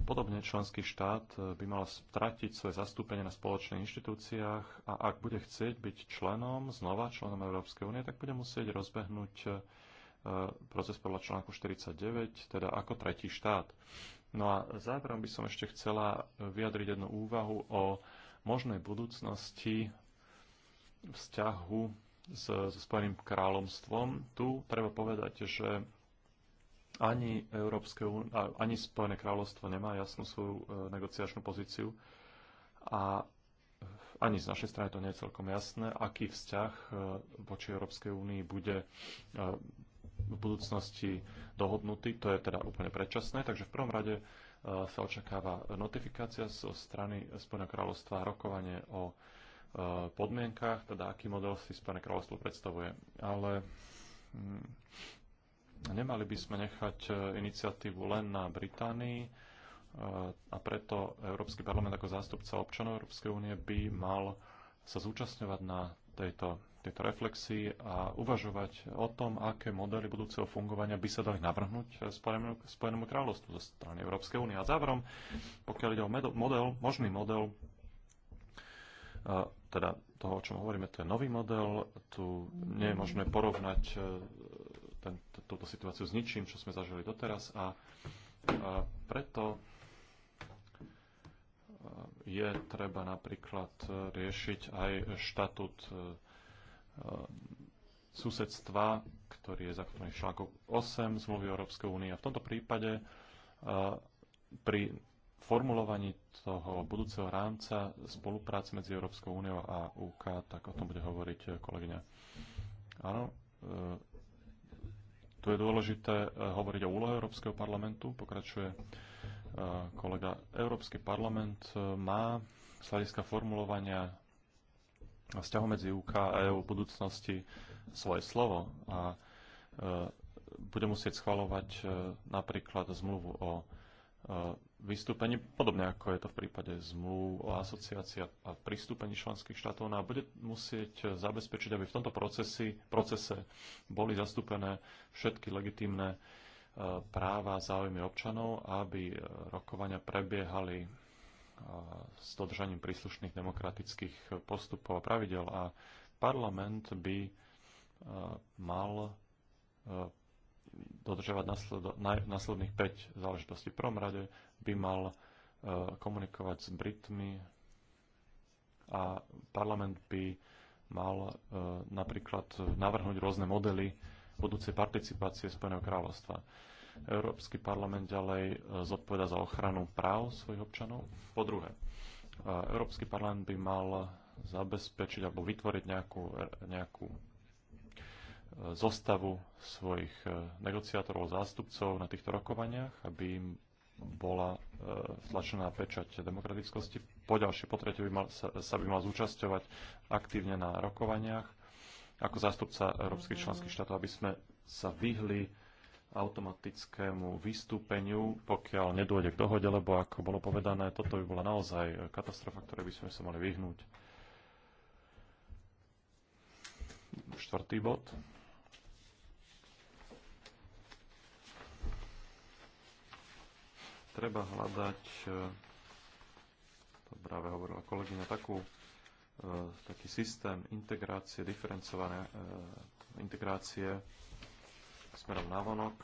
podobne členský štát eh, by mal stratiť svoje zastúpenie na spoločných inštitúciách a ak bude chcieť byť členom, znova členom Európskej únie, tak bude musieť rozbehnúť eh, proces podľa článku 49, teda ako tretí štát. No a záverom by som ešte chcela vyjadriť jednu úvahu o možnej budúcnosti vzťahu s, so Spojeným kráľovstvom. Tu treba povedať, že ani, Európske, ani Spojené kráľovstvo nemá jasnú svoju e, negociačnú pozíciu a ani z našej strany to nie je celkom jasné, aký vzťah e, voči Európskej únii bude e, v budúcnosti dohodnutý. To je teda úplne predčasné, takže v prvom rade eh, sa očakáva notifikácia zo strany Spojeného kráľovstva rokovanie o eh, podmienkach, teda aký model si Spojené kráľovstvo predstavuje. Ale hm, nemali by sme nechať eh, iniciatívu len na Británii a preto Európsky parlament ako zástupca občanov Európskej únie by mal sa zúčastňovať na tejto tieto reflexii a uvažovať o tom, aké modely budúceho fungovania by sa dali navrhnúť Spojenému, Spojenému kráľovstvu zo strany Európskej únie. A záverom, pokiaľ ide o model, možný model, teda toho, o čom hovoríme, to je nový model, tu nie je možné porovnať e, ten, túto situáciu s ničím, čo sme zažili doteraz a, a preto e, je treba napríklad e, riešiť aj štatút E, susedstva, ktorý je zakotvený v článku 8 zmluvy Európskej únie. A v tomto prípade e, pri formulovaní toho budúceho rámca spolupráce medzi Európskou úniou a UK, tak o tom bude hovoriť e, kolegyňa. Áno, tu je dôležité hovoriť o úlohe Európskeho parlamentu, pokračuje kolega. Európsky parlament má z hľadiska formulovania vzťahu medzi UK a EU v budúcnosti svoje slovo a e, bude musieť schvalovať e, napríklad zmluvu o e, vystúpení, podobne ako je to v prípade zmluv o asociácii a pristúpení členských štátov, no a bude musieť zabezpečiť, aby v tomto procesi, procese boli zastúpené všetky legitímne práva a záujmy občanov, aby rokovania prebiehali s dodržaním príslušných demokratických postupov a pravidel. A parlament by e, mal e, dodržiavať následných 5 záležitostí. V prvom rade by mal e, komunikovať s Britmi a parlament by mal napríklad navrhnúť rôzne modely budúcej participácie Spojeného kráľovstva. Európsky parlament ďalej e, zodpoveda za ochranu práv svojich občanov. Po druhé, e, Európsky parlament by mal zabezpečiť alebo vytvoriť nejakú, e, nejakú zostavu svojich negociátorov, zástupcov na týchto rokovaniach, aby im bola vtlačená pečať demokratickosti. Po ďalšie, po tretie by mal, sa, sa by mal zúčastňovať aktívne na rokovaniach ako zástupca európskych členských štátov, aby sme sa vyhli automatickému vystúpeniu, pokiaľ nedôjde k dohode, lebo ako bolo povedané, toto by bola naozaj katastrofa, ktorej by sme sa mali vyhnúť. Štvrtý bod. Treba hľadať, to práve hovorila kolegyňa, takú, e, taký systém integrácie, diferencované e, integrácie smerom vonok.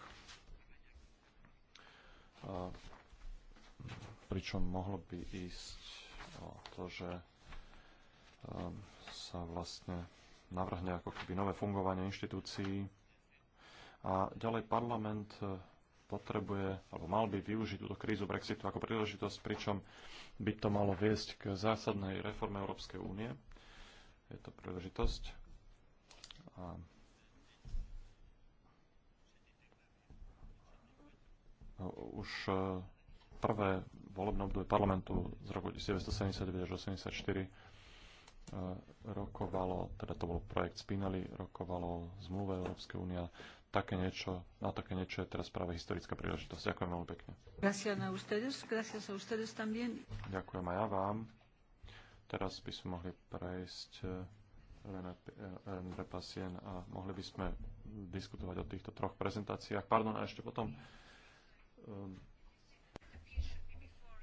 Pričom mohlo by ísť o to, že um, sa vlastne navrhne ako keby nové fungovanie inštitúcií. A ďalej parlament e, potrebuje, alebo mal by využiť túto krízu Brexitu ako príležitosť, pričom by to malo viesť k zásadnej reforme Európskej únie. Je to príležitosť. A už e, prvé volebné obdobie parlamentu z roku 1979 až 1984 e, rokovalo, teda to bol projekt Spinelli, rokovalo zmluve Európskej únie také niečo, na také niečo je teraz práve historická príležitosť. Ďakujem veľmi pekne. Ďakujem aj ja vám. Teraz by sme mohli prejsť Len Repasien e, a mohli by sme diskutovať o týchto troch prezentáciách. Pardon, a ešte potom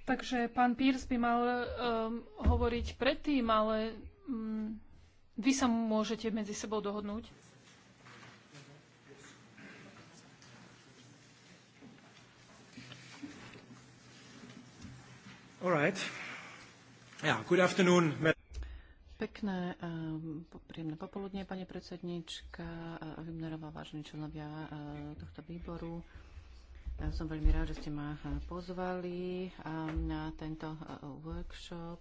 Takže pán Pierce by mal um, hovoriť predtým, ale um, vy sa môžete medzi sebou dohodnúť. All right. Yeah, good afternoon. Pekné, um, príjemné popoludne, pani predsednička Vymnerová, vážení členovia uh, tohto výboru. Som veľmi rád, že ste ma eh, pozvali eh, na tento eh, workshop.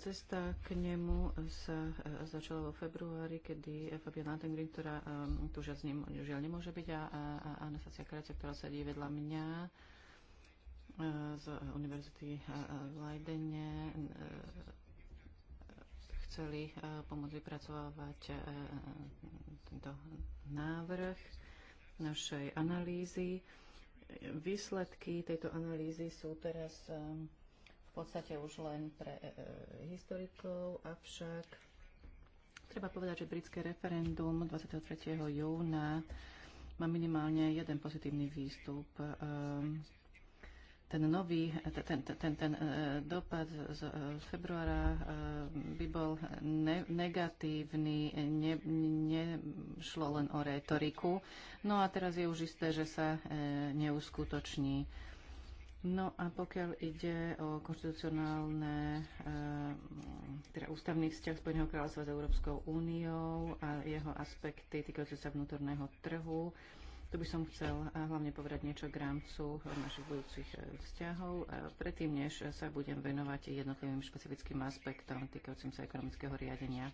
Cesta k nemu sa začala vo februári, kedy Fabian Antengrin, ktorá tu žiaľ, žiaľ nemôže byť, a, a Anastasia Kráťa, ktorá sedí vedľa mňa z Univerzity v Leidene, chceli e, pomôcť vypracovávať e, tento návrh našej analýzy. Výsledky tejto analýzy sú teraz e, v podstate už len pre historikov, avšak treba povedať, že britské referendum 23. júna má minimálne jeden pozitívny výstup ten nový, ten, ten, ten, ten e, dopad z e, februára e, by bol ne, negatívny, ne, len o retoriku. No a teraz je už isté, že sa neuskutoční. No a pokiaľ ide o konštitucionálne, teda ústavný vzťah Spojeného kráľovstva s Európskou úniou a jeho aspekty týkajúce sa vnútorného trhu, tu by som chcel eh, hlavne povedať niečo k rámcu eh, našich budúcich eh, vzťahov. Predtým, než sa budem venovať jednotlivým špecifickým aspektom týkajúcim sa ekonomického riadenia.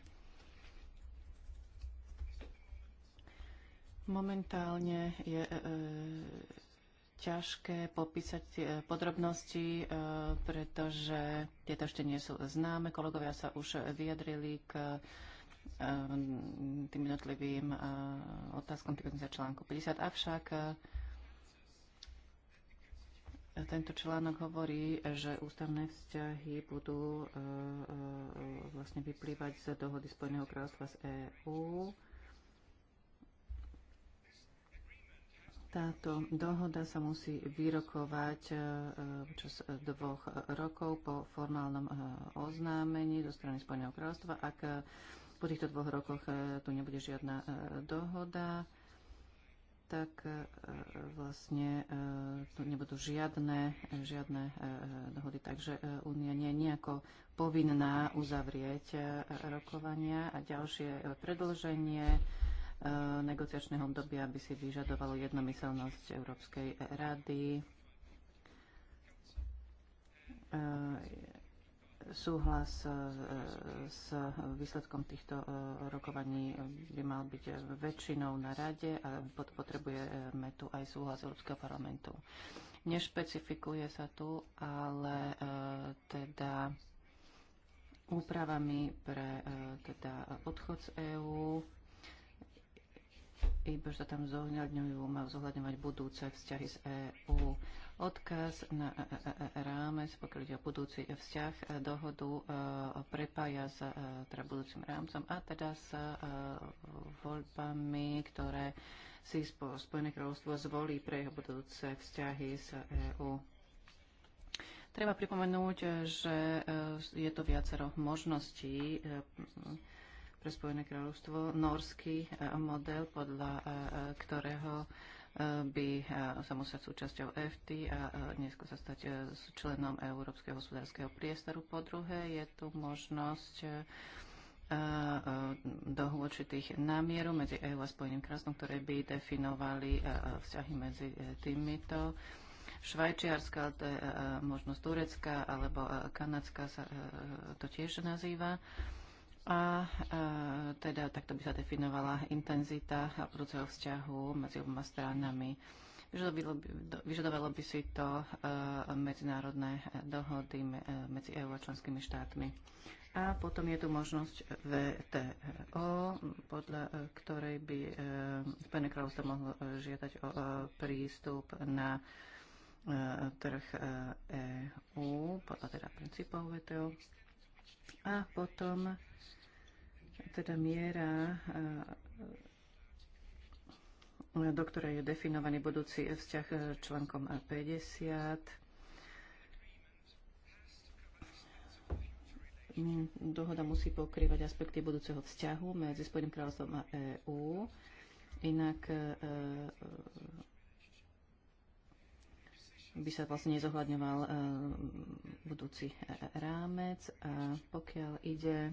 Momentálne je e, ťažké popísať tie podrobnosti, e, pretože tieto ešte nie sú známe. Kolegovia sa už vyjadrili k e, Ehm, tým jednotlivým e, otázkom týkajúcim sa článku 50. Avšak e, tento článok hovorí, že ústavné vzťahy budú e, vlastne vyplývať z dohody Spojeného kráľovstva z EÚ. Táto dohoda sa musí vyrokovať počas dvoch rokov po formálnom oznámení zo strany Spojeného kráľovstva. Ak po týchto dvoch rokoch e, tu nebude žiadna e, dohoda, tak e, vlastne tu nebudú žiadne, žiadne dohody. Takže Únia nie je nejako povinná uzavrieť rokovania a ďalšie predlženie negociačného obdobia by si vyžadovalo jednomyselnosť Európskej rady súhlas e, s výsledkom týchto e, rokovaní by mal byť väčšinou na rade a potrebujeme e, tu aj súhlas Európskeho parlamentu. Nešpecifikuje sa tu, ale teda úpravami pre teda odchod z EÚ iba sa tam zohľadňujú, majú zohľadňovať budúce vzťahy z EÚ. Odkaz na e, e, e, rámec, pokiaľ ide o budúci vzťah, dohodu prepája s teda budúcim rámcom a teda s voľbami, ktoré si Spojené kráľovstvo zvolí pre jeho budúce vzťahy s EÚ. Treba pripomenúť, že je to viacero možností pre Spojené kráľovstvo. Norský model, podľa ktorého by eh, sa musel súčasťou EFT a eh, dnes sa stať eh, členom Európskeho hospodárskeho priestoru. Po druhé, je tu možnosť dohôčitých námierov medzi EU a Spojeným kráľovstvom, ktoré by definovali vzťahy medzi týmito. Švajčiarska, to je možnosť Turecka alebo Kanadska sa to tiež nazýva. A e, teda takto by sa definovala intenzita budúceho vzťahu medzi oboma stranami. Vyžadovalo by, vyžadovalo by si to e, medzinárodné dohody me, e, medzi EU a členskými štátmi. A potom je tu možnosť VTO, podľa e, ktorej by e, Spojené kráľovstvo mohlo žiadať o prístup na trh EU, podľa teda princípov VTO. A potom teda miera, e, do ktorej je definovaný budúci vzťah e, článkom 50 dohoda musí pokrývať aspekty budúceho vzťahu medzi Spojeným kráľovstvom a EÚ. Inak e, by sa vlastne nezohľadňoval budúci rámec. A pokiaľ ide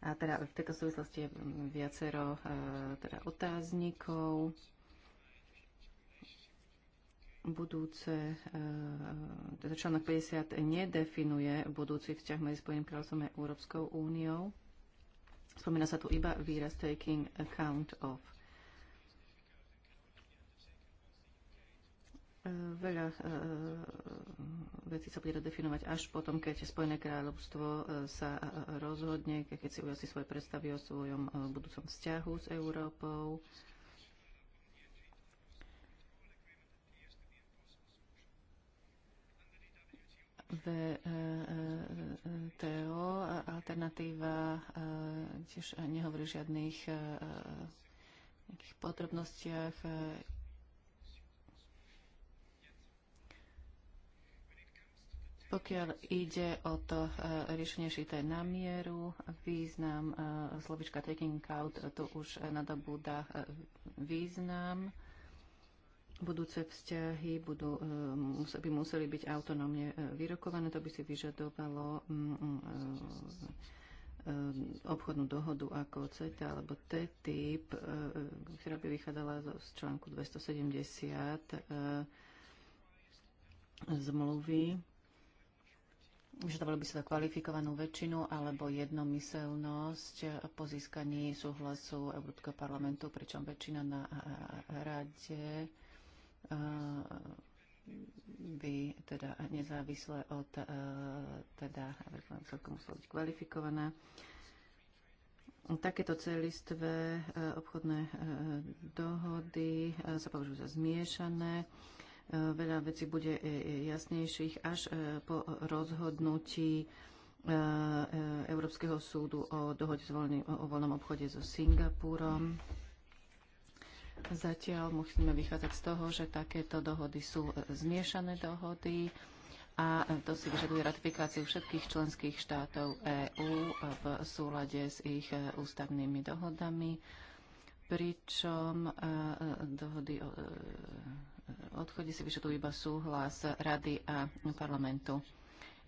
A teda v tejto súvislosti je viacero e, teda otáznikov budúce, e, teda článok 50 nedefinuje budúci vzťah medzi Spojeným kráľovstvom a Európskou úniou. Spomína sa tu iba výraz taking account of. Veľa e, vecí sa bude redefinovať až potom, keď Spojené kráľovstvo e, sa e, rozhodne, keď si ujasní svoje predstavy o svojom budúcom vzťahu s Európou. VTO alternatíva tiež nehovorí žiadnych nejakých potrebnostiach. Pokiaľ ide o to e, riešenie šité na mieru, význam e, slovička taking out e, tu už nadobúda význam. Budúce vzťahy budú, by museli byť autonómne vyrokované, to by si vyžadovalo mm, mm, obchodnú dohodu ako CETA alebo TTIP, ktorá by vychádzala z článku 270 zmluvy bolo by sa to kvalifikovanú väčšinu alebo jednomyselnosť po získaní súhlasu Európskeho parlamentu, pričom väčšina na rade eh, by teda nezávisle od eh, teda celkom musela byť kvalifikovaná. Takéto celistvé eh, obchodné dohody sa považujú za zmiešané E, veľa vecí bude e, e, jasnejších až po rozhodnutí Európskeho súdu o dohode o voľnom obchode so Singapurom. Zatiaľ musíme vychádzať z toho, že takéto dohody sú zmiešané dohody a to si vyžaduje ratifikáciu všetkých členských štátov EÚ v súlade s ich ústavnými dohodami, pričom dohody odchode si vyžadujú iba súhlas Rady a parlamentu.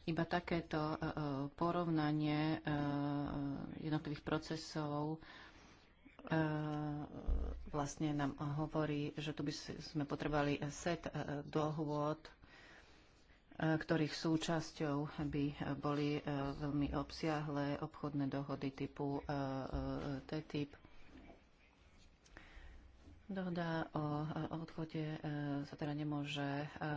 Iba takéto e, e, porovnanie e, jednotlivých procesov vlastne nám hovorí, že tu by sme potrebovali set dohôd, ktorých súčasťou by boli veľmi obsiahle obchodné dohody typu TTIP, Dohoda o odchode e, sa teda nemôže e, e,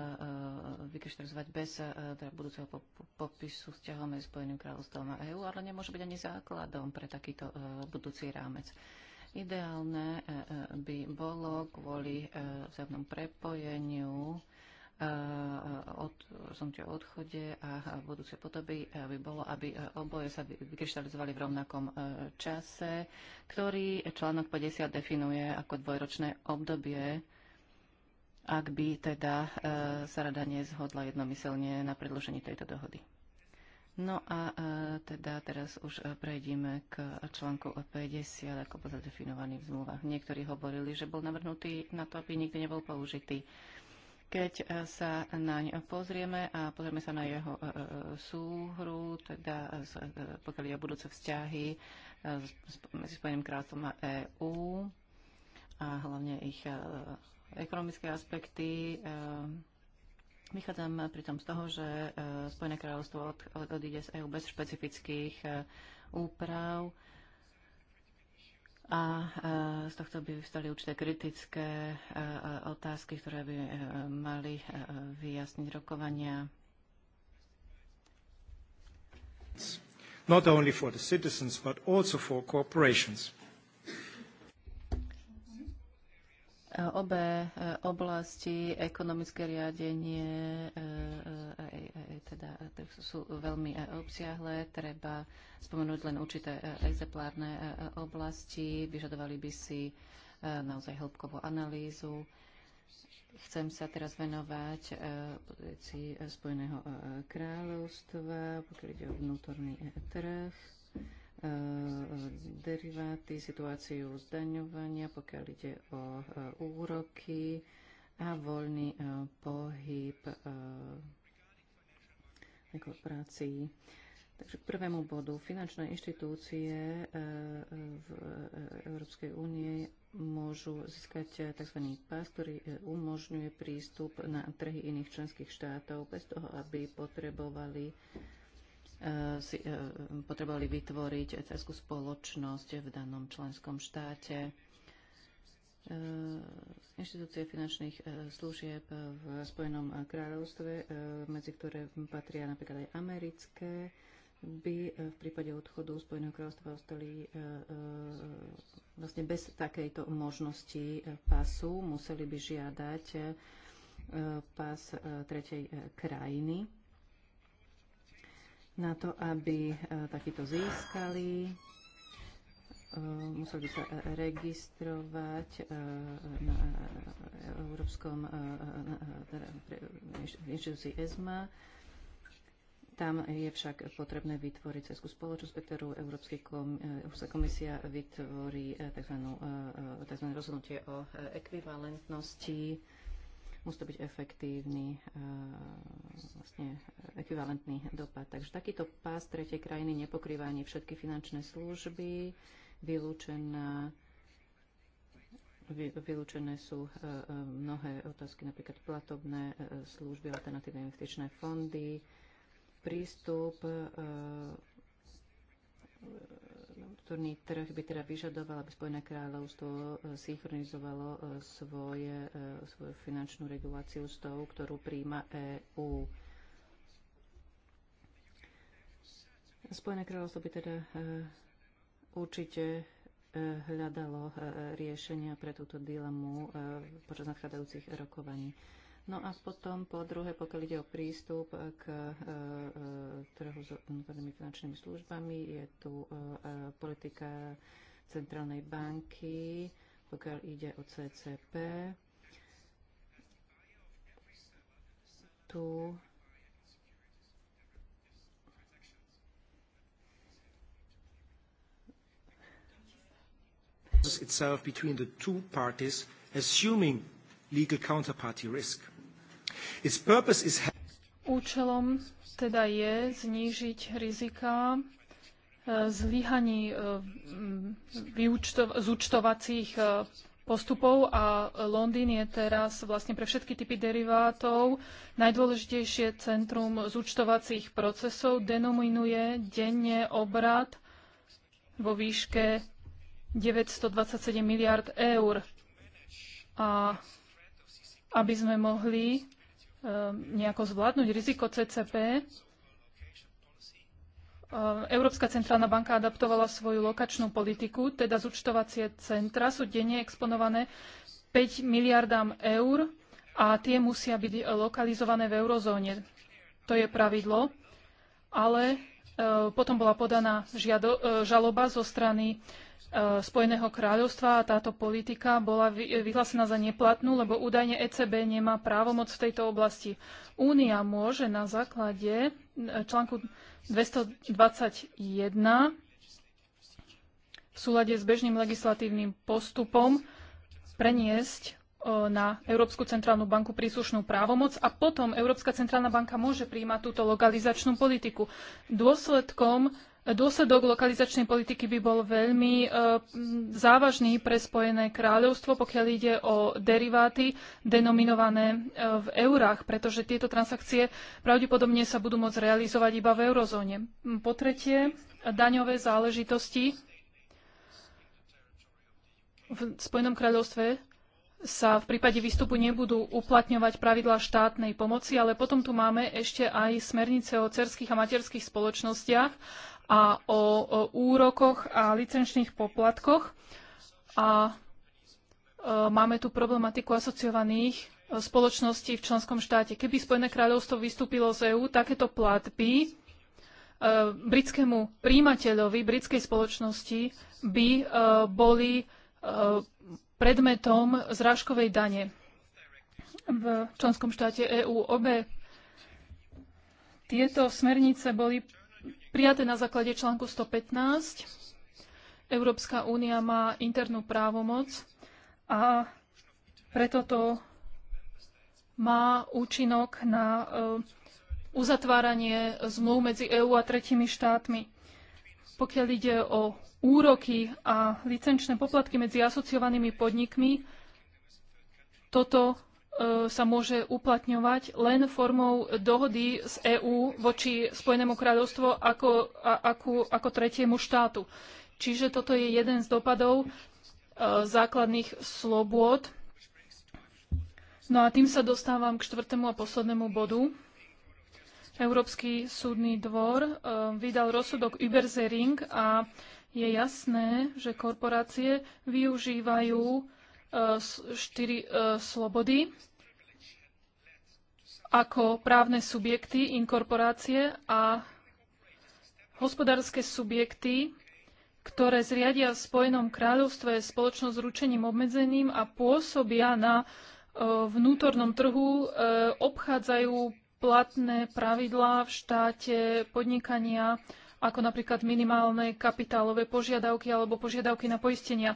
vykaštruzovať bez teda budúceho popisu vzťahov medzi Spojeným kráľovstvom a EÚ, ale nemôže byť ani základom pre takýto budúci rámec. Ideálne by bolo kvôli vzájomnom prepojeniu Eh, od, som o odchode a budúce podoby eh, by bolo, aby eh, oboje sa vykrištalizovali v rovnakom čase, ktorý článok 50 definuje ako dvojročné obdobie, ak by teda sa rada nezhodla jednomyselne na predložení tejto dohody. No a teda teraz už prejdeme k článku 50, ako bol zadefinovaný v zmluvách. Niektorí hovorili, že bol navrhnutý na to, aby nikdy nebol použitý. Keď e, sa naň pozrieme a pozrieme sa na jeho e, e, súhru, teda pokiaľ je o budúce vzťahy medzi Spojeným kráľstvom a EÚ a hlavne ich ekonomické aspekty, Vychádzam pritom z toho, že Spojené kráľovstvo odíde z EÚ bez špecifických úprav a e, z tohto by vystali určité kritické e, e, otázky, ktoré by mali vyjasniť rokovania. Not only for the citizens, but also for corporations. Obe oblasti, ekonomické riadenie teda sú veľmi eh, obsiahle, treba spomenúť len určité eh, exemplárne eh, oblasti, vyžadovali by si naozaj hĺbkovú analýzu. Chcem sa teraz venovať pozícii Spojeného kráľovstva, pokiaľ ide o vnútorný trh, deriváty, situáciu zdaňovania, pokiaľ ide o úroky a voľný pohyb korporácií. Takže k prvému bodu. Finančné inštitúcie e, e, v e, Európskej únie môžu získať tzv. pás, ktorý umožňuje prístup na trhy iných členských štátov bez toho, aby potrebovali si potrebovali vytvoriť cerskú spoločnosť v danom členskom štáte. E, inštitúcie finančných e, služieb v Spojenom kráľovstve, e, medzi ktoré patria napríklad aj americké, by v prípade odchodu Spojeného kráľovstva ostali vlastne bez takejto možnosti pasu, museli by žiadať pas tretej krajiny na to, aby takýto získali Eh, museli by sa eh, registrovať eh, na Európskom teda inštitúcii ESMA. Tam je však potrebné vytvoriť cestú spoločnosť, pre ktorú Európska komisia vytvorí tzv. tzv. rozhodnutie o ekvivalentnosti. Musí to byť efektívny, vlastne ekvivalentný dopad. Takže takýto pás tretej krajiny nepokrýva ani všetky finančné služby, vylúčená Vylúčené sú e, e, mnohé otázky, napríklad platobné e, služby, alternatívne investičné fondy, prístup ktorý trh by teda vyžadoval, aby Spojené kráľovstvo synchronizovalo svoje, svoju finančnú reguláciu s tou, ktorú príjma EÚ. Spojené kráľovstvo by teda určite e, hľadalo e, riešenia pre túto dilemu e, počas nadchádzajúcich rokovaní. No a potom po druhé, pokiaľ ide o prístup k trhu s odbornými finančnými službami, je tu politika centrálnej banky, pokiaľ ide o CCP. Tu resolves itself between the two parties, assuming legal counterparty risk. Its purpose is Účelom teda je znížiť rizika e, zlyhaní e, zúčtovacích e, postupov a Londýn je teraz vlastne pre všetky typy derivátov najdôležitejšie centrum zúčtovacích procesov, denominuje denne obrad vo výške 927 miliard eur. A aby sme mohli ehm, nejako zvládnuť riziko CCP, ehm, Európska centrálna banka adaptovala svoju lokačnú politiku, teda zúčtovacie centra sú denne exponované 5 miliardám eur a tie musia byť lokalizované v eurozóne. To je pravidlo, ale ehm, potom bola podaná žaloba zo strany E, Spojeného kráľovstva a táto politika bola e, vyhlásená za neplatnú, lebo údajne ECB nemá právomoc v tejto oblasti. Únia môže na základe e, článku 221 v súlade s bežným legislatívnym postupom preniesť na Európsku centrálnu banku príslušnú právomoc a potom Európska centrálna banka môže príjmať túto lokalizačnú politiku. Dôsledkom Dôsledok lokalizačnej politiky by bol veľmi e, závažný pre Spojené kráľovstvo, pokiaľ ide o deriváty denominované e, v eurách, pretože tieto transakcie pravdepodobne sa budú môcť realizovať iba v eurozóne. Po tretie, daňové záležitosti v Spojenom kráľovstve sa v prípade výstupu nebudú uplatňovať pravidlá štátnej pomoci, ale potom tu máme ešte aj smernice o cerských a materských spoločnostiach a o, o úrokoch a licenčných poplatkoch. A e, máme tu problematiku asociovaných e, spoločností v členskom štáte. Keby Spojené kráľovstvo vystúpilo z EÚ, takéto platby e, britskému príjimateľovi britskej spoločnosti by e, boli e, predmetom zrážkovej dane v členskom štáte EÚ. Obe tieto smernice boli prijaté na základe článku 115. Európska únia má internú právomoc a preto to má účinok na e, uzatváranie zmluv medzi EÚ a tretimi štátmi. Pokiaľ ide o úroky a licenčné poplatky medzi asociovanými podnikmi, toto E, sa môže uplatňovať len formou dohody z EÚ voči Spojenému kráľovstvu ako, ako, ako tretiemu štátu. Čiže toto je jeden z dopadov e, základných slobôd. No a tým sa dostávam k štvrtému a poslednému bodu. Európsky súdny dvor e, vydal rozsudok Übersering a je jasné, že korporácie využívajú štyri e, slobody ako právne subjekty, inkorporácie a hospodárske subjekty, ktoré zriadia v Spojenom kráľovstve spoločnosť s ručením obmedzeným a pôsobia na e, vnútornom trhu, e, obchádzajú platné pravidlá v štáte podnikania, ako napríklad minimálne kapitálové požiadavky alebo požiadavky na poistenia.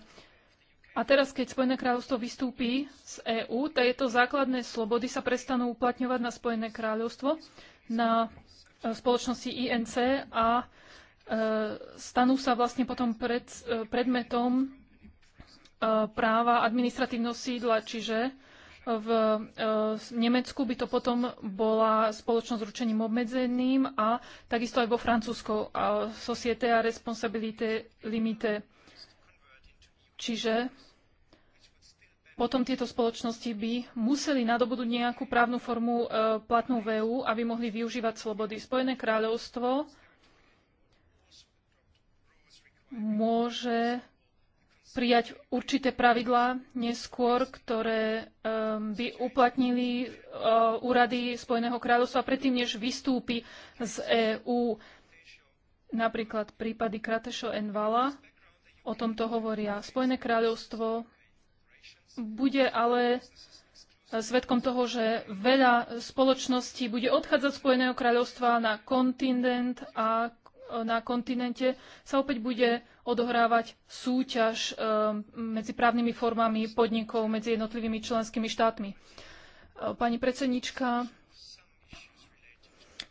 A teraz, keď Spojené kráľovstvo vystúpi z EÚ, tieto základné slobody sa prestanú uplatňovať na Spojené kráľovstvo, na e, spoločnosti INC a e, stanú sa vlastne potom pred, e, predmetom práva administratívneho sídla, čiže v Nemecku by to potom bola spoločnosť s ručením obmedzeným a takisto aj vo Francúzsku Société a Responsabilité Limité. Čiže potom tieto spoločnosti by museli nadobudnúť nejakú právnu formu e, platnú v EÚ, aby mohli využívať slobody. Spojené kráľovstvo môže prijať určité pravidlá neskôr, ktoré e, by uplatnili e, úrady Spojeného kráľovstva predtým, než vystúpi z EÚ. Napríklad prípady Kratešo Envala o tomto hovoria. Spojené kráľovstvo bude ale svetkom toho, že veľa spoločností bude odchádzať z Spojeného kráľovstva na kontinent a na kontinente sa opäť bude odohrávať súťaž eh, medzi právnymi formami podnikov medzi jednotlivými členskými štátmi. Eh, pani predsednička,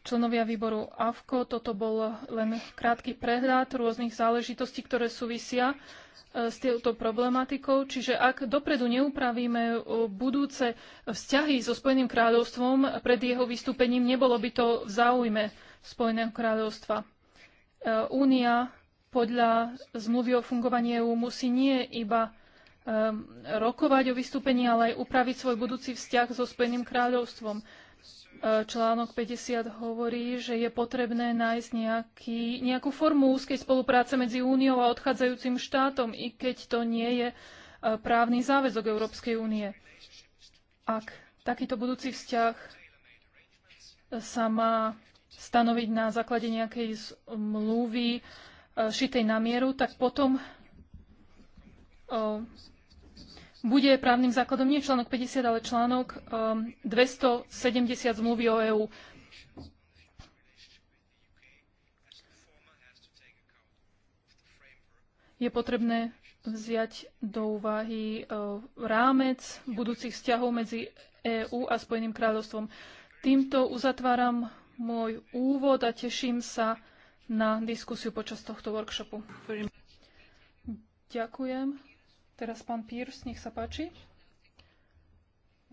členovia výboru AVKO. Toto bol len krátky prehľad rôznych záležitostí, ktoré súvisia e, s touto problematikou. Čiže ak dopredu neupravíme e, budúce vzťahy so Spojeným kráľovstvom pred jeho vystúpením, nebolo by to v záujme Spojeného kráľovstva. E, Únia podľa zmluvy o fungovaní EÚ musí nie iba rokovať o vystúpení, ale aj upraviť svoj budúci vzťah so Spojeným kráľovstvom článok 50 hovorí, že je potrebné nájsť nejaký, nejakú formu úzkej spolupráce medzi úniou a odchádzajúcim štátom, i keď to nie je e, právny záväzok Európskej únie. Ak takýto budúci vzťah sa má stanoviť na základe nejakej zmluvy e, šitej na mieru, tak potom e, bude právnym základom nie článok 50, ale článok 270 ehm, zmluvy o EÚ. Je potrebné vziať do úvahy ehm, rámec budúcich vzťahov medzi EÚ a Spojeným kráľovstvom. Týmto uzatváram môj úvod a teším sa na diskusiu počas tohto workshopu. Ďakujem. Teraz pán Pírs, nech sa páči.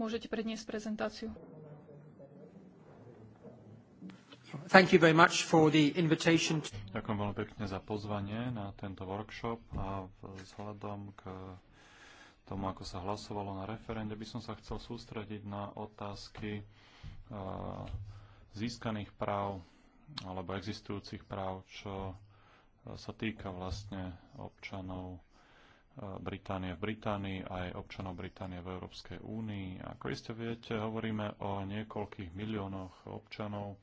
Môžete predniesť prezentáciu. Thank you very much for the invitation. Ďakujem veľmi pekne za pozvanie na tento workshop a vzhľadom k tomu, ako sa hlasovalo na referende, by som sa chcel sústrediť na otázky eh, získaných práv alebo existujúcich práv, čo eh, sa týka vlastne občanov Eh, Británie v Británii a aj občanov Británie v Európskej únii. Ako iste viete, hovoríme o niekoľkých miliónoch občanov,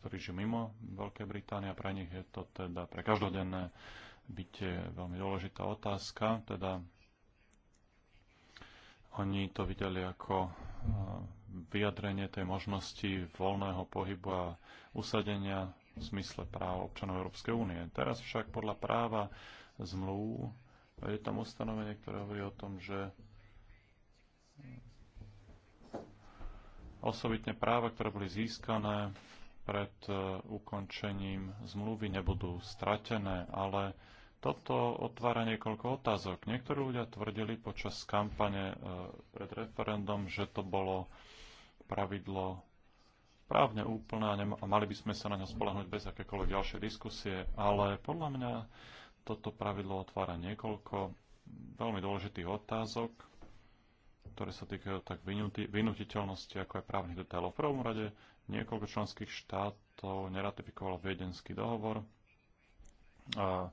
ktorí žijú mimo Veľkej Británie a pre nich je to teda pre každodenné bytie veľmi dôležitá otázka. Teda oni to videli ako eh, vyjadrenie tej možnosti voľného pohybu a usadenia v zmysle práv občanov Európskej únie. Teraz však podľa práva zmluv je tam ustanovenie, ktoré hovorí o tom, že osobitne práva, ktoré boli získané pred e, ukončením zmluvy, nebudú stratené, ale toto otvára niekoľko otázok. Niektorí ľudia tvrdili počas kampane e, pred referendum, že to bolo pravidlo právne úplné a, a mali by sme sa na ňo spolahnuť bez akékoľvek ďalšej diskusie, ale podľa mňa toto pravidlo otvára niekoľko veľmi dôležitých otázok, ktoré sa týkajú tak vynutiteľnosti, ako aj právnych detailov. V prvom rade niekoľko členských štátov neratifikovalo viedenský dohovor, a,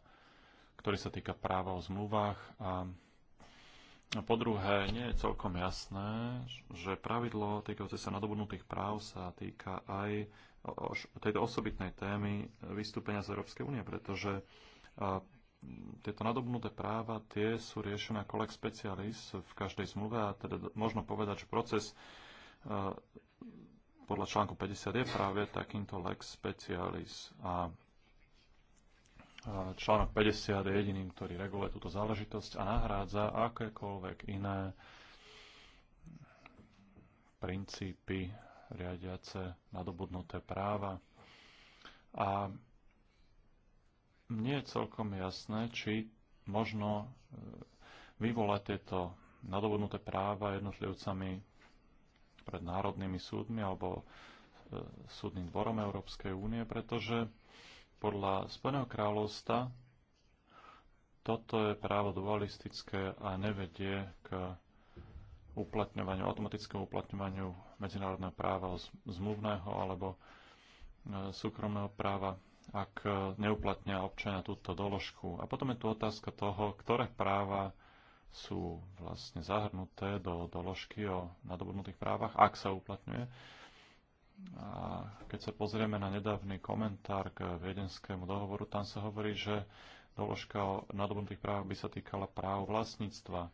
ktorý sa týka práva o zmluvách a po druhé, nie je celkom jasné, že pravidlo týkajúce sa nadobudnutých práv sa týka aj tejto osobitnej témy vystúpenia z Európskej únie, pretože tieto nadobnuté práva, tie sú riešené ako Lex specialis v každej zmluve a teda možno povedať, že proces e, podľa článku 50 je práve takýmto lex specialis a článok 50 je jediným, ktorý reguluje túto záležitosť a nahrádza akékoľvek iné princípy riadiace nadobudnuté práva. A nie je celkom jasné, či možno e, vyvolať tieto nadobudnuté práva jednotlivcami pred národnými súdmi alebo e, súdnym dvorom Európskej únie, pretože podľa Spojeného kráľovstva toto je právo dualistické a nevedie k uplatňovaniu, automatickému uplatňovaniu medzinárodného práva zmluvného alebo e, súkromného práva ak e, neuplatnia občania túto doložku. A potom je tu otázka toho, ktoré práva sú vlastne zahrnuté do doložky o nadobudnutých právach, ak sa uplatňuje. A keď sa pozrieme na nedávny komentár k viedenskému dohovoru, tam sa hovorí, že doložka o nadobudnutých právach by sa týkala práv vlastníctva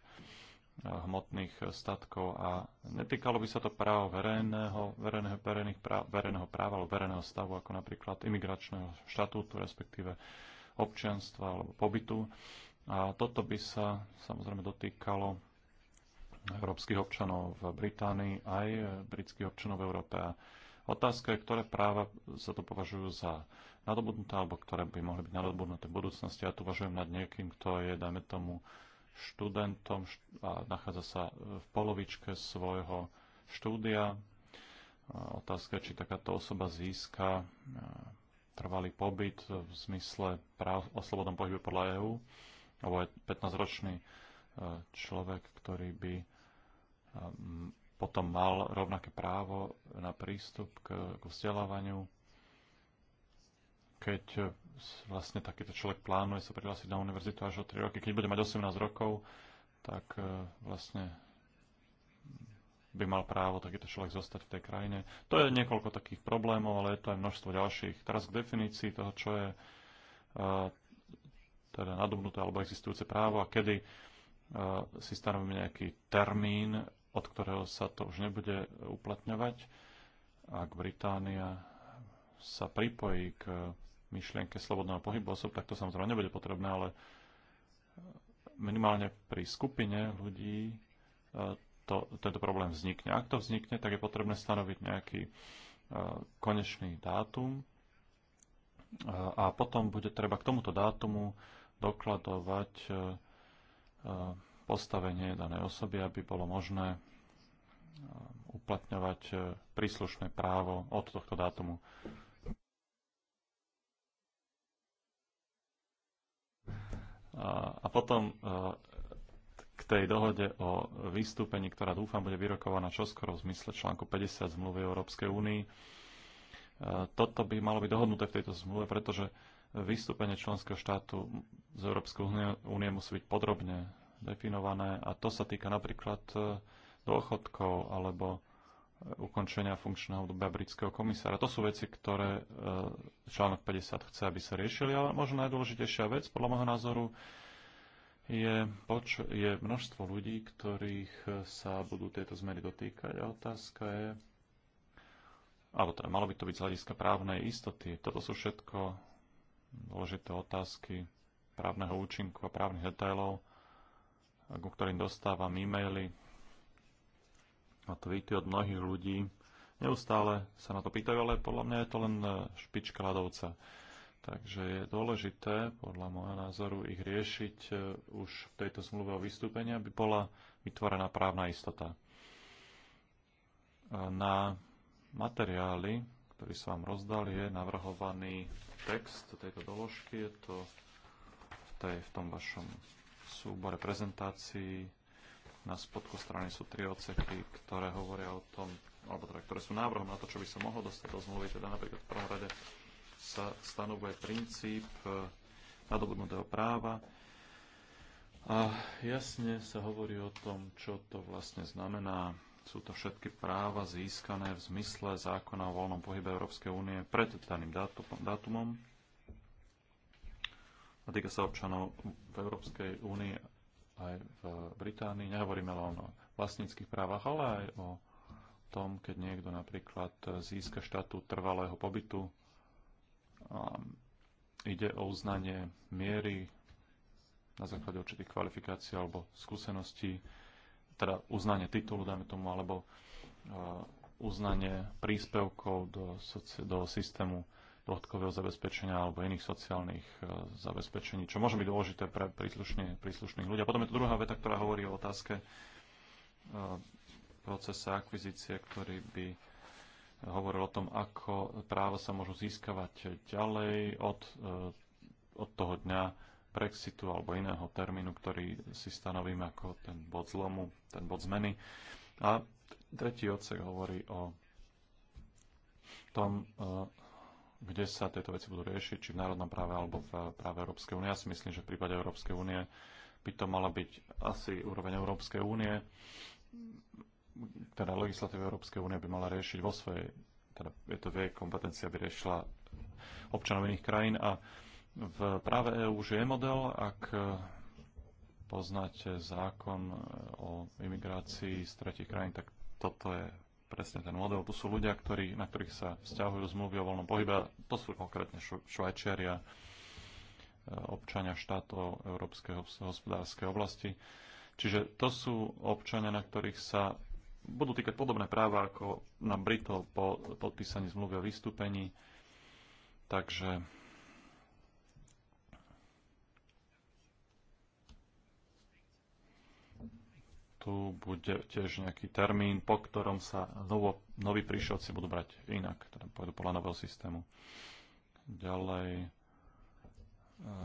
hmotných statkov a netýkalo by sa to právo verejného, verejného, verejných práv, verejného práva alebo verejného stavu, ako napríklad imigračného štatútu, respektíve občianstva alebo pobytu. A toto by sa samozrejme dotýkalo európskych občanov v Británii aj britských občanov v Európe. A otázka je, ktoré práva sa to považujú za nadobudnuté alebo ktoré by mohli byť nadobudnuté v budúcnosti. Ja tu uvažujem nad niekým, kto je, dajme tomu, študentom a nachádza sa v polovičke svojho štúdia. Otázka je, či takáto osoba získa trvalý pobyt v zmysle práv o slobodnom pohybe podľa EÚ, alebo je 15-ročný e, človek, ktorý by potom mal rovnaké právo na prístup k, k vzdelávaniu, keď vlastne takýto človek plánuje sa prihlásiť na univerzitu až o 3 roky. Keď bude mať 18 rokov, tak e, vlastne by mal právo takýto človek zostať v tej krajine. To je niekoľko takých problémov, ale je to aj množstvo ďalších. Teraz k definícii toho, čo je e, teda nadobnuté alebo existujúce právo a kedy e, si stanovíme nejaký termín, od ktorého sa to už nebude uplatňovať, ak Británia sa pripojí k myšlienke slobodného pohybu osob, tak to samozrejme nebude potrebné, ale minimálne pri skupine ľudí e, to, tento problém vznikne. Ak to vznikne, tak je potrebné stanoviť nejaký e, konečný dátum e, a potom bude treba k tomuto dátumu dokladovať postavenie danej osoby, aby bolo možné uplatňovať príslušné právo od tohto dátumu. A, potom e, k tej dohode o vystúpení, ktorá dúfam bude vyrokovaná čoskoro v zmysle článku 50 zmluvy Európskej únii. E, toto by malo byť dohodnuté v tejto zmluve, pretože vystúpenie členského štátu z Európskej únie musí byť podrobne definované a to sa týka napríklad e, dôchodkov alebo ukončenia funkčného obdobia britského komisára. To sú veci, ktoré e, článok 50 chce, aby sa riešili, ale možno najdôležitejšia vec, podľa môjho názoru, je, poč- je množstvo ľudí, ktorých sa budú tieto zmeny dotýkať a otázka je, alebo teda malo by to byť z hľadiska právnej istoty. Toto sú všetko dôležité otázky právneho účinku a právnych detailov, ku ktorým dostávam e-maily a tweety od mnohých ľudí. Neustále sa na to pýtajú, ale podľa mňa je to len e, špička ľadovca. Takže je dôležité, podľa môjho názoru, ich riešiť e, už v tejto zmluve o vystúpení, aby bola vytvorená právna istota. Na materiály, ktorý sa vám rozdal, je navrhovaný text tejto doložky. Je to v, tej, v tom vašom súbore prezentácií na spodku strany sú tri odseky, ktoré hovoria o tom, alebo teda, ktoré sú návrhom na to, čo by sa mohlo dostať do zmluvy. Teda napríklad v prvom rade sa stanovuje princíp eh, nadobudnutého práva a jasne sa hovorí o tom, čo to vlastne znamená. Sú to všetky práva získané v zmysle zákona o voľnom pohybe Európskej únie pred daným dátumom a týka sa občanov v Európskej únii aj v Británii. Nehovoríme len o vlastníckých právach, ale aj o tom, keď niekto napríklad získa štátu trvalého pobytu. Ide o uznanie miery na základe určitých kvalifikácií alebo skúseností, teda uznanie titulu, dáme tomu, alebo e, uznanie príspevkov do, do systému dôchodkového zabezpečenia alebo iných sociálnych e, zabezpečení, čo môže byť dôležité pre príslušne, príslušných ľudí. A potom je tu druhá veta, ktorá hovorí o otázke e, procesa akvizície, ktorý by hovoril o tom, ako práva sa môžu získavať ďalej od, e, od toho dňa Brexitu alebo iného termínu, ktorý si stanovím ako ten bod zlomu, ten bod zmeny. A tretí odsek hovorí o tom, kde sa tieto veci budú riešiť, či v národnom práve alebo v práve Európskej únie. Ja si myslím, že v prípade Európskej únie by to mala byť asi úroveň Európskej únie, teda legislatíva Európskej únie by mala riešiť vo svojej, teda je to vie kompetencia, by riešila občanov iných krajín a v práve EÚ už je model, ak poznáte zákon o imigrácii z tretich krajín, tak toto je presne ten model. Tu sú ľudia, ktorí, na ktorých sa vzťahujú zmluvy o voľnom pohybe. To sú konkrétne Švajčiaria, e, občania štátov Európskej hospodárskej oblasti. Čiže to sú občania, na ktorých sa budú týkať podobné práva ako na Britov po podpísaní zmluvy o vystúpení. Takže tu bude tiež nejaký termín, po ktorom sa novo, noví príšovci budú brať inak, teda pôjdu podľa nového systému. Ďalej e,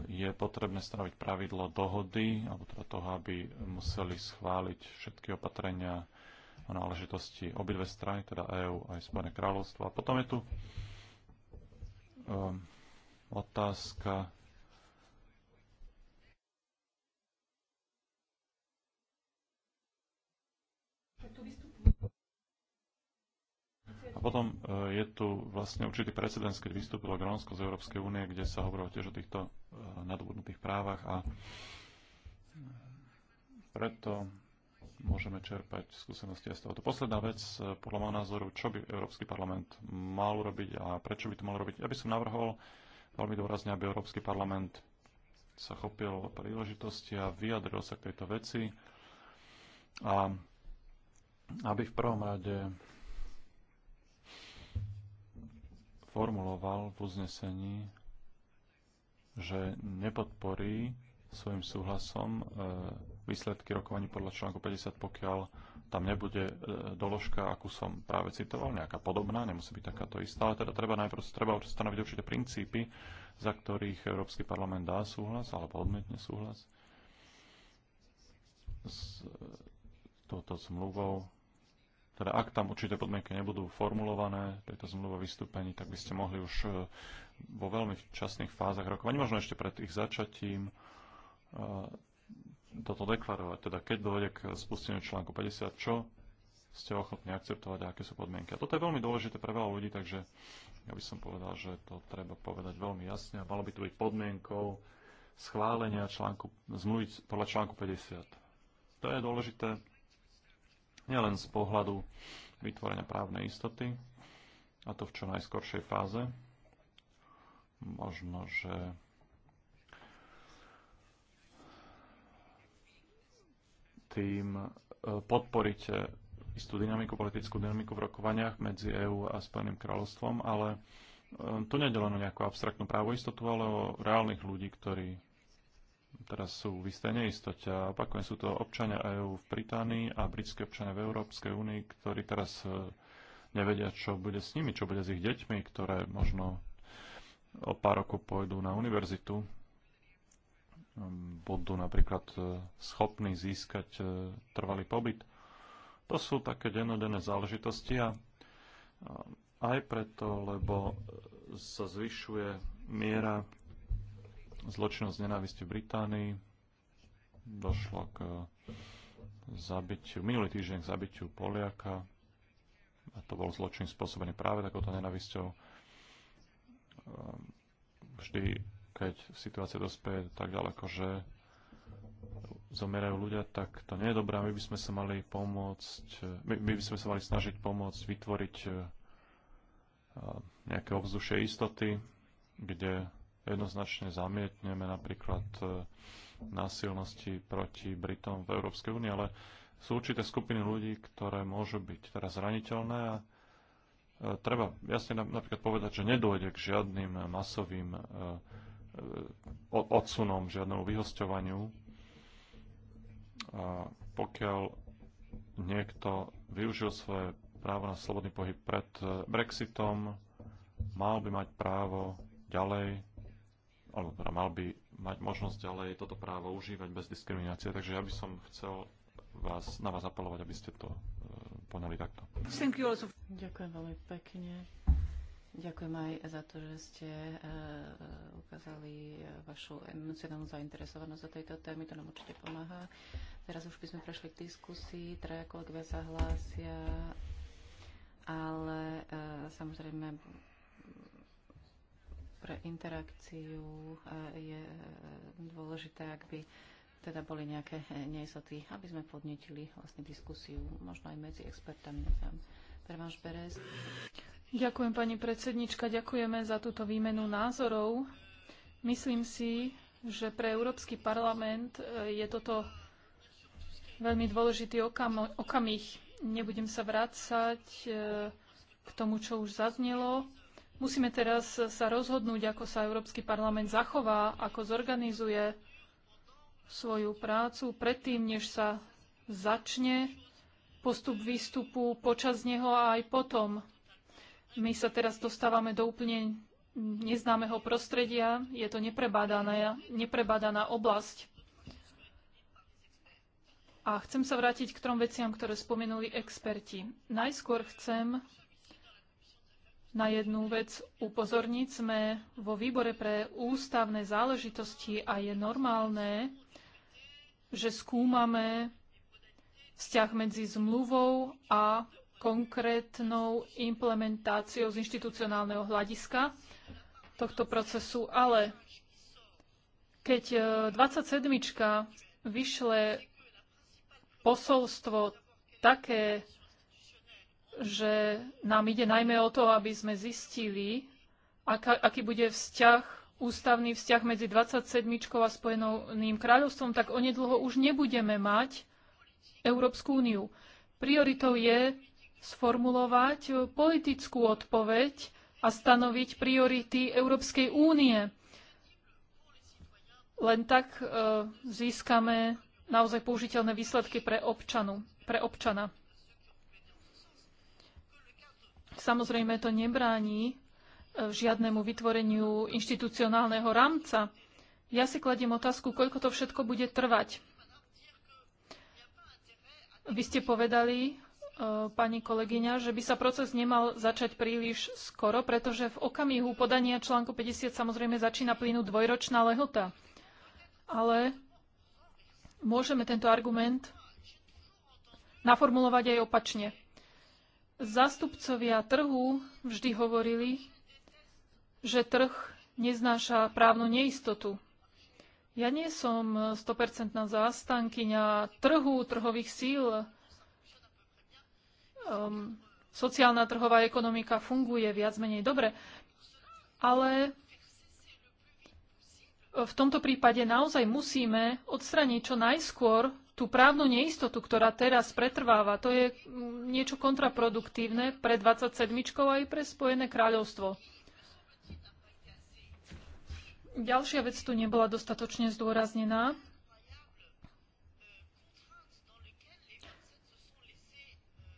je potrebné stanoviť pravidlo dohody, alebo teda toho, aby museli schváliť všetky opatrenia o náležitosti obidve strany, teda EÚ aj Spojené kráľovstvo. A potom je tu um, otázka A potom e, je tu vlastne určitý precedens, keď vystúpilo Grónsko z Európskej únie, kde sa hovorilo tiež o týchto e, nadobudnutých právach a e, preto môžeme čerpať skúsenosti aj z tohoto. Posledná vec, podľa môjho názoru, čo by Európsky parlament mal robiť a prečo by to mal robiť. Ja by som navrhol veľmi dôrazne, aby Európsky parlament sa chopil príležitosti a vyjadril sa k tejto veci a aby v prvom rade formuloval v uznesení, že nepodporí svojim súhlasom e, výsledky rokovaní podľa článku 50, pokiaľ tam nebude e, doložka, akú som práve citoval, nejaká podobná, nemusí byť takáto istá, ale teda treba najprv treba stanoviť určité princípy, za ktorých Európsky parlament dá súhlas alebo odmietne súhlas s e, touto zmluvou teda ak tam určité podmienky nebudú formulované, tejto zmluva o vystúpení, tak by ste mohli už e, vo veľmi časných fázach rokovaní, možno ešte pred ich začatím, e, toto deklarovať, teda keď dojde k spusteniu článku 50, čo ste ochotní akceptovať a aké sú podmienky. A toto je veľmi dôležité pre veľa ľudí, takže ja by som povedal, že to treba povedať veľmi jasne a malo by to byť podmienkou schválenia článku, zmluviť podľa článku 50. To je dôležité nielen z pohľadu vytvorenia právnej istoty, a to v čo najskoršej fáze. Možno, že tým e, podporíte istú dynamiku, politickú dynamiku v rokovaniach medzi EÚ a Spojeným kráľovstvom, ale e, tu nejde len o nejakú abstraktnú právoistotu, ale o reálnych ľudí, ktorí teraz sú v isté neistote. A opakujem, sú to občania EÚ v Británii a britské občania v Európskej únii, ktorí teraz e, nevedia, čo bude s nimi, čo bude s ich deťmi, ktoré možno o pár rokov pôjdu na univerzitu, ehm, budú napríklad e, schopní získať e, trvalý pobyt. To sú také dennodenné záležitosti a aj preto, lebo sa zvyšuje miera zločinov z nenávisti v Británii. Došlo k eh, zabitiu, minulý týždeň k zabitiu Poliaka. A to bol zločin spôsobený práve takouto nenávisťou. Ehm, vždy, keď situácia dospeje tak ďaleko, že zomierajú ľudia, tak to nie je dobré. My by sme sa mali pomôcť, my, my by sme sa mali snažiť pomôcť vytvoriť eh, nejaké ovzdušie istoty, kde jednoznačne zamietneme napríklad e, násilnosti proti Britom v Európskej únii, ale sú určité skupiny ľudí, ktoré môžu byť teraz zraniteľné a e, treba jasne napríklad povedať, že nedôjde k žiadnym masovým e, odsunom, žiadnemu vyhosťovaniu. A pokiaľ niekto využil svoje právo na slobodný pohyb pred Brexitom, mal by mať právo ďalej alebo teda mal by mať možnosť ďalej toto právo užívať bez diskriminácie. Takže ja by som chcel vás, na vás apelovať, aby ste to e, poňali takto. Ďakujem veľmi pekne. Ďakujem aj za to, že ste e, e ukázali e, vašu emocionálnu zainteresovanosť za tejto témy. To nám určite pomáha. Teraz už by sme prešli k diskusii. Traja kolegovia sa hlásia, ale e, samozrejme pre interakciu e, je e, dôležité, ak by teda boli nejaké e, nejsoty, aby sme podnetili vlastne diskusiu, možno aj medzi expertami. Ďakujem, pani predsednička, ďakujeme za túto výmenu názorov. Myslím si, že pre Európsky parlament je toto veľmi dôležitý okam okamih. Nebudem sa vrácať k tomu, čo už zaznelo. Musíme teraz sa rozhodnúť, ako sa Európsky parlament zachová, ako zorganizuje svoju prácu predtým, než sa začne postup výstupu, počas neho a aj potom. My sa teraz dostávame do úplne neznámeho prostredia, je to neprebádaná, neprebádaná oblasť. A chcem sa vrátiť k trom veciam, ktoré spomenuli experti. Najskôr chcem na jednu vec upozorniť. Sme vo výbore pre ústavné záležitosti a je normálne, že skúmame vzťah medzi zmluvou a konkrétnou implementáciou z inštitucionálneho hľadiska tohto procesu, ale keď 27. E, vyšle posolstvo také že nám ide najmä o to, aby sme zistili, aká, aký bude vzťah, ústavný vzťah medzi 27. a Spojeným kráľovstvom, tak onedlho už nebudeme mať Európsku úniu. Prioritou je sformulovať politickú odpoveď a stanoviť priority Európskej únie. Len tak e, získame naozaj použiteľné výsledky pre, občanu, pre občana. Samozrejme to nebráni e, žiadnemu vytvoreniu inštitucionálneho rámca. Ja si kladiem otázku, koľko to všetko bude trvať. Vy ste povedali, e, pani kolegyňa, že by sa proces nemal začať príliš skoro, pretože v okamihu podania článku 50 samozrejme začína plynúť dvojročná lehota. Ale môžeme tento argument naformulovať aj opačne. Zastupcovia trhu vždy hovorili, že trh neznáša právnu neistotu. Ja nie som 100% zástankyňa trhu, trhových síl. Um, sociálna trhová ekonomika funguje viac menej dobre, ale v tomto prípade naozaj musíme odstraniť čo najskôr tú právnu neistotu, ktorá teraz pretrváva, to je mm, niečo kontraproduktívne pre 27 aj pre Spojené kráľovstvo. Ďalšia vec tu nebola dostatočne zdôraznená.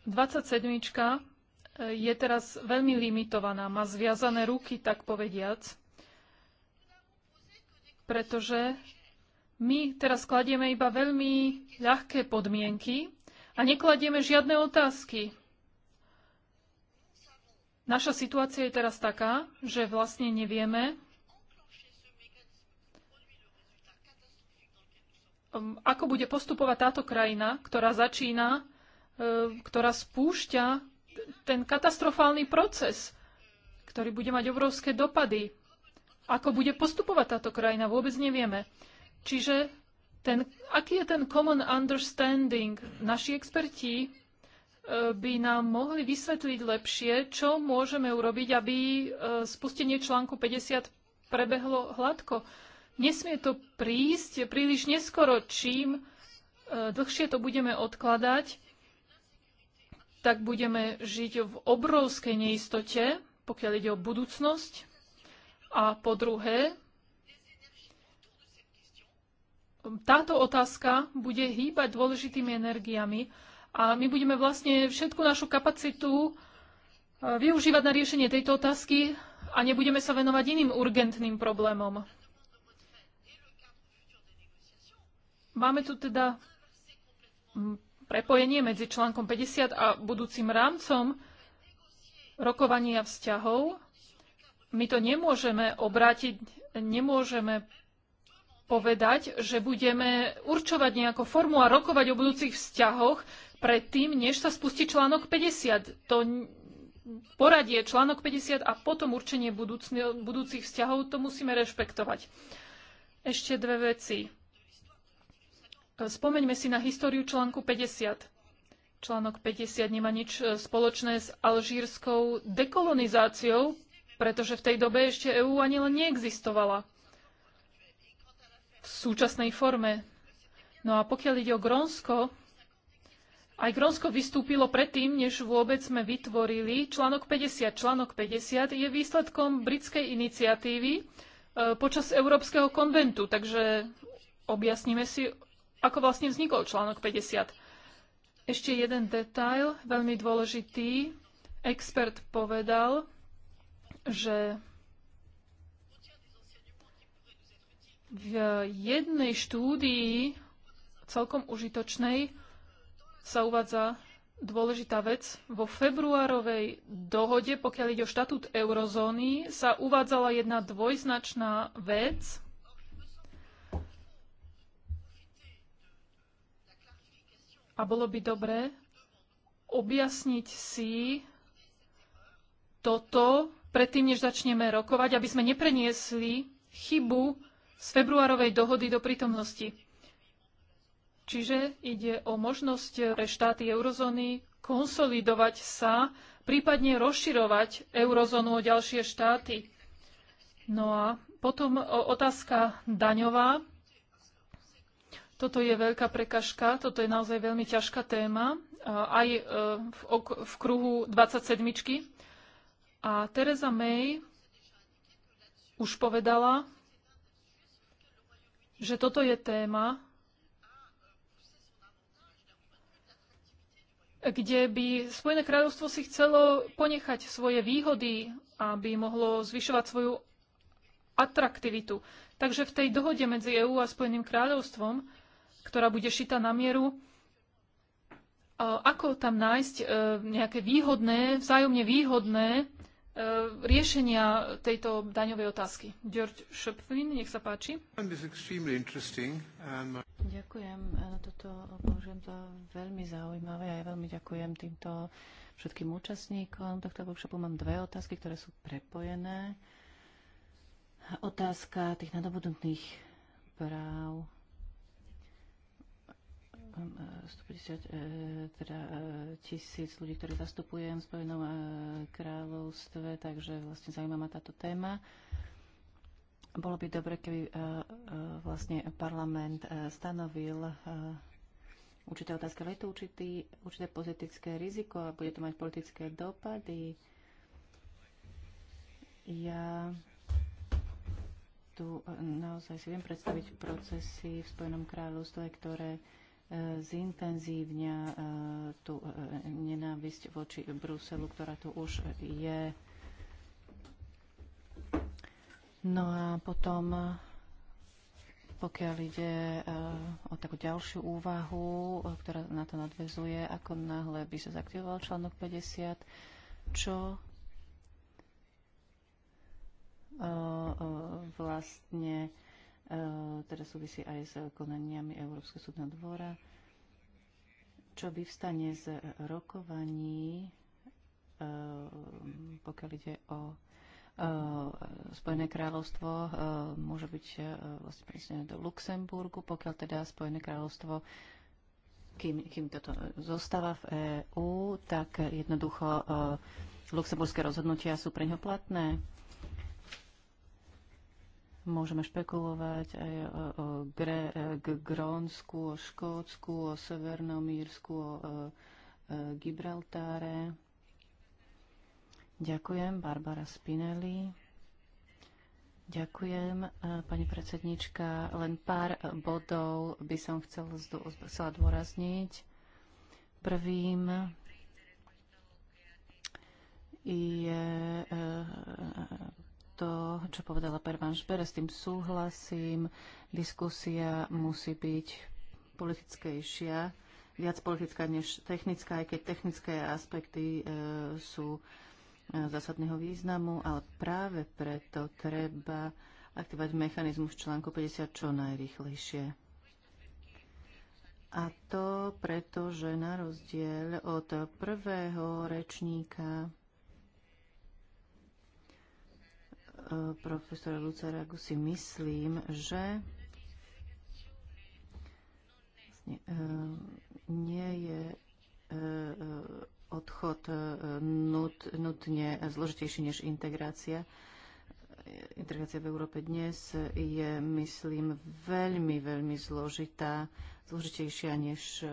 Dvadsaťsedmička e, je teraz veľmi limitovaná, má zviazané ruky, tak povediac, pretože my teraz kladieme iba veľmi ľahké podmienky a nekladieme žiadne otázky. Naša situácia je teraz taká, že vlastne nevieme, um, ako bude postupovať táto krajina, ktorá začína, um, ktorá spúšťa ten katastrofálny proces, ktorý bude mať obrovské dopady. Ako bude postupovať táto krajina, vôbec nevieme. Čiže ten, aký je ten common understanding? Naši experti e, by nám mohli vysvetliť lepšie, čo môžeme urobiť, aby e, spustenie článku 50 prebehlo hladko. Nesmie to prísť príliš neskoro, čím e, dlhšie to budeme odkladať, tak budeme žiť v obrovskej neistote, pokiaľ ide o budúcnosť. A po druhé, táto otázka bude hýbať dôležitými energiami a my budeme vlastne všetku našu kapacitu e, využívať na riešenie tejto otázky a nebudeme sa venovať iným urgentným problémom. Máme tu teda mm, prepojenie medzi článkom 50 a budúcim rámcom rokovania vzťahov. My to nemôžeme obrátiť, nemôžeme povedať, že budeme určovať nejakú formu a rokovať o budúcich vzťahoch predtým, než sa spustí článok 50. To poradie článok 50 a potom určenie budúcn- budúcich vzťahov, to musíme rešpektovať. Ešte dve veci. Spomeňme si na históriu článku 50. Článok 50 nemá nič e, spoločné s alžírskou dekolonizáciou, pretože v tej dobe ešte EÚ ani len neexistovala v súčasnej forme. No a pokiaľ ide o Grónsko, aj Grónsko vystúpilo predtým, než vôbec sme vytvorili článok 50. Článok 50 je výsledkom britskej iniciatívy e, počas Európskeho konventu, takže objasníme si, ako vlastne vznikol článok 50. Ešte jeden detail, veľmi dôležitý. Expert povedal, že V jednej štúdii celkom užitočnej sa uvádza dôležitá vec. Vo februárovej dohode, pokiaľ ide o štatút eurozóny, sa uvádzala jedna dvojznačná vec. A bolo by dobré objasniť si toto predtým, než začneme rokovať, aby sme nepreniesli chybu z februárovej dohody do prítomnosti. Čiže ide o možnosť e, pre štáty eurozóny konsolidovať sa, prípadne rozširovať eurozónu o ďalšie štáty. No a potom otázka daňová. Toto je veľká prekažka, toto je naozaj veľmi ťažká téma, e, aj e, v, ok- v kruhu 27. A Teresa May už povedala že toto je téma, kde by Spojené kráľovstvo si chcelo ponechať svoje výhody, aby mohlo zvyšovať svoju atraktivitu. Takže v tej dohode medzi EÚ a Spojeným kráľovstvom, ktorá bude šita na mieru, ako tam nájsť e, nejaké výhodné, vzájomne výhodné E, riešenia tejto daňovej otázky. George Schöpflin, nech sa páči. Ďakujem. Toto považujem za veľmi zaujímavé a ja veľmi ďakujem týmto všetkým účastníkom tohto workshopu. Mám dve otázky, ktoré sú prepojené. Otázka tých nadobudnutých práv 150 e, teda, e, tisíc ľudí, ktorí zastupujem v Spojenom e, kráľovstve, takže vlastne zaujíma ma táto téma. Bolo by dobre, keby vlastne parlament stanovil určité otázky, ale je to určitý, určité politické riziko a bude to mať politické dopady. Ja tu naozaj si viem predstaviť procesy v Spojenom kráľovstve, ktoré zintenzívňa e, tú e, nenávisť voči Bruselu, ktorá tu už je. No a potom, pokiaľ ide e, o takú ďalšiu úvahu, ktorá na to nadvezuje, ako náhle by sa zaktivoval článok 50, čo vlastne Eh, teda súvisí aj s konaniami Európskeho súdneho dvora, čo vyvstane z rokovaní, eh, pokiaľ ide o eh, Spojené kráľovstvo môže byť vlastne presunené do Luxemburgu, pokiaľ teda Spojené kráľovstvo kým, kým toto zostáva v EÚ, tak jednoducho luxemburské rozhodnutia sú pre ňo platné. Môžeme špekulovať aj o, o Gre, k e, Grónsku, o Škótsku, o Severnom Írsku, o, o e, e, Gibraltáre. Ďakujem, Barbara Spinelli. Ďakujem, pani predsednička. Len pár bodov by som chcela, chcela dôrazniť. Prvým je to, čo povedala Pervan Šbere, s tým súhlasím. Diskusia musí byť politickejšia, viac politická než technická, aj keď technické aspekty e, sú e, zásadného významu, ale práve preto treba aktivovať mechanizmus článku 50 čo najrychlejšie. A to preto, že na rozdiel od prvého rečníka profesora Lucaragu si myslím, že vlastne, e, nie je e, e, odchod nutne zložitejší než integrácia. Integrácia v Európe dnes je, myslím, veľmi, veľmi zložitá, zložitejšia než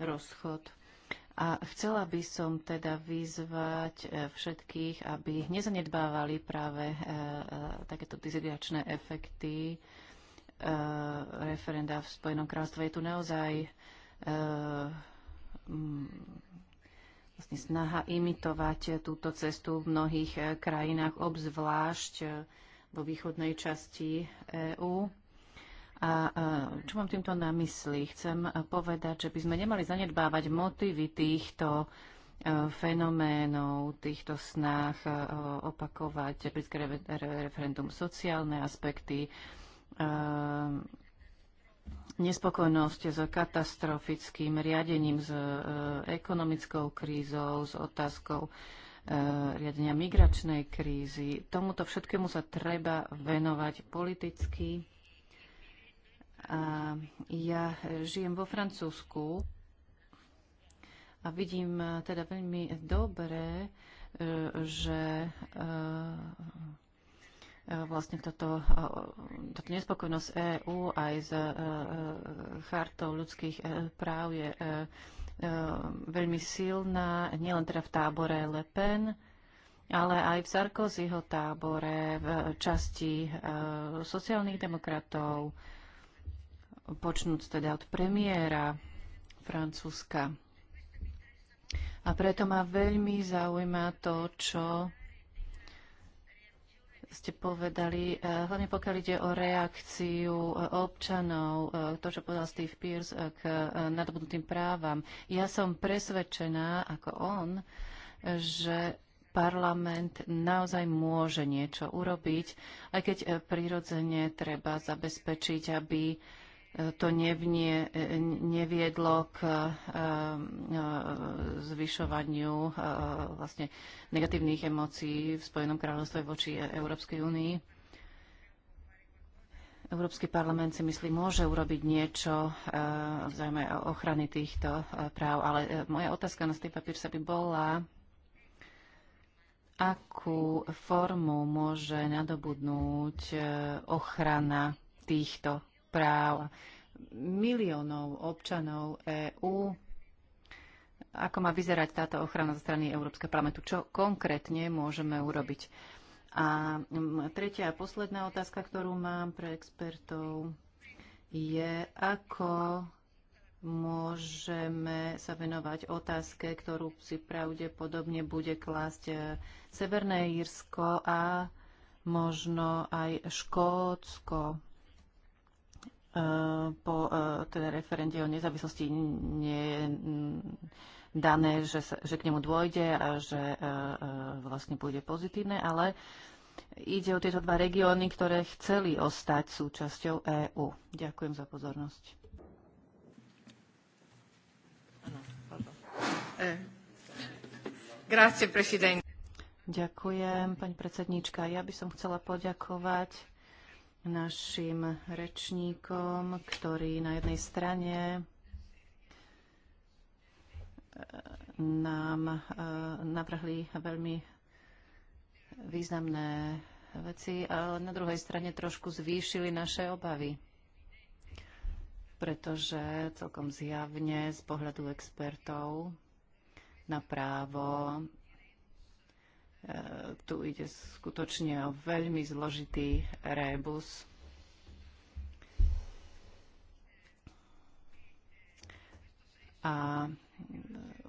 rozchod. A chcela by som teda vyzvať e, všetkých, aby nezanedbávali práve e, e, takéto dizidiačné efekty referenda v Spojenom kráľstve. Je tu naozaj vlastne snaha imitovať túto cestu v mnohých krajinách, obzvlášť vo východnej časti EÚ. A čo mám týmto na mysli? Chcem povedať, že by sme nemali zanedbávať motivy týchto e, fenoménov, týchto snách e, opakovať britské referendum, sociálne aspekty, e, nespokojnosť s katastrofickým riadením, s ekonomickou krízou, s otázkou riadenia migračnej krízy. Tomuto všetkému sa treba venovať politicky a ja žijem vo Francúzsku a vidím eh, teda veľmi dobre, eh, že eh, vlastne toto, toto nespokojnosť EÚ aj s chartou ľudských práv je veľmi silná, nielen teda v tábore Le Pen, ale aj v Sarkozyho tábore, v časti sociálnych demokratov, počnúc teda od premiéra Francúzska. A preto ma veľmi zaujíma to, čo ste povedali, eh, hlavne pokiaľ ide o reakciu eh, občanov, eh, to, čo povedal Steve Pierce k nadobudnutým právam. Ja som presvedčená, ako on, že parlament naozaj môže niečo urobiť, aj keď prirodzene treba zabezpečiť, aby to nevnie, neviedlo k eh, eh, zvyšovaniu eh, vlastne negatívnych emócií v Spojenom kráľovstve voči Európskej únii. Európsky parlament si myslí, môže urobiť niečo v o ochrany týchto práv, ale moja otázka na Steve sa by bola, akú formu môže nadobudnúť ochrana týchto práv miliónov občanov EÚ. Ako má vyzerať táto ochrana zo strany Európskeho parlamentu? Čo konkrétne môžeme urobiť? A tretia a posledná otázka, ktorú mám pre expertov, je, ako môžeme sa venovať otázke, ktorú si pravdepodobne bude klásť e, Severné Írsko a možno aj Škótsko. Eh, po eh, teda referende o nezávislosti nie je mm, dané, že, sa, že k nemu dôjde a že eh, vlastne bude pozitívne, ale ide o tieto dva regióny, ktoré chceli ostať súčasťou EÚ. Ďakujem za pozornosť. Grazie, Ďakujem, pani predsedníčka. Ja by som chcela poďakovať našim rečníkom, ktorí na jednej strane eh, nám eh, navrhli veľmi významné veci, ale na druhej strane trošku zvýšili naše obavy. Pretože celkom zjavne z pohľadu expertov na právo tu ide skutočne o veľmi zložitý rébus. A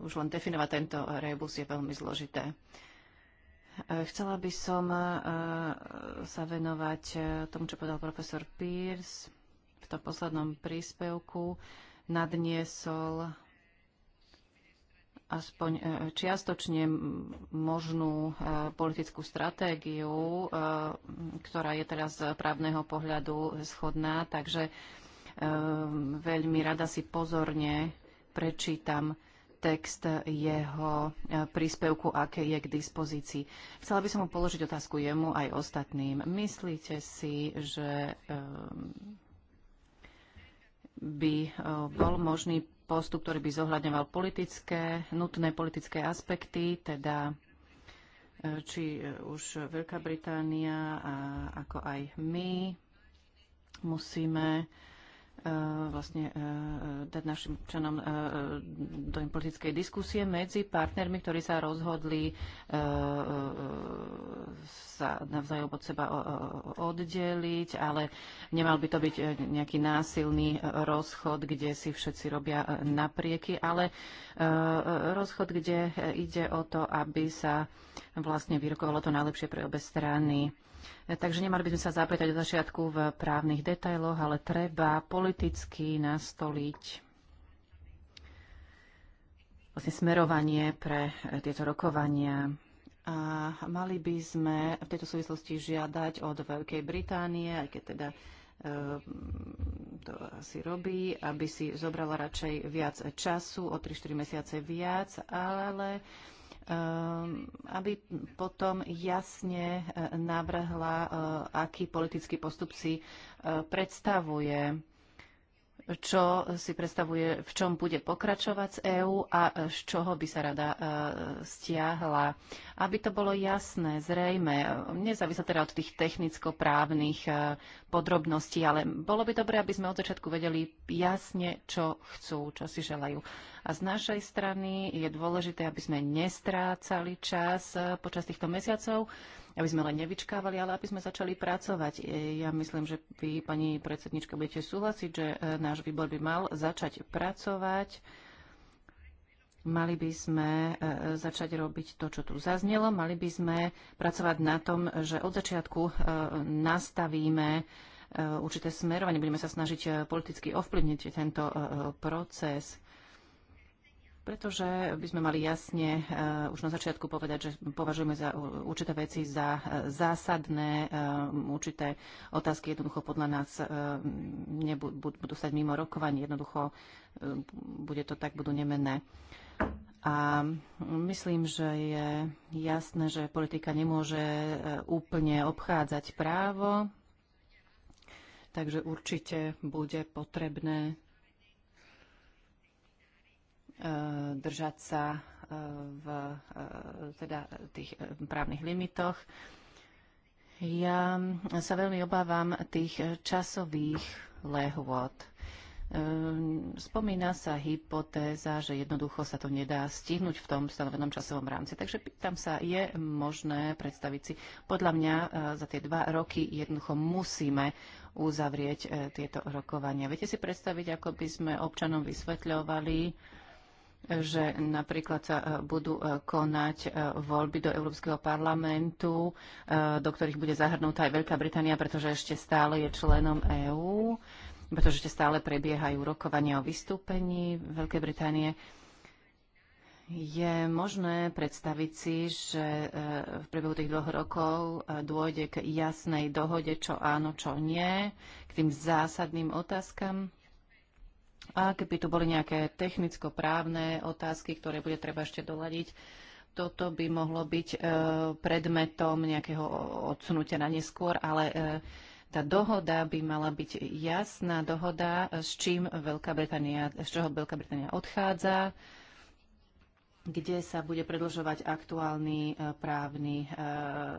už len definovať tento rébus je veľmi zložité. Chcela by som e, sa venovať e, tomu, čo povedal profesor Pierce v tom poslednom príspevku. Nadniesol aspoň e, čiastočne možnú e, politickú stratégiu, e, ktorá je teraz z právneho pohľadu schodná. Takže veľmi rada si pozorne prečítam text jeho príspevku, aké je k dispozícii. Chcela by som mu položiť otázku jemu aj ostatným. Myslíte si, že by bol možný postup, ktorý by zohľadňoval politické, nutné politické aspekty, teda e, či e, už Veľká Británia a ako aj my musíme E, vlastne e, e, dať našim občanom do politickej diskusie medzi partnermi, ktorí sa rozhodli sa navzájom od seba oddeliť, ale nemal by to byť nejaký násilný rozchod, kde si všetci robia naprieky, ale rozchod, kde ide o to, aby sa vlastne vyrokovalo to najlepšie pre obe strany. Takže nemali by sme sa zapýtať od začiatku v právnych detailoch, ale treba politicky nastoliť vlastne smerovanie pre tieto rokovania. A mali by sme v tejto súvislosti žiadať od Veľkej Británie, aj keď teda e, to asi robí, aby si zobrala radšej viac času, o 3-4 mesiace viac, ale Ehm, aby potom jasne e, navrhla, e, aký politický postup si e, predstavuje čo si predstavuje, v čom bude pokračovať z EÚ a z čoho by sa rada e, stiahla. Aby to bolo jasné, zrejme, nezávisle teda od tých technicko-právnych e, podrobností, ale bolo by dobré, aby sme od začiatku vedeli jasne, čo chcú, čo si želajú. A z našej strany je dôležité, aby sme nestrácali čas e, počas týchto mesiacov aby sme len nevyčkávali, ale aby sme začali pracovať. E, ja myslím, že vy, pani predsednička, budete súhlasiť, že e, náš výbor by mal začať pracovať. Mali by sme e, začať robiť to, čo tu zaznelo. Mali by sme pracovať na tom, že od začiatku nastavíme určité smerovanie. Budeme sa snažiť politicky ovplyvniť tento proces pretože by sme mali jasne uh, už na začiatku povedať, že považujeme za určité veci za uh, zásadné, eh, určité otázky jednoducho podľa nás budú stať mimo rokovanie, jednoducho bude to tak, budú nemenné. A myslím, že je jasné, že politika nemôže úplne obchádzať právo, takže určite bude potrebné E, držať sa e, v e, teda tých právnych limitoch. Ja sa veľmi obávam tých časových lehôd. Spomína sa hypotéza, že jednoducho sa to nedá stihnúť v tom stanovenom časovom rámci. Takže pýtam sa, je možné predstaviť si, podľa mňa za tie dva roky jednoducho musíme uzavrieť tieto rokovania. Viete si predstaviť, ako by sme občanom vysvetľovali, že napríklad sa e, budú e, konať e, voľby do Európskeho parlamentu, do ktorých bude zahrnutá aj Veľká Británia, pretože ešte stále je členom EÚ, pretože ešte stále prebiehajú rokovania o vystúpení Veľkej Británie. Je možné predstaviť si, že v priebehu tých dvoch rokov dôjde k jasnej dohode, čo áno, čo nie, k tým zásadným otázkam? A by tu boli nejaké technicko-právne otázky, ktoré bude treba ešte doladiť, toto by mohlo byť e, predmetom nejakého odsunutia na neskôr, ale e, tá dohoda by mala byť jasná dohoda, e, s čím Veľká Británia, z čoho Veľká Británia odchádza, kde sa bude predlžovať aktuálny právny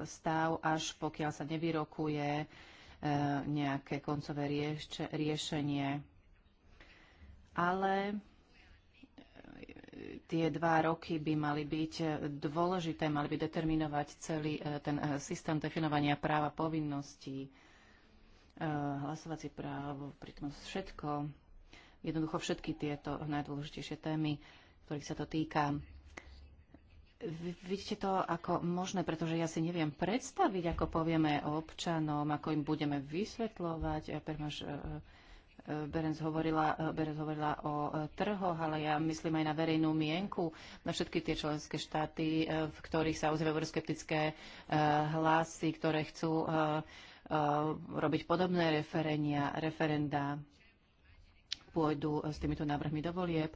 stav, až pokiaľ sa nevyrokuje nejaké koncové riešenie ale e, tie dva roky by mali byť dôležité, mali by determinovať celý e, ten e, systém definovania práva povinností, hlasovacie právo, prítomnosť, všetko. Jednoducho všetky tieto najdôležitejšie témy, ktorých sa to týka. Vidíte to ako možné, pretože ja si neviem predstaviť, ako povieme občanom, ako im budeme vysvetľovať. Berens hovorila, Berens hovorila o e, trhoch, ale ja myslím aj na verejnú mienku, na všetky tie členské štáty, e, v ktorých sa ozývajú euroskeptické e, hlasy, ktoré chcú robiť podobné referenia, referenda, pôjdu s týmito návrhmi do volieb.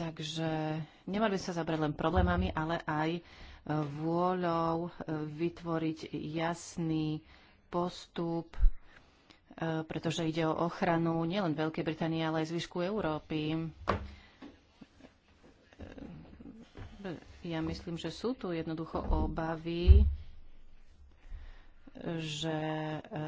Takže nemali by sa zabrať len problémami, ale aj vôľou vytvoriť jasný postup, E, pretože ide o ochranu nielen Veľkej Británie, ale aj zvyšku Európy. E, ja myslím, že sú tu jednoducho obavy, že e,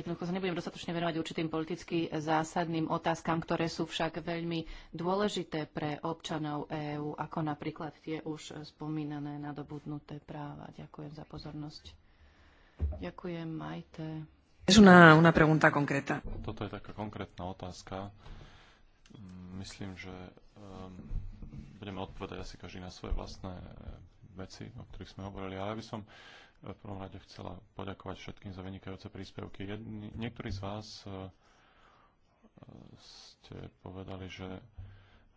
jednoducho sa nebudem dostatočne venovať určitým politicky zásadným otázkam, ktoré sú však veľmi dôležité pre občanov EÚ, ako napríklad tie už spomínané nadobudnuté práva. Ďakujem za pozornosť. Ďakujem, majte. Es una, una pregunta concreta. Toto je taká konkrétna otázka. Mm, myslím, že um, budeme odpovedať asi každý na svoje vlastné eh, veci, o ktorých sme hovorili. Ale ja by som eh, v prvom rade chcela poďakovať všetkým za vynikajúce príspevky. Jedni, niektorí z vás uh, ste povedali, že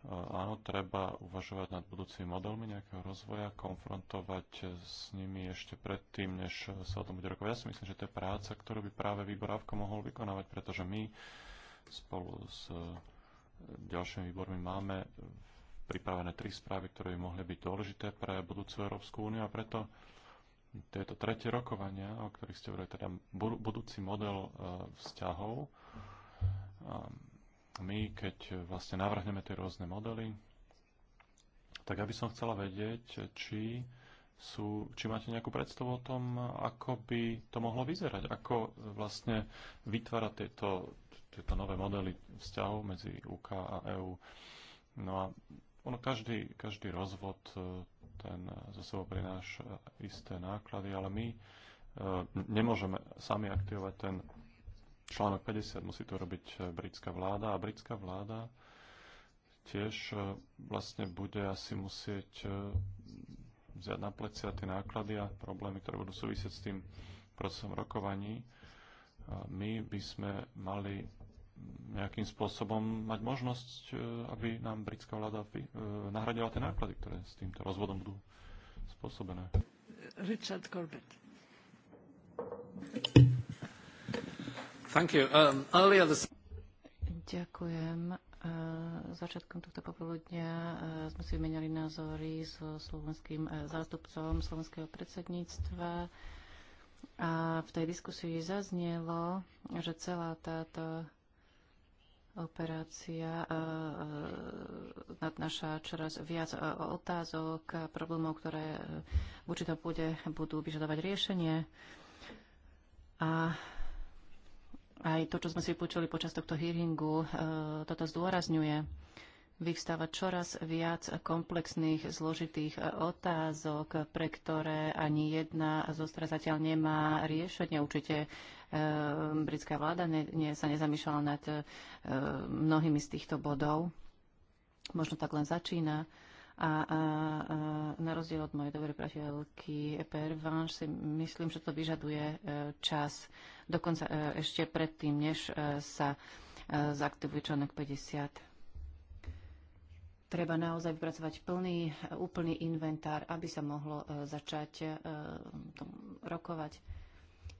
Áno, treba uvažovať nad budúcimi modelmi nejakého rozvoja, konfrontovať s nimi ešte predtým, než sa o tom bude rokovať. Ja si myslím, že to je práca, ktorú by práve výbor AVKO mohol vykonávať, pretože my spolu s e, ďalšími výbormi máme pripravené tri správy, ktoré by mohli byť dôležité pre budúcu Európsku úniu a preto tieto tretie rokovania, o ktorých ste hovorili, teda budúci model e, vzťahov, my, keď vlastne navrhneme tie rôzne modely, tak aby som chcela vedieť, či, sú, či máte nejakú predstavu o tom, ako by to mohlo vyzerať, ako vlastne vytvárať tieto, tieto nové modely vzťahov medzi UK a EÚ. No a ono, každý, každý rozvod e, ten zo sebou prináša isté náklady, ale my e, nemôžeme sami aktivovať ten článok 50 musí to robiť eh, britská vláda a britská vláda tiež eh, vlastne bude asi musieť eh, vziať na plecia tie náklady a problémy, ktoré budú súvisieť s tým procesom rokovaní. My by sme mali nejakým spôsobom mať možnosť, aby nám britská vláda nahradila tie náklady, ktoré s týmto rozvodom budú spôsobené. Richard Corbett. Um, Ďakujem. Uh, začiatkom tohto popoludnia uh, sme si vymenali názory so slovenským uh, zástupcom slovenského predsedníctva a v tej diskusii zaznelo, že celá táto operácia nadnáša čoraz viac otázok a problémov, ktoré v určitom pôde budú vyžadovať riešenie. A aj to, čo sme si počuli počas tohto hearingu, e, toto zdôrazňuje. Vyvstáva čoraz viac komplexných, zložitých e, otázok, pre ktoré ani jedna z zatiaľ nemá riešenie. Určite e, britská vláda ne, ne, sa nezamýšľala nad mnohými z týchto bodov. Možno tak len začína. A, a, a na rozdiel od mojej dobrej priateľky Vange si myslím, že to vyžaduje e, čas, dokonca e, ešte predtým, než e, sa zaktivuje článok 50 treba naozaj vypracovať plný, úplný inventár, aby sa mohlo začať rokovať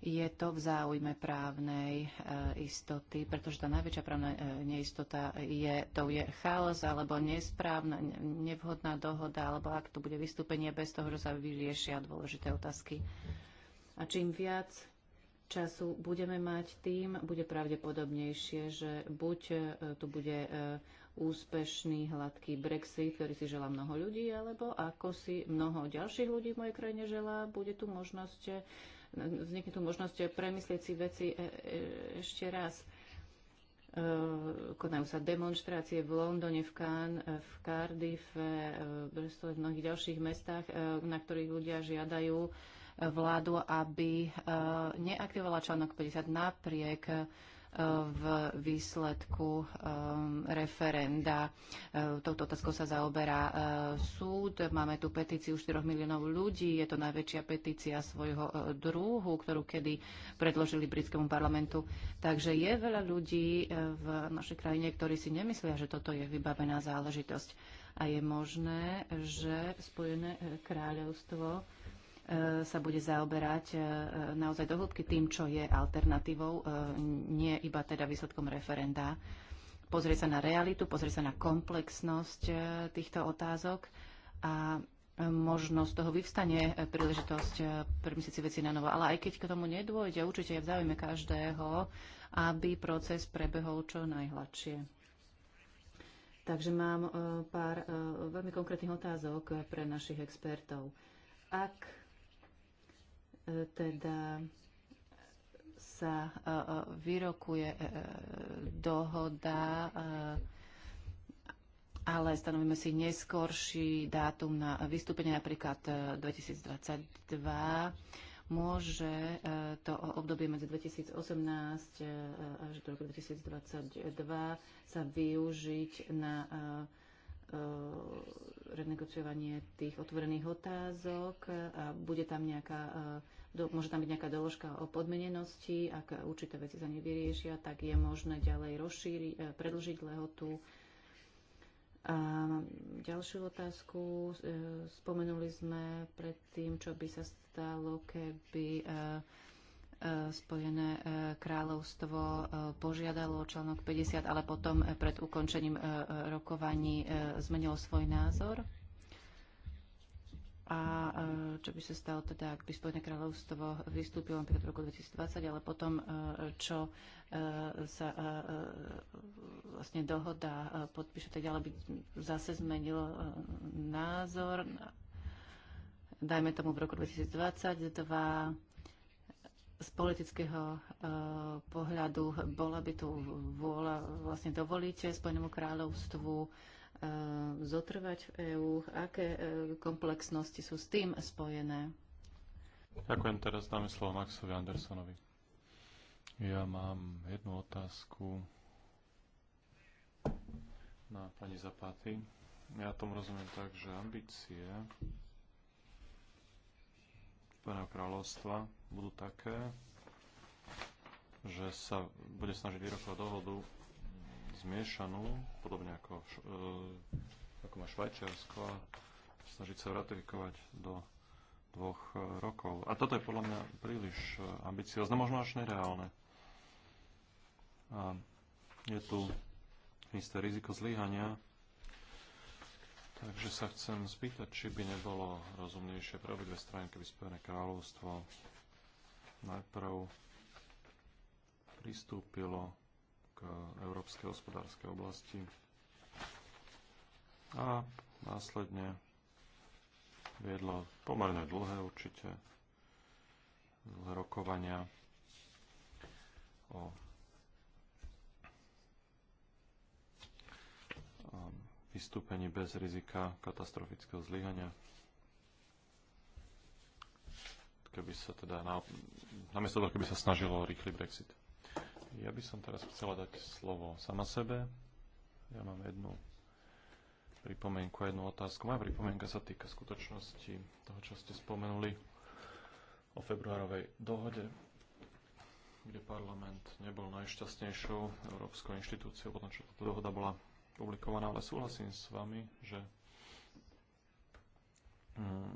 je to v záujme právnej e, istoty, pretože tá najväčšia právna e, neistota je, to je chaos alebo nesprávna, nevhodná dohoda, alebo ak to bude vystúpenie bez toho, že sa vyriešia dôležité otázky. A čím viac času budeme mať, tým bude pravdepodobnejšie, že buď e, tu bude úspešný, hladký Brexit, ktorý si želá mnoho ľudí, alebo ako si mnoho ďalších ľudí v mojej krajine želá, bude tu možnosť vznikne tu možnosť premyslieť si veci e, e, ešte raz. E, konajú sa demonstrácie v Londone, v Cannes, v Cardiffe, v Bristole, v mnohých ďalších mestách, na ktorých ľudia žiadajú vládu, aby neaktivovala článok 50 napriek v výsledku ehm, referenda. Ehm, touto otázkou sa zaoberá ehm, súd. Máme tu petíciu 4 miliónov ľudí. Je to najväčšia petícia svojho e, druhu, ktorú kedy predložili britskému parlamentu. Takže je veľa ľudí e, v našej krajine, ktorí si nemyslia, že toto je vybavená záležitosť. A je možné, že Spojené e, kráľovstvo sa bude zaoberať e, naozaj dohlbky tým, čo je alternatívou, e, nie iba teda výsledkom referenda. pozrie sa na realitu, pozrie sa na komplexnosť e, týchto otázok a možno z toho vyvstane príležitosť premyslieť si veci na novo. Ale aj keď k tomu nedôjde, určite je v záujme každého, aby proces prebehol čo najhladšie. Takže mám pár veľmi konkrétnych otázok pre našich expertov. Ak teda sa e, e, vyrokuje e, dohoda, ale stanovíme si neskorší dátum na vystúpenie, napríklad 2022. Môže to obdobie medzi 2018 až do roku 2022 sa využiť na renegociovanie tých otvorených otázok a bude tam nejaká do, môže tam byť nejaká doložka o podmenenosti, ak určité veci sa nevyriešia, tak je možné ďalej rozšíriť, e, predlžiť lehotu. A ďalšiu otázku. E, spomenuli sme pred tým, čo by sa stalo, keby e, Spojené kráľovstvo požiadalo článok 50, ale potom pred ukončením rokovaní zmenilo svoj názor? a e, čo by sa stalo teda, ak by Spojené kráľovstvo vystúpilo napríklad v roku 2020, ale potom e, čo e, sa vlastne dohoda podpíše, tak ďalej by zase zmenilo názor. Dajme tomu v roku 2022 z politického pohľadu bola by tu vôľa vlastne dovolíte Spojenému kráľovstvu E, zotrvať v EÚ, aké e, komplexnosti sú s tým spojené. Ďakujem, teraz dáme slovo Maxovi Andersonovi. Ja mám jednu otázku na pani Zapaty. Ja tomu rozumiem tak, že ambície Spojeného kráľovstva budú také, že sa bude snažiť vyrokovať dohodu zmiešanú, podobne ako, e, ako má Švajčiarsko, a snažiť sa ratifikovať do dvoch e, rokov. A toto je podľa mňa príliš e, ambiciozne, možno až nereálne. A je tu isté riziko zlyhania, takže sa chcem spýtať, či by nebolo rozumnejšie pre obidve strany, keby Spojené kráľovstvo najprv pristúpilo k Európskej hospodárskej oblasti a následne viedlo pomerne dlhé určite dlhé rokovania o vystúpení bez rizika katastrofického zlyhania. Keby sa teda na, namiesto toho, keby sa snažilo rýchly Brexit. Ja by som teraz chcela dať slovo sama sebe. Ja mám jednu pripomienku a jednu otázku. Moja pripomienka sa týka skutočnosti toho, čo ste spomenuli o februárovej dohode, kde parlament nebol najšťastnejšou európskou inštitúciou potom, čo táto dohoda bola publikovaná, ale súhlasím s vami, že mm,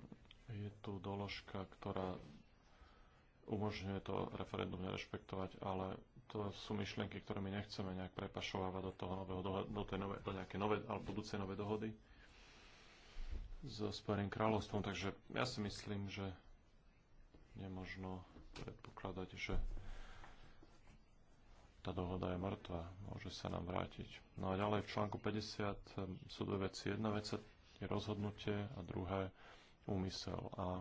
je tu doložka, ktorá umožňuje to referendum nerešpektovať, ale to sú myšlienky, ktoré my nechceme nejak prepašovávať do, toho nového, do, tej nové, do nejaké nové alebo budúcej nové dohody so Spojeným kráľovstvom. Takže ja si myslím, že je možno predpokladať, že tá dohoda je mŕtva, môže sa nám vrátiť. No a ďalej v článku 50 ehm, sú dve veci. Jedna vec je rozhodnutie a druhé úmysel. A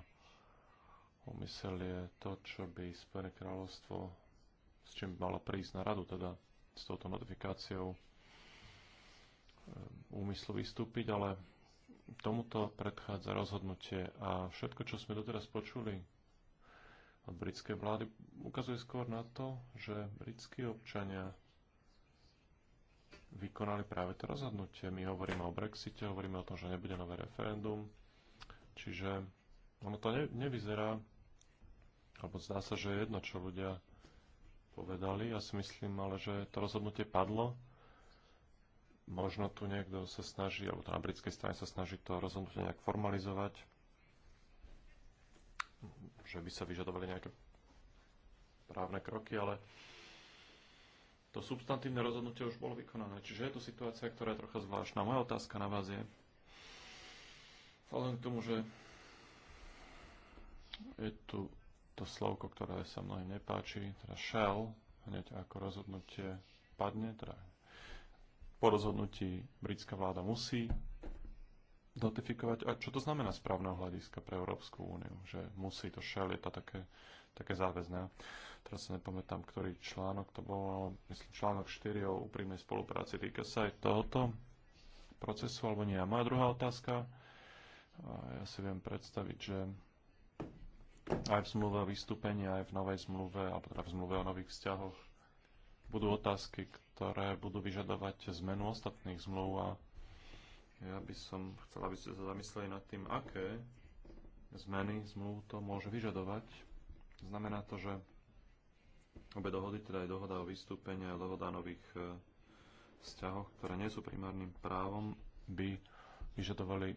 úmysel je to, čo by Spojené kráľovstvo s čím mala prísť na radu, teda s touto notifikáciou um, úmyslu vystúpiť, ale tomuto predchádza rozhodnutie a všetko, čo sme doteraz počuli od britskej vlády, ukazuje skôr na to, že britskí občania vykonali práve to rozhodnutie. My hovoríme o Brexite, hovoríme o tom, že nebude nové referendum, čiže ono to ne, nevyzerá, alebo zdá sa, že je jedno, čo ľudia povedali. Ja si myslím ale, že to rozhodnutie padlo. Možno tu niekto sa snaží, alebo to na britskej strane sa snaží to rozhodnutie nejak formalizovať, že by sa vyžadovali nejaké právne kroky, ale to substantívne rozhodnutie už bolo vykonané. Čiže je to situácia, ktorá je trocha zvláštna. Moja otázka na vás je, vzhľadom k tomu, že je tu to slovko, ktoré sa mnohým nepáči, teda shall, hneď ako rozhodnutie padne, teda po rozhodnutí britská vláda musí notifikovať. A čo to znamená správneho hľadiska pre Európsku úniu? Že musí to shell, je to také, také záväzné. Teraz sa nepamätám, ktorý článok to bol, myslím článok 4 o úprimnej spolupráci. Týka sa aj tohoto procesu, alebo nie. A moja druhá otázka, ja si viem predstaviť, že aj v zmluve o vystúpení, aj v novej zmluve, alebo teda v zmluve o nových vzťahoch, budú otázky, ktoré budú vyžadovať zmenu ostatných zmluv a ja by som chcela, aby ste sa zamysleli nad tým, aké zmeny zmluv to môže vyžadovať. Znamená to, že obe dohody, teda aj dohoda o vystúpení a dohoda o nových e, vzťahoch, ktoré nie sú primárnym právom, by vyžadovali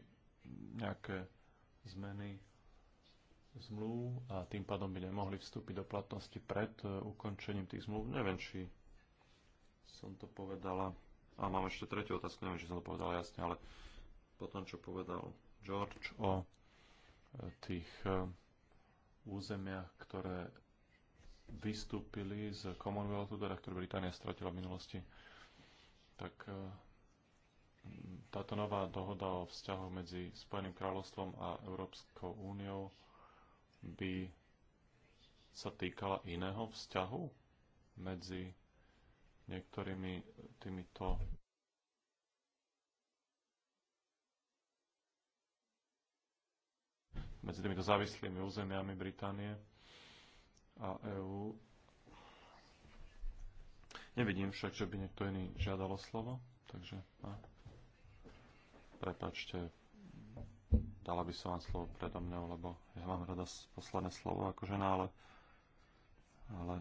nejaké zmeny zmluv a tým pádom by nemohli vstúpiť do platnosti pred e, ukončením tých zmluv. Neviem, či som to povedala. A mám ešte tretiu otázku, neviem, či som to povedala jasne, ale po tom, čo povedal George o e, tých e, územiach, ktoré vystúpili z Commonwealthu, teda ktoré Británia stratila v minulosti, tak táto nová dohoda o vzťahoch medzi Spojeným kráľovstvom a Európskou úniou by sa týkala iného vzťahu medzi niektorými týmito medzi týmito závislými územiami Británie a EÚ. Nevidím však, že by niekto iný žiadalo slovo, takže prepačte, dala by som vám slovo predo mňou, lebo ja mám rada posledné slovo ako žena, ale, ale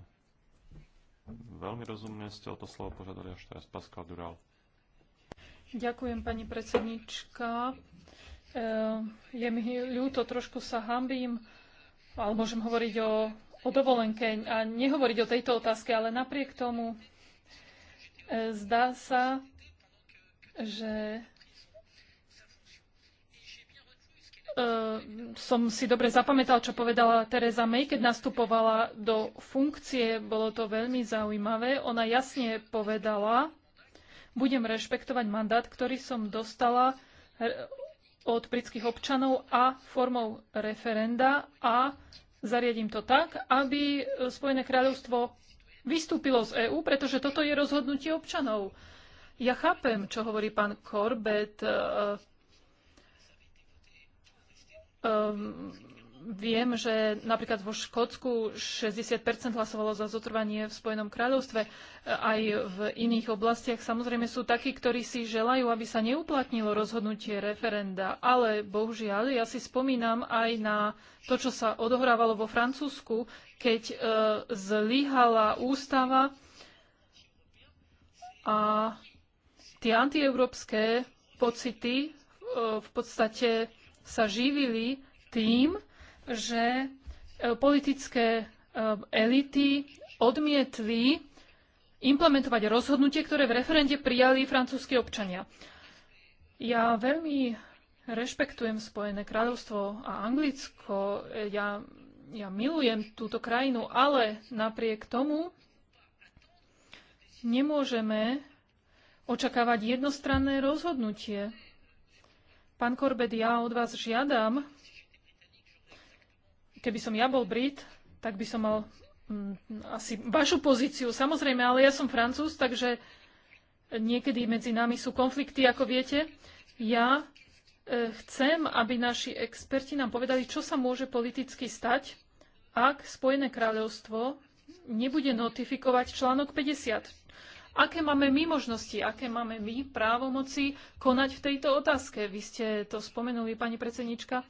veľmi rozumne ste o to slovo požiadali až teraz Pascal Dural. Ďakujem, pani predsednička. E, je mi ľúto, trošku sa hambím, ale môžem hovoriť o, o dovolenke a nehovoriť o tejto otázke, ale napriek tomu e, zdá sa, že Ehm, som si dobre zapamätal, čo povedala Teresa May, keď nastupovala do funkcie. Bolo to veľmi zaujímavé. Ona jasne povedala, budem rešpektovať mandát, ktorý som dostala e, od britských občanov a formou referenda a zariadím to tak, aby Spojené kráľovstvo vystúpilo z EÚ, pretože toto je rozhodnutie občanov. Ja chápem, čo hovorí pán Corbett, e, Um, viem, že napríklad vo Škótsku 60% hlasovalo za zotrvanie v Spojenom kráľovstve. E, aj v iných oblastiach samozrejme sú takí, ktorí si želajú, aby sa neuplatnilo rozhodnutie referenda. Ale bohužiaľ, ja si spomínam aj na to, čo sa odohrávalo vo Francúzsku, keď uh, zlyhala ústava a tie antieurópske pocity e, v podstate sa živili tým, že e, politické e, elity odmietli implementovať rozhodnutie, ktoré v referende prijali francúzskí občania. Ja veľmi rešpektujem Spojené kráľovstvo a Anglicko. Ja, ja milujem túto krajinu, ale napriek tomu nemôžeme očakávať jednostranné rozhodnutie. Pán Korbet, ja od vás žiadam, keby som ja bol Brit, tak by som mal mm, asi vašu pozíciu, samozrejme, ale ja som Francúz, takže niekedy medzi nami sú konflikty, ako viete. Ja e, chcem, aby naši experti nám povedali, čo sa môže politicky stať, ak Spojené kráľovstvo nebude notifikovať článok 50 aké máme my možnosti, aké máme my právomoci konať v tejto otázke. Vy ste to spomenuli, pani predsednička.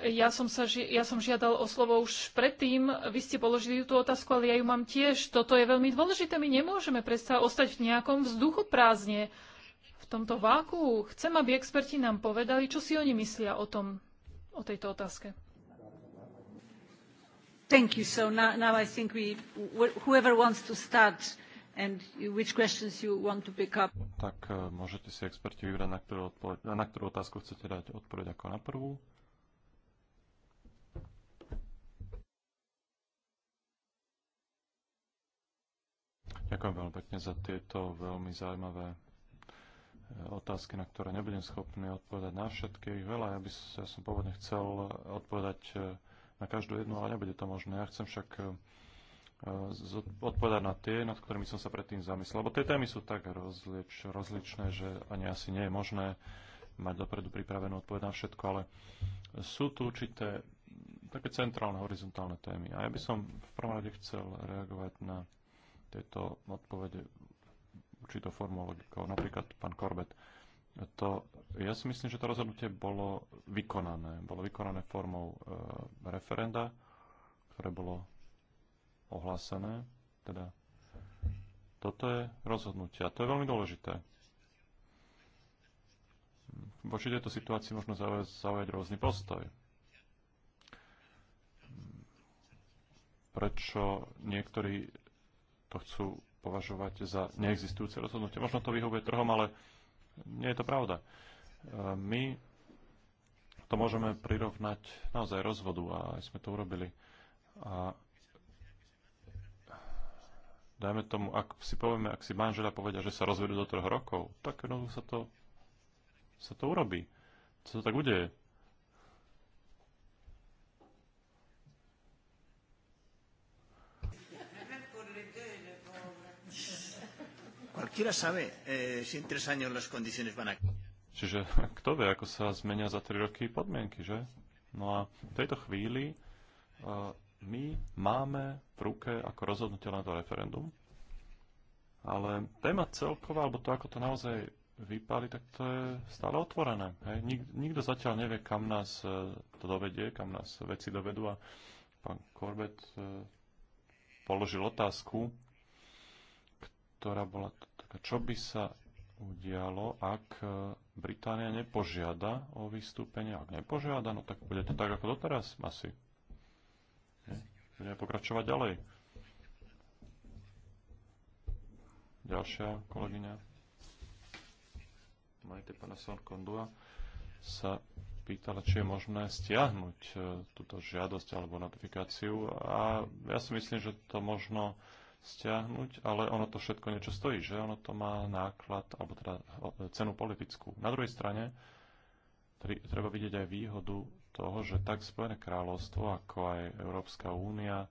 Ja som, sa, ja som žiadal o slovo už predtým, vy ste položili tú otázku, ale ja ju mám tiež. Toto je veľmi dôležité, my nemôžeme predsa ostať v nejakom vzduchu prázdne, v tomto váku. Chcem, aby experti nám povedali, čo si oni myslia o tom, o tejto otázke. Thank you. So now, now I think we, whoever wants to start and which questions you want to pick up. Tak eh, môžete si experti vybrať, na ktorú, odpoveď, na ktorú otázku chcete dať odpoveď ako na prvú. Ďakujem veľmi pekne za tieto veľmi zaujímavé eh, otázky, na ktoré nebudem schopný odpovedať na všetkých. Veľa, ja by ja som pôvodne chcel odpovedať eh, na každú jednu, ale nebude to možné. Ja chcem však odpovedať na tie, nad ktorými som sa predtým zamyslel. Lebo tie témy sú tak rozlič, rozličné, že ani asi nie je možné mať dopredu pripravenú odpoveď na všetko, ale sú tu určité také centrálne horizontálne témy. A ja by som v prvom rade chcel reagovať na tieto odpovede určitou formou logikou. Napríklad pán Korbet. To, ja si myslím, že to rozhodnutie bolo vykonané. Bolo vykonané formou e, referenda, ktoré bolo ohlásené. Teda toto je rozhodnutie a to je veľmi dôležité. Voči tejto situácii možno zaujať rôzny postoj. Prečo niektorí to chcú považovať za neexistujúce rozhodnutie? Možno to vyhovuje trhom, ale nie je to pravda. My to môžeme prirovnať naozaj rozvodu a aj sme to urobili. A Dajme tomu, ak si povieme, ak si manžela povedia, že sa rozvedú do troch rokov, tak no, sa to, sa to urobí. Co to tak udeje? Eh, Čiže (laughs) kto vie, ako sa zmenia za tri roky podmienky, že? No a v tejto chvíli uh, my máme v ruke ako rozhodnutie na to referendum, ale téma celková, alebo to, ako to naozaj vypáli, tak to je stále otvorené. Hej. Nik, nikto zatiaľ nevie, kam nás e, to dovedie, kam nás veci dovedú a pán Korbet e, položil otázku, ktorá bola taká, čo by sa udialo, ak e, Británia nepožiada o vystúpenie. Ak nepožiada, no tak bude to tak ako doteraz asi budeme pokračovať ďalej. Ďalšia kolegyňa Majte Panason Kondua sa pýtala, či je možné stiahnuť e, túto žiadosť alebo notifikáciu. A ja si myslím, že to možno stiahnuť, ale ono to všetko niečo stojí, že ono to má náklad, alebo teda e, cenu politickú. Na druhej strane treba vidieť aj výhodu toho, že tak Spojené kráľovstvo, ako aj Európska únia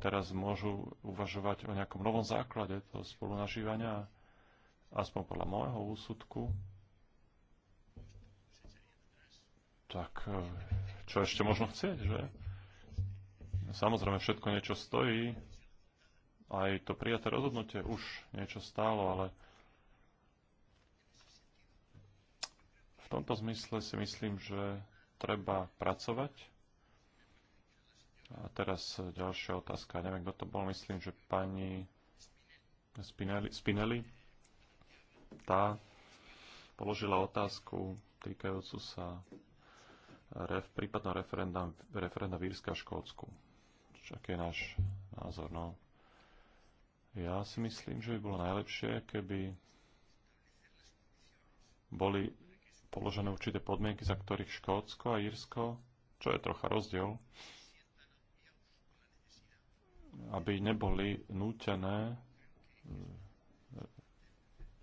teraz môžu uvažovať o nejakom novom základe toho spolunažívania, aspoň podľa môjho úsudku. Tak e, čo ešte možno chcieť, že? Samozrejme, všetko niečo stojí, aj to prijaté rozhodnutie už niečo stálo, ale v tomto zmysle si myslím, že treba pracovať. A teraz ďalšia otázka. Neviem, kto to bol. Myslím, že pani Spinelli, Spinelli tá položila otázku týkajúcu sa ref, prípadná referenda, referenda Výrska a Škótsku. Aký je náš názor? No, ja si myslím, že by bolo najlepšie, keby boli položené určité podmienky, za ktorých Škótsko a Írsko, čo je trocha rozdiel, aby neboli nútené mm,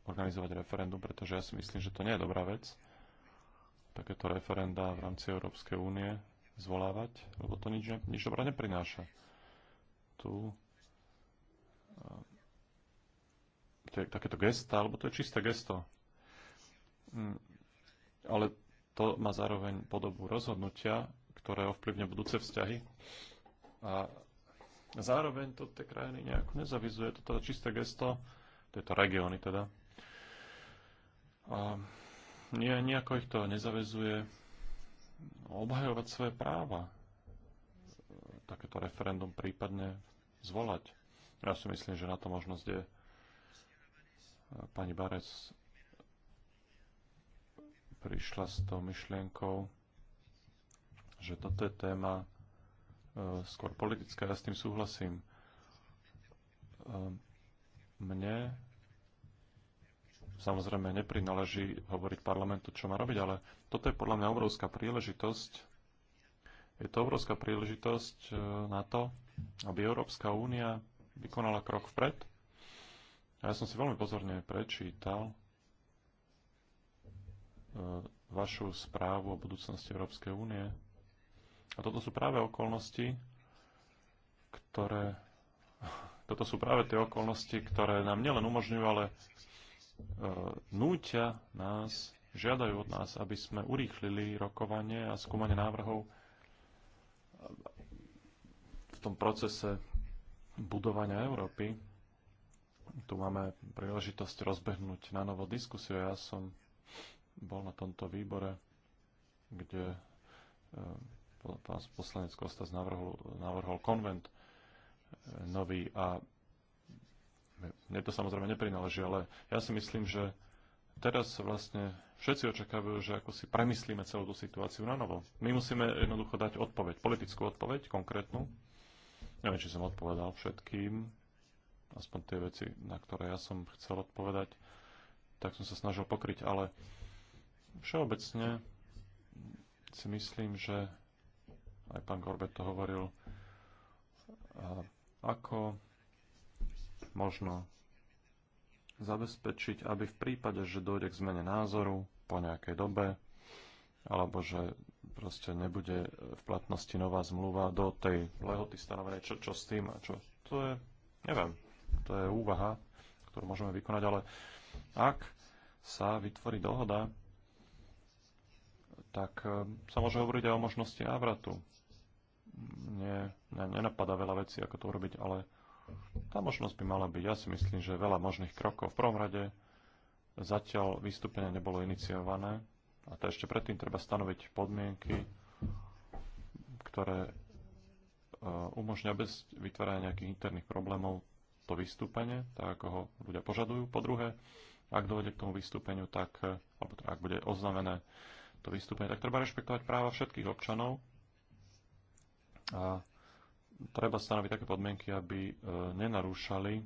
organizovať referendum, pretože ja si myslím, že to nie je dobrá vec takéto referenda v rámci Európskej únie zvolávať, lebo to nič, nič dobré neprináša. Tu e, takéto gesta, alebo to je čisté gesto. Mm, ale to má zároveň podobu rozhodnutia, ktoré ovplyvňa budúce vzťahy. A zároveň to tie krajiny nejako nezavizuje. Toto teda čisté gesto, tieto regióny teda, a nie, nejako ich to nezavezuje obhajovať svoje práva. Takéto referendum prípadne zvolať. Ja si myslím, že na to možnosť je pani Barec prišla s tou myšlienkou, že toto je téma e, skôr politická, ja s tým súhlasím. E, mne samozrejme neprináleží hovoriť parlamentu, čo má robiť, ale toto je podľa mňa obrovská príležitosť. Je to obrovská príležitosť e, na to, aby Európska únia vykonala krok vpred. A ja som si veľmi pozorne prečítal E, vašu správu o budúcnosti Európskej únie. A toto sú práve okolnosti, ktoré, (laughs) toto sú práve tie okolnosti, ktoré nám nielen umožňujú, ale e, núťa nás, žiadajú od nás, aby sme urýchlili rokovanie a skúmanie návrhov v tom procese budovania Európy. Tu máme príležitosť rozbehnúť na novo diskusiu. Ja som bol na tomto výbore, kde eh, pán poslanec Kostas navrhol, navrhol konvent eh, nový a mne to samozrejme neprináleží, ale ja si myslím, že teraz vlastne všetci očakávajú, že ako si premyslíme celú tú situáciu na novo. My musíme jednoducho dať odpoveď, politickú odpoveď, konkrétnu. Neviem, či som odpovedal všetkým, aspoň tie veci, na ktoré ja som chcel odpovedať, tak som sa snažil pokryť, ale Všeobecne si myslím, že aj pán Gorbet to hovoril, ako možno zabezpečiť, aby v prípade, že dojde k zmene názoru po nejakej dobe, alebo že proste nebude v platnosti nová zmluva do tej lehoty stanovenej, čo, čo s tým a čo. To je, neviem, to je úvaha, ktorú môžeme vykonať, ale ak sa vytvorí dohoda, tak e, sa môže hovoriť aj o možnosti návratu. Nie, ne, nenapadá veľa vecí, ako to urobiť, ale tá možnosť by mala byť. Ja si myslím, že veľa možných krokov. V prvom rade zatiaľ vystúpenie nebolo iniciované a to ešte predtým treba stanoviť podmienky, ktoré e, umožňa bez vytvárania nejakých interných problémov to vystúpenie, tak ako ho ľudia požadujú. Po druhé, ak dojde k tomu vystúpeniu, tak, e, alebo teda ak bude oznamené to vystúpenie, tak treba rešpektovať práva všetkých občanov a treba stanoviť také podmienky, aby e, nenarúšali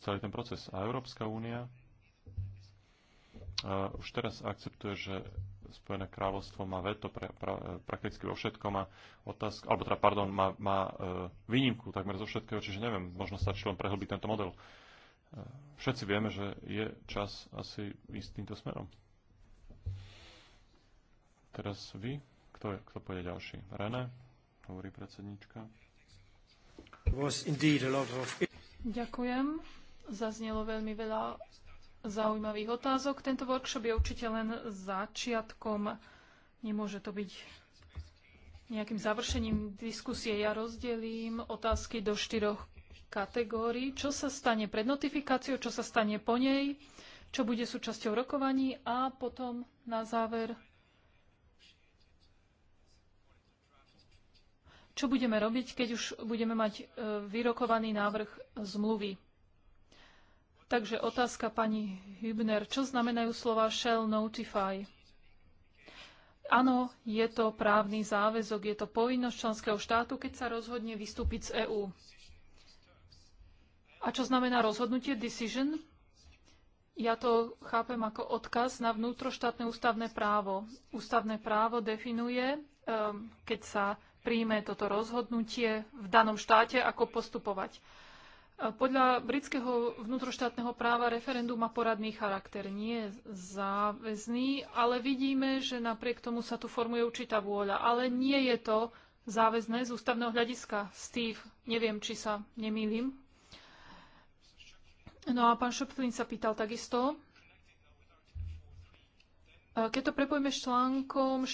celý ten proces. A Európska únia e, už teraz akceptuje, že Spojené kráľovstvo má veto pra, pra, prakticky vo všetkom a otázka, alebo teda, pardon, má, má e, výnimku takmer zo všetkého, čiže neviem, možno stačí len prehlbiť tento model. Všetci vieme, že je čas asi ísť týmto smerom. Teraz vy. Kto, je, kto pôjde ďalší? René, hovorí predsednička. Ďakujem. Zaznelo veľmi veľa zaujímavých otázok. Tento workshop je určite len začiatkom. Nemôže to byť nejakým završením diskusie. Ja rozdelím otázky do štyroch kategórií. Čo sa stane pred notifikáciou, čo sa stane po nej, čo bude súčasťou rokovaní a potom na záver čo budeme robiť, keď už budeme mať e, vyrokovaný návrh zmluvy. Takže otázka pani Hübner. Čo znamenajú slova shall notify? Áno, je to právny záväzok, je to povinnosť členského štátu, keď sa rozhodne vystúpiť z EÚ. A čo znamená rozhodnutie decision? Ja to chápem ako odkaz na vnútroštátne ústavné právo. Ústavné právo definuje, e, keď sa príjme toto rozhodnutie v danom štáte, ako postupovať. E, podľa britského vnútroštátneho práva referendum má poradný charakter, nie je záväzný, ale vidíme, že napriek tomu sa tu formuje určitá vôľa. Ale nie je to záväzné z ústavného hľadiska. Steve, neviem, či sa nemýlim. No a pán Šopflin sa pýtal takisto. E, keď to prepojme s článkom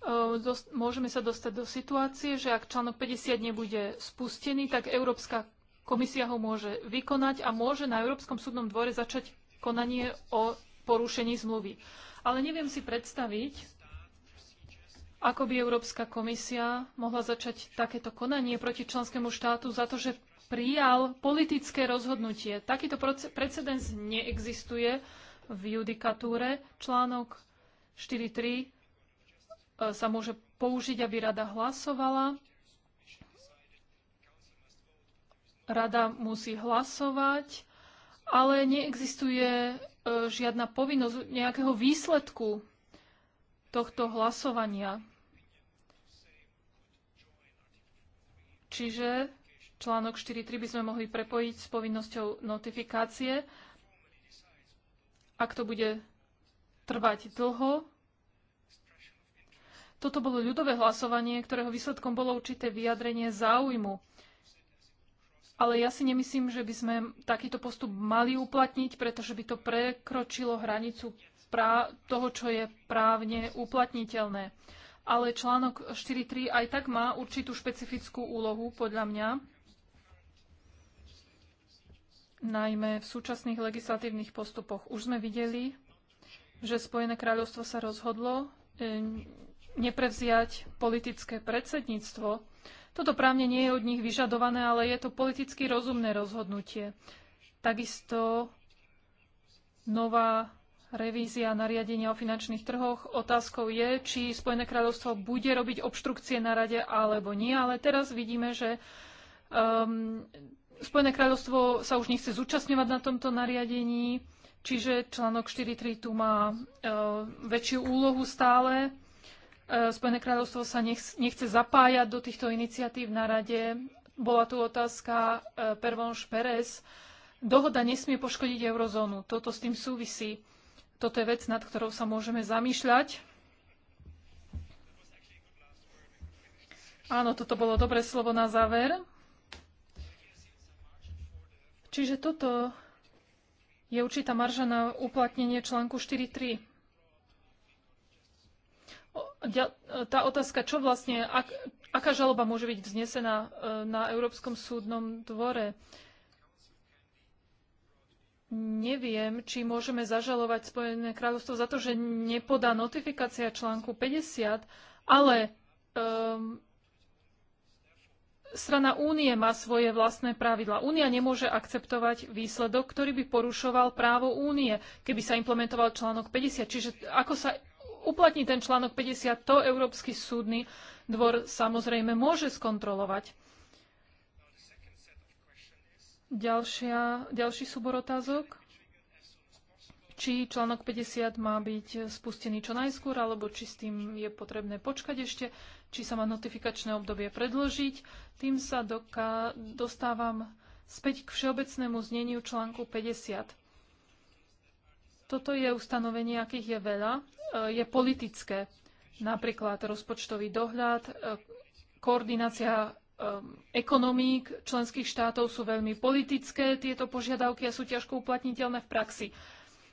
Ehm, môžeme sa dostať do situácie, že ak článok 50 nebude spustený, tak Európska komisia ho môže vykonať a môže na Európskom súdnom dvore začať konanie o porušení zmluvy. Ale neviem si predstaviť, ako by Európska komisia mohla začať takéto konanie proti členskému štátu za to, že prijal politické rozhodnutie. Takýto precedens neexistuje v judikatúre. Článok 4.3 E, sa môže použiť, aby rada hlasovala. Rada musí hlasovať, ale neexistuje e, žiadna povinnosť nejakého výsledku tohto hlasovania. Čiže článok 4.3 by sme mohli prepojiť s povinnosťou notifikácie. Ak to bude trvať dlho, toto bolo ľudové hlasovanie, ktorého výsledkom bolo určité vyjadrenie záujmu. Ale ja si nemyslím, že by sme takýto postup mali uplatniť, pretože by to prekročilo hranicu toho, čo je právne uplatniteľné. Ale článok 4.3 aj tak má určitú špecifickú úlohu, podľa mňa, najmä v súčasných legislatívnych postupoch. Už sme videli, že Spojené kráľovstvo sa rozhodlo e, neprevziať politické predsedníctvo. Toto právne nie je od nich vyžadované, ale je to politicky rozumné rozhodnutie. Takisto nová revízia nariadenia o finančných trhoch. Otázkou je, či Spojené kráľovstvo bude robiť obštrukcie na rade alebo nie, ale teraz vidíme, že um, Spojené kráľovstvo sa už nechce zúčastňovať na tomto nariadení, čiže článok 4.3 tu má uh, väčšiu úlohu stále. E, Spojené kráľovstvo sa nechce zapájať do týchto iniciatív na rade. Bola tu otázka e, Pervonš Perez. Dohoda nesmie poškodiť eurozónu. Toto s tým súvisí. Toto je vec, nad ktorou sa môžeme zamýšľať. Áno, toto bolo dobré slovo na záver. Čiže toto je určitá marža na uplatnenie článku 4.3 tá otázka, čo vlastne, ak, aká žaloba môže byť vznesená e, na Európskom súdnom dvore. Neviem, či môžeme zažalovať Spojené kráľovstvo za to, že nepodá notifikácia článku 50, ale um, strana únie má svoje vlastné pravidla. Únia nemôže akceptovať výsledok, ktorý by porušoval právo únie, keby sa implementoval článok 50. Čiže ako sa uplatní ten článok 50, to Európsky súdny dvor samozrejme môže skontrolovať. Ďalšia, ďalší súbor otázok. Či článok 50 má byť spustený čo najskôr, alebo či s tým je potrebné počkať ešte, či sa má notifikačné obdobie predložiť. Tým sa doká, dostávam späť k všeobecnému zneniu článku 50. Toto je ustanovenie, akých je veľa. E, je politické, napríklad rozpočtový dohľad, e, koordinácia e, ekonomík členských štátov sú veľmi politické. Tieto požiadavky a sú ťažko uplatniteľné v praxi.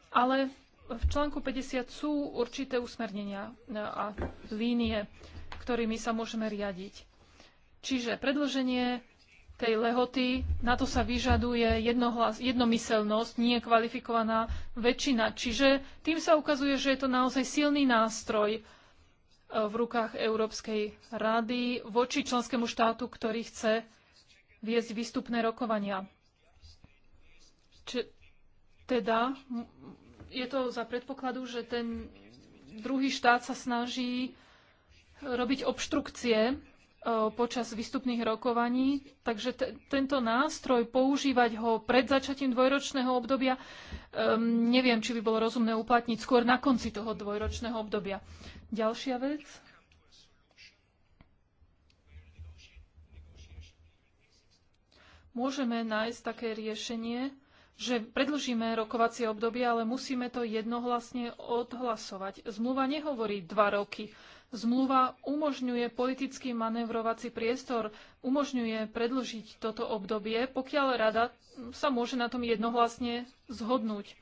Ale v článku 50 sú určité usmernenia a línie, ktorými sa môžeme riadiť. Čiže predlženie tej lehoty, na to sa vyžaduje jednohlas, jednomyselnosť, nie kvalifikovaná väčšina. Čiže tým sa ukazuje, že je to naozaj silný nástroj e, v rukách Európskej rady voči členskému štátu, ktorý chce viesť výstupné rokovania. Či, teda je to za predpokladu, že ten druhý štát sa snaží robiť obštrukcie E, počas výstupných rokovaní. Takže tento nástroj, používať ho pred začatím dvojročného obdobia, um, neviem, či by bolo rozumné uplatniť skôr na konci toho dvojročného obdobia. Ďalšia vec. Môžeme nájsť také riešenie, že predlžíme rokovacie obdobie, ale musíme to jednohlasne odhlasovať. Zmluva nehovorí dva roky. Zmluva umožňuje politický manevrovací priestor, umožňuje predlžiť toto obdobie, pokiaľ rada sa môže na tom jednohlasne zhodnúť.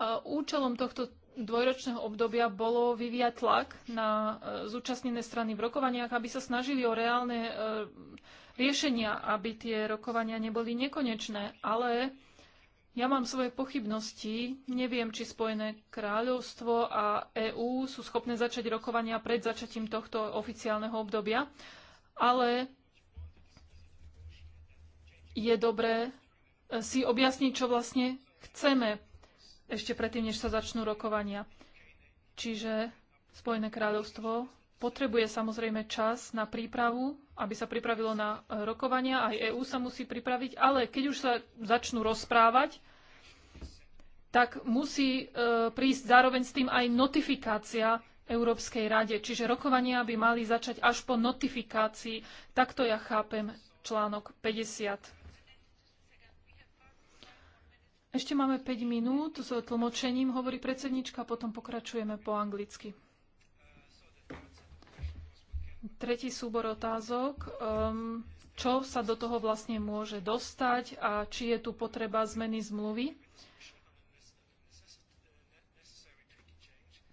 A účelom tohto dvojročného obdobia bolo vyvíjať tlak na e, zúčastnené strany v rokovaniach, aby sa snažili o reálne e, riešenia, aby tie rokovania neboli nekonečné, ale ja mám svoje pochybnosti. Neviem, či Spojené kráľovstvo a EÚ sú schopné začať rokovania pred začatím tohto oficiálneho obdobia, ale je dobré eh, si objasniť, čo vlastne chceme ešte predtým, než sa začnú rokovania. Čiže Spojené kráľovstvo potrebuje samozrejme čas na prípravu aby sa pripravilo na rokovania, aj EÚ sa musí pripraviť, ale keď už sa začnú rozprávať, tak musí e, prísť zároveň s tým aj notifikácia Európskej rade. Čiže rokovania by mali začať až po notifikácii. Takto ja chápem článok 50. Ešte máme 5 minút s tlmočením, hovorí predsednička, potom pokračujeme po anglicky. Tretí súbor otázok. Um, čo sa do toho vlastne môže dostať a či je tu potreba zmeny zmluvy?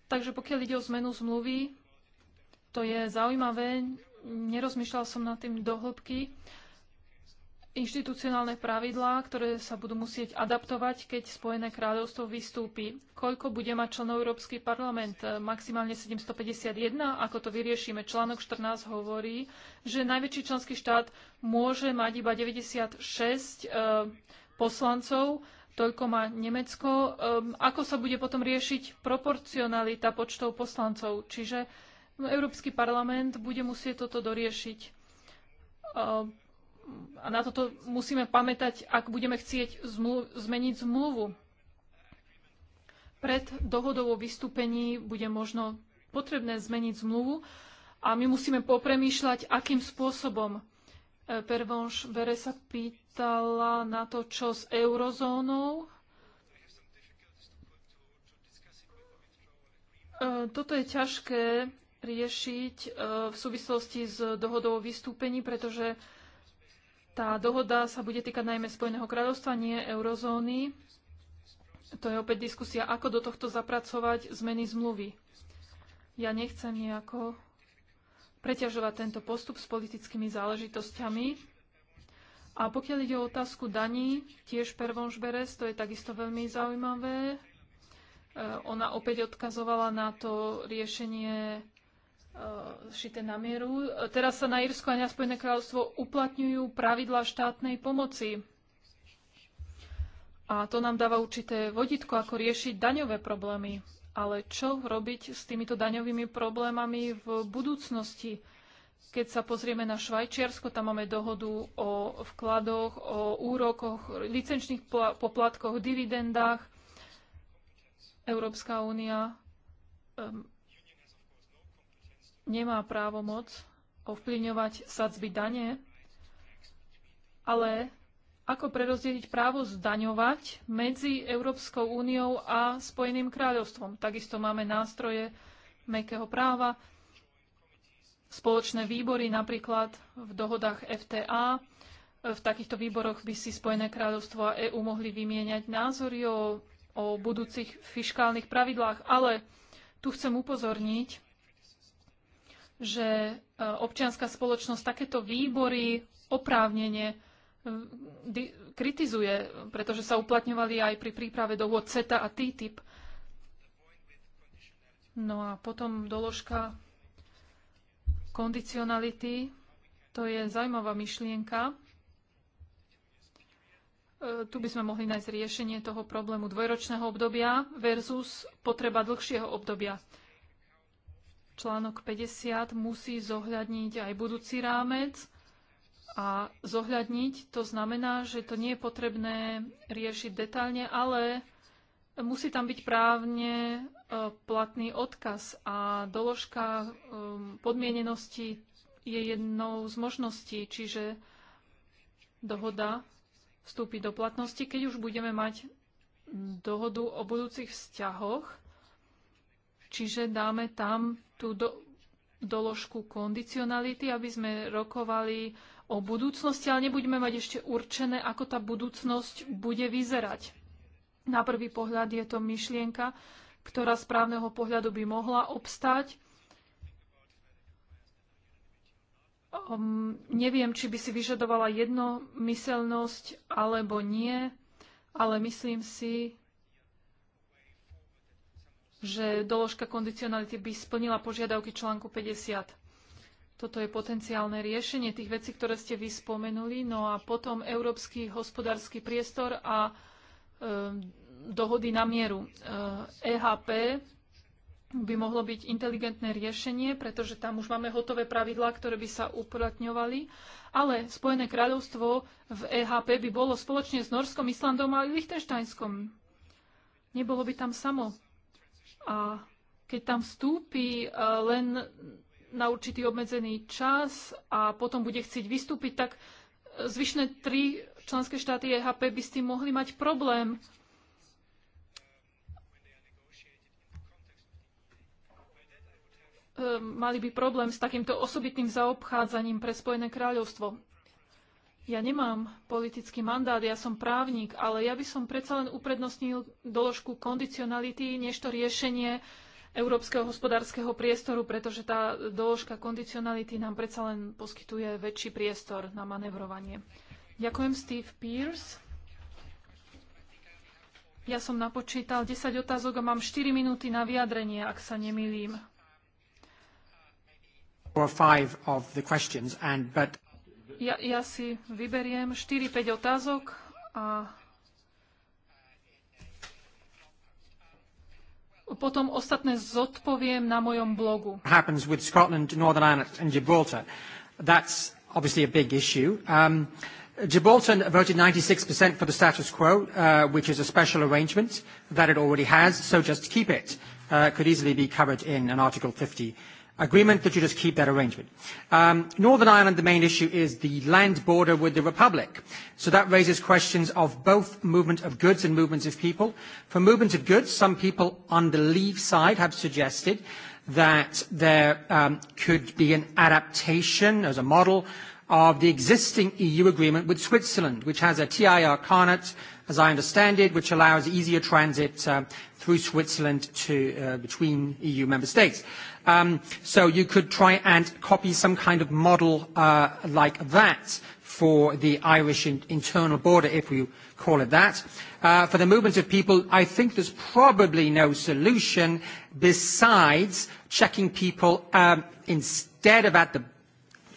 Takže pokiaľ ide o zmenu zmluvy, to je zaujímavé. Nerozmýšľal som nad tým dohlbky, inštitucionálne pravidlá, ktoré sa budú musieť adaptovať, keď Spojené kráľovstvo vystúpi. Koľko bude mať členov Európsky parlament? Maximálne 751? Ako to vyriešime? Článok 14 hovorí, že najväčší členský štát môže mať iba 96 e, poslancov, toľko má Nemecko. E, ako sa bude potom riešiť proporcionalita počtov poslancov? Čiže Európsky parlament bude musieť toto doriešiť. E, a na toto musíme pamätať, ak budeme chcieť zmluv, zmeniť zmluvu. Pred dohodou o vystúpení bude možno potrebné zmeniť zmluvu a my musíme popremýšľať, akým spôsobom. E, Pervonš Bere sa pýtala na to, čo s eurozónou. E, toto je ťažké riešiť e, v súvislosti s dohodou o vystúpení, pretože tá dohoda sa bude týkať najmä Spojeného kráľovstva, nie eurozóny. To je opäť diskusia, ako do tohto zapracovať zmeny zmluvy. Ja nechcem nejako preťažovať tento postup s politickými záležitosťami. A pokiaľ ide o otázku daní, tiež Pervonš Beres, to je takisto veľmi zaujímavé. E, ona opäť odkazovala na to riešenie Eh, šité na mieru. Teraz sa na Írsko a na Spojené kráľovstvo uplatňujú pravidlá štátnej pomoci. A to nám dáva určité vodítko, ako riešiť daňové problémy. Ale čo robiť s týmito daňovými problémami v budúcnosti? Keď sa pozrieme na Švajčiarsko, tam máme dohodu o vkladoch, o úrokoch, licenčných poplatkoch, dividendách. Európska únia um, nemá právomoc ovplyvňovať sadzby dane, ale ako prerozdeliť právo zdaňovať medzi Európskou úniou a Spojeným kráľovstvom. Takisto máme nástroje mekého práva, spoločné výbory, napríklad v dohodách FTA. V takýchto výboroch by si Spojené kráľovstvo a EÚ mohli vymieňať názory o, o budúcich fiskálnych pravidlách, ale tu chcem upozorniť, že e, občianská spoločnosť takéto výbory oprávnene e, kritizuje, pretože sa uplatňovali aj pri príprave dohôd CETA a TTIP. No a potom doložka kondicionality. To je zaujímavá myšlienka. E, tu by sme mohli nájsť riešenie toho problému dvojročného obdobia versus potreba dlhšieho obdobia článok 50 musí zohľadniť aj budúci rámec a zohľadniť to znamená, že to nie je potrebné riešiť detálne, ale musí tam byť právne e, platný odkaz a doložka e, podmienenosti je jednou z možností, čiže dohoda vstúpi do platnosti, keď už budeme mať dohodu o budúcich vzťahoch Čiže dáme tam tú do, doložku kondicionality, aby sme rokovali o budúcnosti, ale nebudeme mať ešte určené, ako tá budúcnosť bude vyzerať. Na prvý pohľad je to myšlienka, ktorá z právneho pohľadu by mohla obstať. Um, neviem, či by si vyžadovala jednomyselnosť alebo nie, ale myslím si, že doložka kondicionality by splnila požiadavky článku 50. Toto je potenciálne riešenie tých vecí, ktoré ste vy spomenuli. No a potom Európsky hospodársky priestor a e, dohody na mieru. E, EHP by mohlo byť inteligentné riešenie, pretože tam už máme hotové pravidlá, ktoré by sa uplatňovali. Ale Spojené kráľovstvo v EHP by bolo spoločne s Norskom, Islandom a Lichtenštajnskom. Nebolo by tam samo. A keď tam vstúpi e, len na určitý obmedzený čas a potom bude chcieť vystúpiť, tak e, zvyšné tri členské štáty EHP by s tým mohli mať problém. E, mali by problém s takýmto osobitným zaobchádzaním pre Spojené kráľovstvo. Ja nemám politický mandát, ja som právnik, ale ja by som predsa len uprednostnil doložku kondicionality, než to riešenie európskeho hospodárskeho priestoru, pretože tá doložka kondicionality nám predsa len poskytuje väčší priestor na manevrovanie. Ďakujem Steve Pierce. Ja som napočítal 10 otázok a mám 4 minúty na vyjadrenie, ak sa nemýlim. Ja, ja si vyberiem 4-5 otázok a potom ostatné zodpoviem na mojom blogu. Happens with Scotland, Northern Ireland and Gibraltar. That's obviously a big issue. Um, Gibraltar voted 96% for the status quo, uh, which is a special arrangement that it already has, so just keep it. Uh, could easily be covered in an Article 50 agreement that you just keep that arrangement. Um, Northern Ireland, the main issue is the land border with the Republic. So that raises questions of both movement of goods and movement of people. For movement of goods, some people on the Leave side have suggested that there um, could be an adaptation as a model of the existing EU agreement with Switzerland, which has a TIR carnet, as I understand it, which allows easier transit uh, through Switzerland to, uh, between EU member states. Um, so you could try and copy some kind of model uh, like that for the Irish in internal border, if we call it that. Uh, for the movement of people, I think there's probably no solution besides checking people um, instead of at the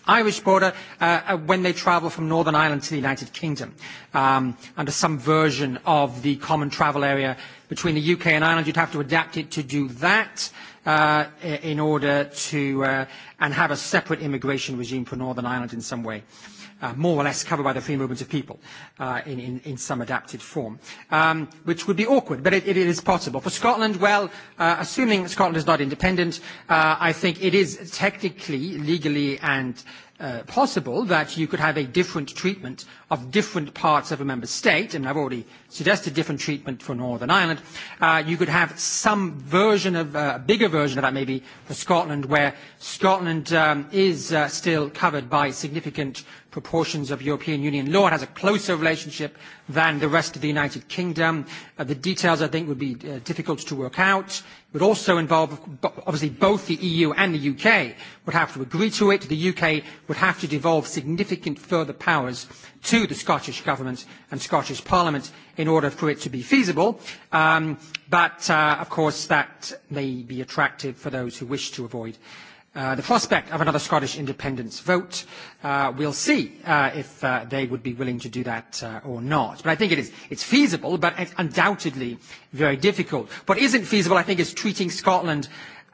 Irish border uh, uh when they travel from Northern Ireland to the United Kingdom um, under some version of the common travel area between the UK and Ireland. You'd have to adapt it to do that uh, in order to uh, and have a separate immigration regime for Northern Ireland in some way. Uh, more or less covered by the free movement of people uh, in, in, in some adapted form, um, which would be awkward, but it, it is possible. For Scotland, well, uh, assuming Scotland is not independent, uh, I think it is technically, legally, and uh, possible that you could have a different treatment of different parts of a member state, and I've already suggested different treatment for Northern Ireland, uh, you could have some version of, uh, a bigger version of that maybe for Scotland, where Scotland um, is uh, still covered by significant proportions of European Union law. It has a closer relationship than the rest of the United Kingdom. Uh, the details, I think, would be uh, difficult to work out. It would also involve, obviously, both the EU and the UK would have to agree to it. The UK would have to devolve significant further powers to the Scottish Government and Scottish Parliament in order for it to be feasible. Um, but, uh, of course, that may be attractive for those who wish to avoid Uh, the prospect of another Scottish independence vote. Uh, we'll see uh, if uh, they would be willing to do that uh, or not. But I think it is, it's feasible, but it's undoubtedly very difficult. What isn't feasible, I think, is treating Scotland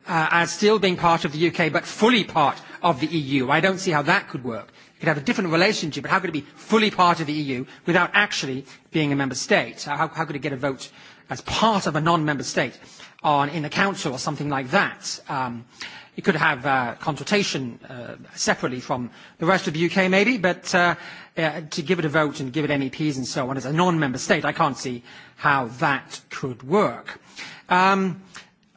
uh, as still being part of the UK, but fully part of the EU. I don't see how that could work could have a different relationship, but how could it be fully part of the EU without actually being a member state? How, how could it get a vote as part of a non-member state on, in the council or something like that? Um, it could have uh, consultation uh, separately from the rest of the UK maybe, but uh, uh, to give it a vote and give it MEPs and so on as a non-member state, I can't see how that could work. Um,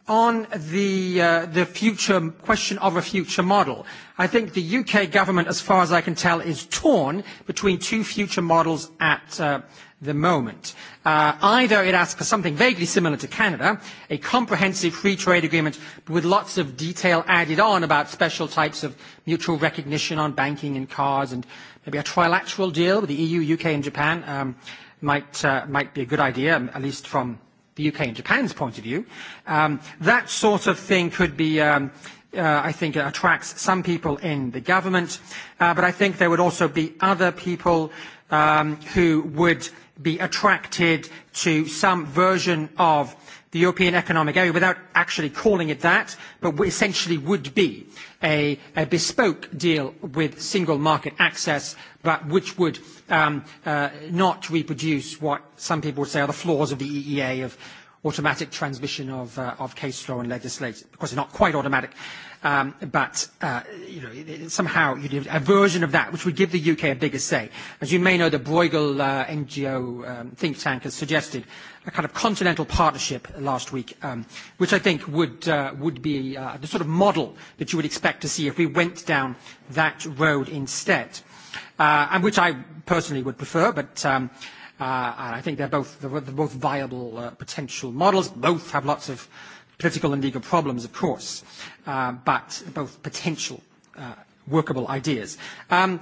on the, uh, the future question of a future model, I think the UK government, as far as I can tell, is torn between two future models at uh, the moment. Uh, either it asks for something vaguely similar to Canada, a comprehensive free trade agreement with lots of detail added on about special types of mutual recognition on banking and cars, and maybe a trilateral deal with the EU, UK, and Japan um, might, uh, might be a good idea, at least from the UK and Japan's point of view, um, that sort of thing could be, um, uh, I think, attracts some people in the government, uh, but I think there would also be other people um, who would be attracted to some version of the European Economic Area without actually calling it that, but essentially would be a, a bespoke deal with single market access, but which would um, uh, not reproduce what some people would say are the flaws of the EEA of automatic transmission of, uh, of case law and legislation, because it's not quite automatic. Um, but uh, you know, somehow you did a version of that, which would give the UK a bigger say. As you may know, the Bruegel uh, NGO um, think tank has suggested a kind of continental partnership last week, um, which I think would, uh, would be uh, the sort of model that you would expect to see if we went down that road instead, uh, and which I personally would prefer, but. Um, uh, and I think they're both, they're both viable uh, potential models. Both have lots of uh, political and legal problems, of course, uh, but both potential uh, workable ideas. Um,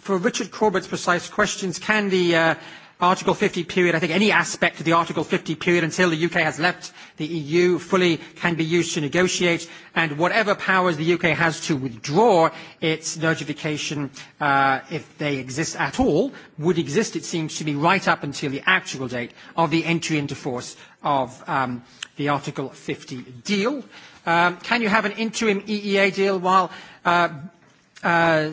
for Richard Corbett's precise questions, can the uh, Article 50 period, I think any aspect of the Article 50 period until the UK has left the EU fully can be used to negotiate, and whatever powers the UK has to withdraw its notification, uh, if they exist at all, would exist, it seems to me, right up until the actual date of the entry into force of um, the Article 50 deal. Um, can you have an interim EEA deal while uh, uh,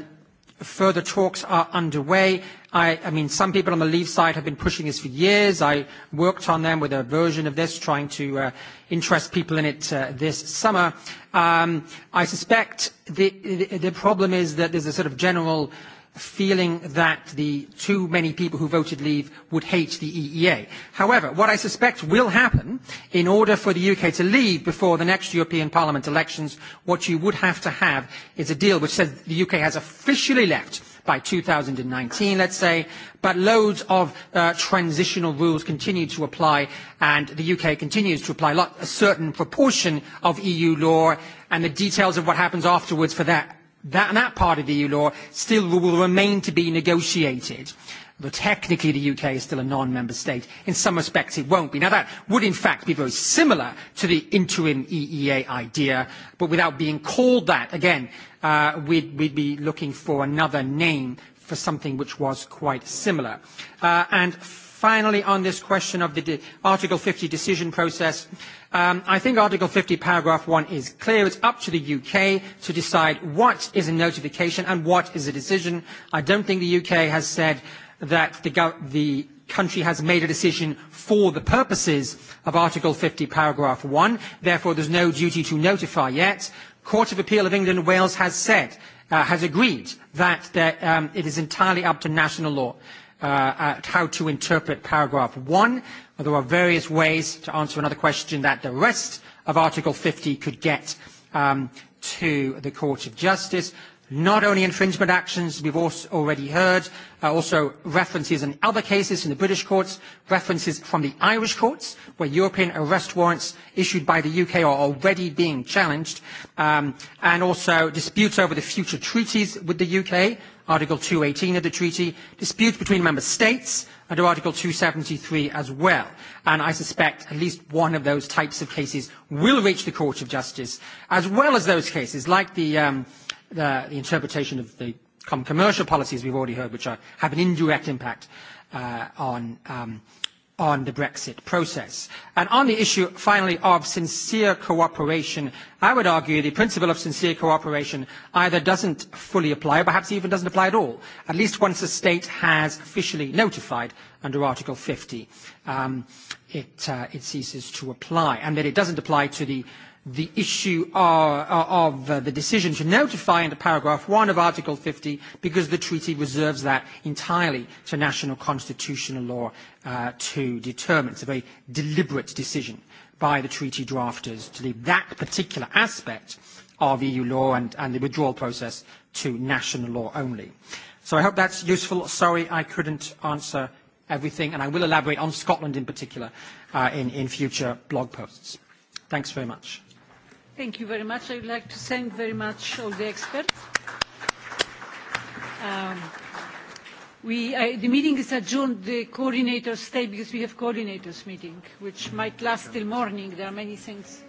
further talks are underway? I, I mean, some people on the Leave side have been pushing this for years. I worked on them with a version of this, trying to uh, interest people in it uh, this summer. Um, I suspect the, the, the problem is that there's a sort of general uh, feeling that the too many people who voted leave would hate the EEA. However, what I suspect will happen in order for the UK to leave before the next European Parliament elections, what you would have to have is a deal which says the UK has officially left by 2019, let's say, but loads of uh, transitional rules continue to apply, and the UK continues to apply a certain proportion of EU law, and the details of what happens afterwards for that that, that part of EU e law still will remain to be negotiated. But technically the UK is still a non-member state. In some respects it won't be. Now that would in fact be very similar to the interim EEA idea, but without being called that, again, uh, we'd, we'd be looking for another name for something which was quite similar. Uh, and finally on this question of the de- Article 50 decision process, uh, Um, I think Article 50, paragraph 1 is clear. It's up to the UK to decide what is a notification and what is a decision. I don't think the UK has said that the, the country has made a decision for the purposes of Article 50, paragraph 1. Therefore, there's no duty to notify yet. Court of Appeal of England and Wales has said, uh, has agreed that there, um, it is entirely up to national law uh, how to interpret paragraph 1. And there are various ways to answer another question that the rest of Article 50 could get um, to the Court of Justice. Not only infringement actions, we've also already heard, uh, also references in other cases in the British courts, references from the Irish courts, where European arrest warrants issued by the UK are already being challenged, um, and also disputes over the future treaties with the UK, Article 218 of the treaty, disputes between member states, under Article 273 as well. And I suspect at least one of those types of cases will reach the Court of Justice, as well as those cases like the, um, the, the interpretation of the common commercial policies we've already heard, which are, have an indirect impact uh, on um, on the Brexit process. And on the issue, finally, of sincere cooperation, I would argue the principle of sincere cooperation either doesn't fully apply or perhaps even doesn't apply at all, at least once a state has officially notified under Article 50, um, it, uh, it ceases to apply, and that it doesn't apply to the the issue of, uh, the decision to notify under paragraph 1 of Article 50 because the treaty reserves that entirely to national constitutional law uh, to determine. It's a very deliberate decision by the treaty drafters to leave that particular aspect of EU law and, and the withdrawal process to national law only. So I hope that's useful. Sorry I couldn't answer everything, and I will elaborate on Scotland in particular uh, in, in future blog posts. Thanks very much. Thank you very much. I would like to thank very much all the experts. Um, we, I, the meeting is adjourned. The coordinators stay because we have coordinators meeting, which might last till morning. There are many things.